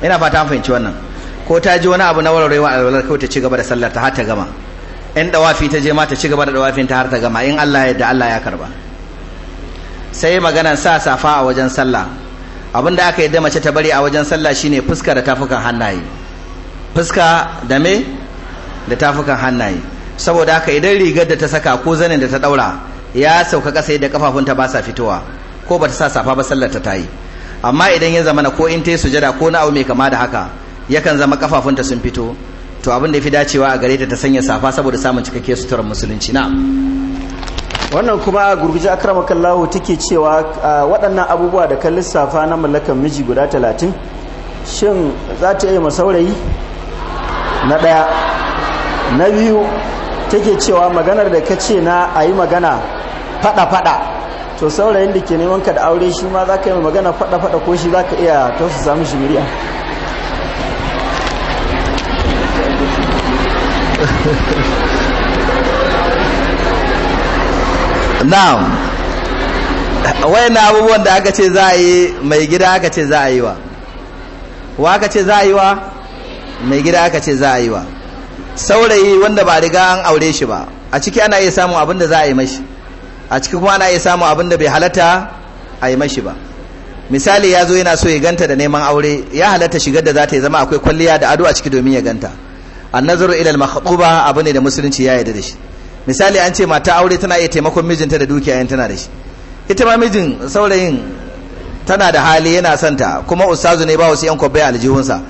ina fata an fahimci wannan ko ta ji wani abu na warwarewa alwalar kawai ta ci gaba da sallar ta har ta gama in dawafi ta je ma ta ci gaba da dawafin ta har ta gama in Allah ya da Allah ya karba sai maganar sa safa a wajen sallah abin da aka yi da mace ta bari a wajen sallah shine fuska da tafukan hannaye fuska da me da tafukan hannaye saboda haka idan rigar da ta saka ko zanin da ta daura ya sauka kasa yadda kafafunta ba sa fitowa ko ba ta sa safa ba sallar ta tayi amma idan ya zama na ko in ta yi sujada ko na abu mai kama da haka yakan zama kafafunta sun fito to abin da ya fi dacewa a gare ta ta sanya safa saboda samun cikakkiyar suturar musulunci na wannan kuma a akrama kallahu take cewa waɗannan abubuwa da kan lissafa na mallakan miji guda talatin shin za ta iya masaurayi na ɗaya na biyu take cewa maganar da ka ce na a yi magana fada-fada to saurayin da ke neman ka da aure shi ma za ka yi magana fada-fada ko shi za ka iya ta su samu now wai na abubuwan da aka ce za a yi mai gida aka ce za a yi wa wa aka ce za a yi wa mai gida aka ce za a yi wa saurayi wanda ba riga an aure shi ba a ciki ana iya samun abin da za a yi mashi a ciki kuma ana iya samun abin da bai halatta a yi mashi ba misali ya zo yana so ya ganta da neman aure ya halatta shigar da za ta yi zama akwai kwalliya da ado a ciki domin ya ganta annazaru ilal makhduba abu ne da musulunci ya yarda da shi misali an ce mata aure tana iya taimakon mijinta da dukiya yan tana da shi ita ma mijin saurayin tana da hali yana santa kuma ustazu ne ba wasu yan kwabbai aljihunsa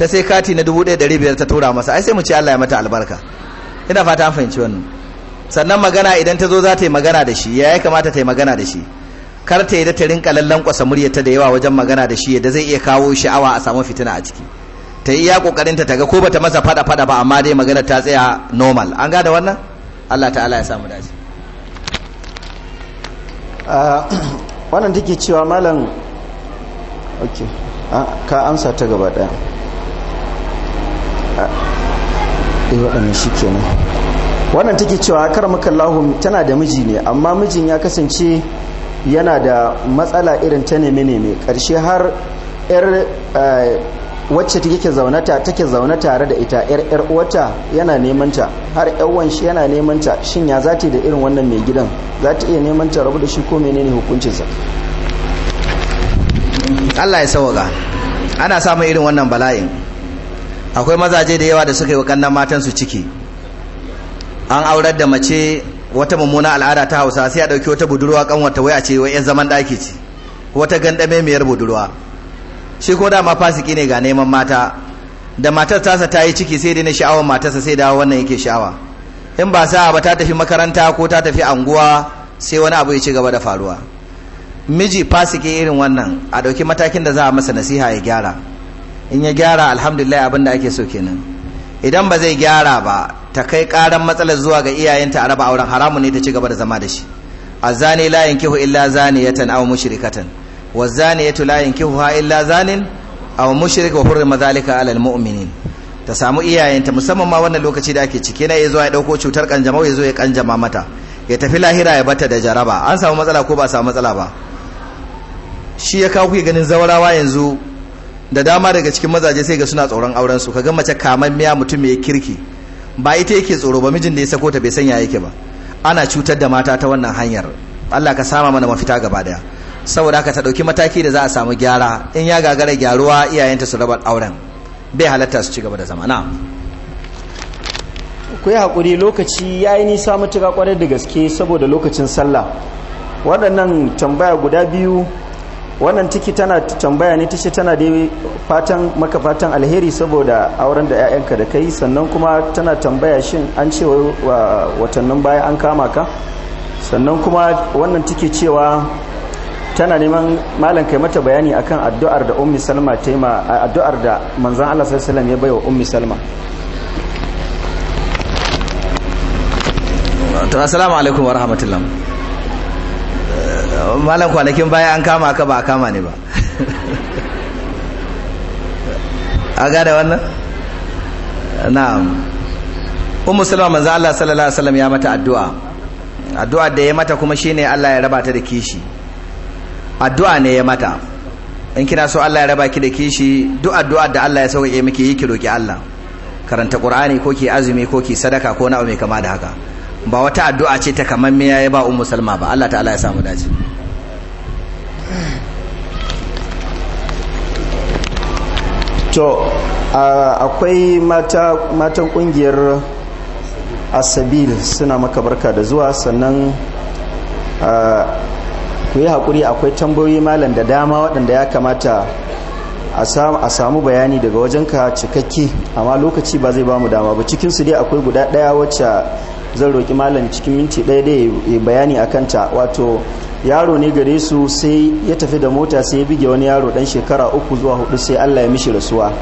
ta sai kati na 1500 ta tura masa ai sai mu ci Allah ya mata albarka ina fata an fahimci wannan sannan magana idan ta zo za ta yi magana da shi ya kamata ta yi magana da shi kar ta yi da ta rinka lallan kwasa muryarta da yawa wajen magana da shi yadda zai iya kawo sha'awa a samu fitina a ciki ta yi ya kokarin ta ga ko bata masa fada fada ba amma dai magana ta tsaya normal an gada wannan Allah ta'ala ya samu dace ah, wannan take cewa malam okay ah, ka amsa ta gaba daya waɗannan shi kenan wannan take cewa kar lahun tana da miji ne amma mijin ya kasance yana da matsala irin ta neme-neme ƙarshe har 'yar eh, wacce yake zaunata take zaune tare da ita yar yar uwata yana neman har yawan shi yana neman ta shin ya zati da irin wannan mai gidan za iya neman rabu da shi ko menene hukuncin sa Allah ya sauka ana samun irin wannan bala'in akwai mazaje da yawa da suka yi wa kannan matan su ciki an aurar da mace wata mummuna al'ada ta hausa sai a ɗauki wata budurwa kanwata wai a ce wai 'yan zaman ɗaki ce wata gandame miyar budurwa shi ko dama fasiki ne ga neman mata da matar tasa ta yi ciki sai dai na sha'awar matarsa sai dawo wannan yake sha'awa in ba sa ba ta tafi makaranta ko ta tafi anguwa sai wani abu ya ci gaba da faruwa miji fasike irin wannan a ɗauki matakin da za a masa nasiha ya gyara in ya gyara alhamdulillah abin da ake so kenan idan ba zai gyara ba ta kai karan matsalar zuwa ga iyayenta a raba auren haramu ne ta ci gaba da zama da shi azani la yankihu illa zaniyatan aw mushrikatan wa zaniyatu la yankihuha illa zanin aw mushrik wa hurrima zalika alal mu'minin ta samu iyayenta musamman ma wannan lokaci da ake ciki na yazo ya dauko cutar ya zo ya kanjama mata ya tafi lahira ya bata da jaraba an samu matsala ko ba samu matsala ba shi ya kawo kuke ganin zawarawa yanzu da dama daga cikin mazaje sai ga suna tsoron auren su kaga mace miya mutum mai kirki ba ita yake tsoro ba mijin da ya sako ta bai sanya yake ba ana cutar da mata ta wannan hanyar Allah ka sama mana mafita gaba daya saboda haka ta dauki mataki da za a samu gyara in ya gagara gyaruwa iyayenta su raba auren bai halatta su ci gaba da zama na ku yi hakuri lokaci ya yi nisa matuƙa kwarai da gaske saboda lokacin sallah waɗannan tambaya guda biyu wannan ciki tana tambaya ne tashi tana da fatan maka fatan alheri saboda auren da 'ya'yanka da kai sannan kuma tana tambaya shin an ce watannin baya an kama ka sannan kuma wannan ciki cewa tana neman malam kai mata bayani akan addu'ar da ummi salma ta ma addu'ar da manzon Allah sallallahu alaihi ya baiwa ummi salma to assalamu alaikum wa rahmatullah malam kwanakin baya an kama ka ba a kama ne ba a gada wannan na ummu salama manzo Allah sallallahu alaihi wasallam ya mata addu'a addu'a da ya mata kuma shine Allah ya raba ta da kishi addu'a ne ya mata in kina so Allah ya raba ki da kishi duk addu'a da Allah ya sauke miki yi ki roki Allah karanta ƙur'ani ko ki azumi ko ki sadaka ko na mai kama da haka ba wata addu'a ce ta kamar me ba umu salma ba Allah ta Allah ya samu dace to akwai matan kungiyar asabil suna maka barka da zuwa sannan ku yi haƙuri akwai tambayoyi malam da dama waɗanda ya kamata a samu bayani daga wajenka cikakke amma lokaci ba zai ba mu dama ba cikinsu dai akwai guda ɗaya wacce zan roki malam cikin minti ɗaya da ya bayani a kanta wato yaro ne gare su sai ya tafi da mota sai ya bige wani yaro dan shekara uku zuwa hudu sai allah ya mishi rasuwa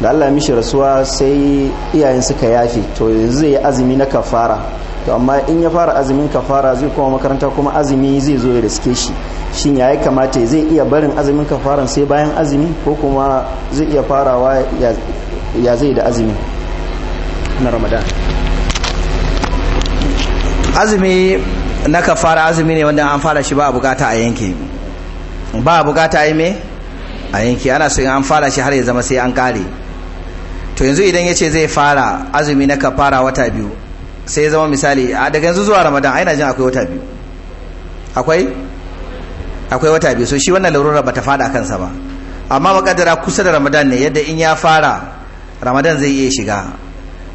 da allah ya mishi rasuwa sai iyayen suka yafe to yanzu zai yi azumi na kafara to amma in ya fara azumin kafara zai kuma makaranta kuma azumi zai zo ya riske shi shin ya yi kamata zai iya barin azumin kafaran sai bayan azumi ko kuma zai iya farawa ya zai da azumi na ramadan azumi na kafara azumi ne wanda an fara shi ba a bukata a yanke ba a bukata a yi me a yanke ana so an fara shi har ya zama sai an kare to yanzu idan ya ce zai fara azumi na kafara wata biyu sai ya zama misali a daga yanzu zuwa ramadan aina jin akwai wata biyu akwai akwai wata biyu so shi wannan larura ba ta fada kansa ba amma makadara kusa da ramadan ne yadda in ya fara ramadan zai iya shiga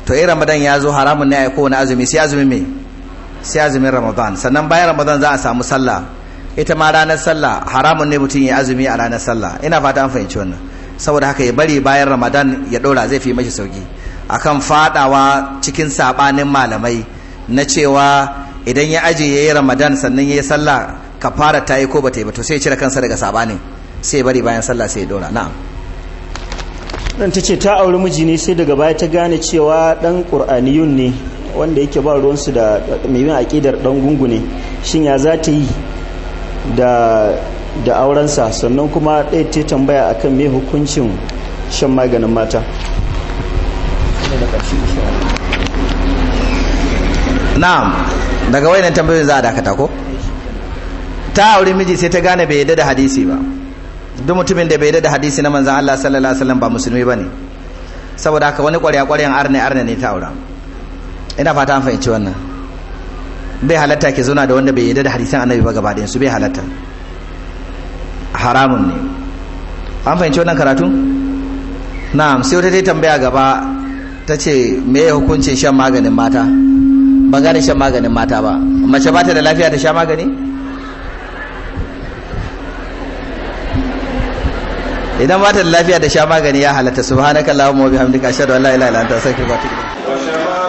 to in ramadan ya zo haramun ne a kowane azumi sai azumi mai sai azumin ramadan sannan bayan ramadan za a samu sallah ita ma ranar sallah haramun ne mutum ya azumi a ranar sallah ina fata an fahimci wannan saboda haka ya bari bayan ramadan ya ɗora zai fi mashi sauki akan fadawa cikin sabanin malamai na cewa idan ya aje yayi ramadan sannan yayi sallah kafara ta yi ko bata yi ba to sai ya cire kansa daga sabanin sai bari bayan sallah sai ya dora na'am dan tace ta auri miji ne sai daga baya ta gane cewa dan qur'aniyun ne wanda yake ba ruwansu da mai bin aƙidar ɗan gungu ne shin ya za ta yi da aurensa sannan kuma ɗaya ta tambaya akan mai hukuncin shan maganin mata na'am daga wani tambayoyin za a dakata ko ta aure miji sai ta gane bai yadda da hadisi ba duk mutumin da bai yadda da hadisi na manzan Allah sallallahu alaihi wasallam ba musulmi ba ne saboda haka wani ƙwarya ƙwaryan arne arne ne ta aure. ina fata an fahimci wannan bai halatta ke zauna da wanda bai yarda da hadisan annabi ba gaba su bai halatta haramun ne an fahimci wannan karatu na'am sai wata ta tambaya gaba ta ce me ya hukuncin shan maganin mata ban gane shan maganin mata ba mace ba ta da lafiya ta sha magani idan ba ta da lafiya ta sha magani ya halatta subhanakallahumma wa bihamdika ashhadu an la ilaha illa anta astaghfiruka wa atubu ilayk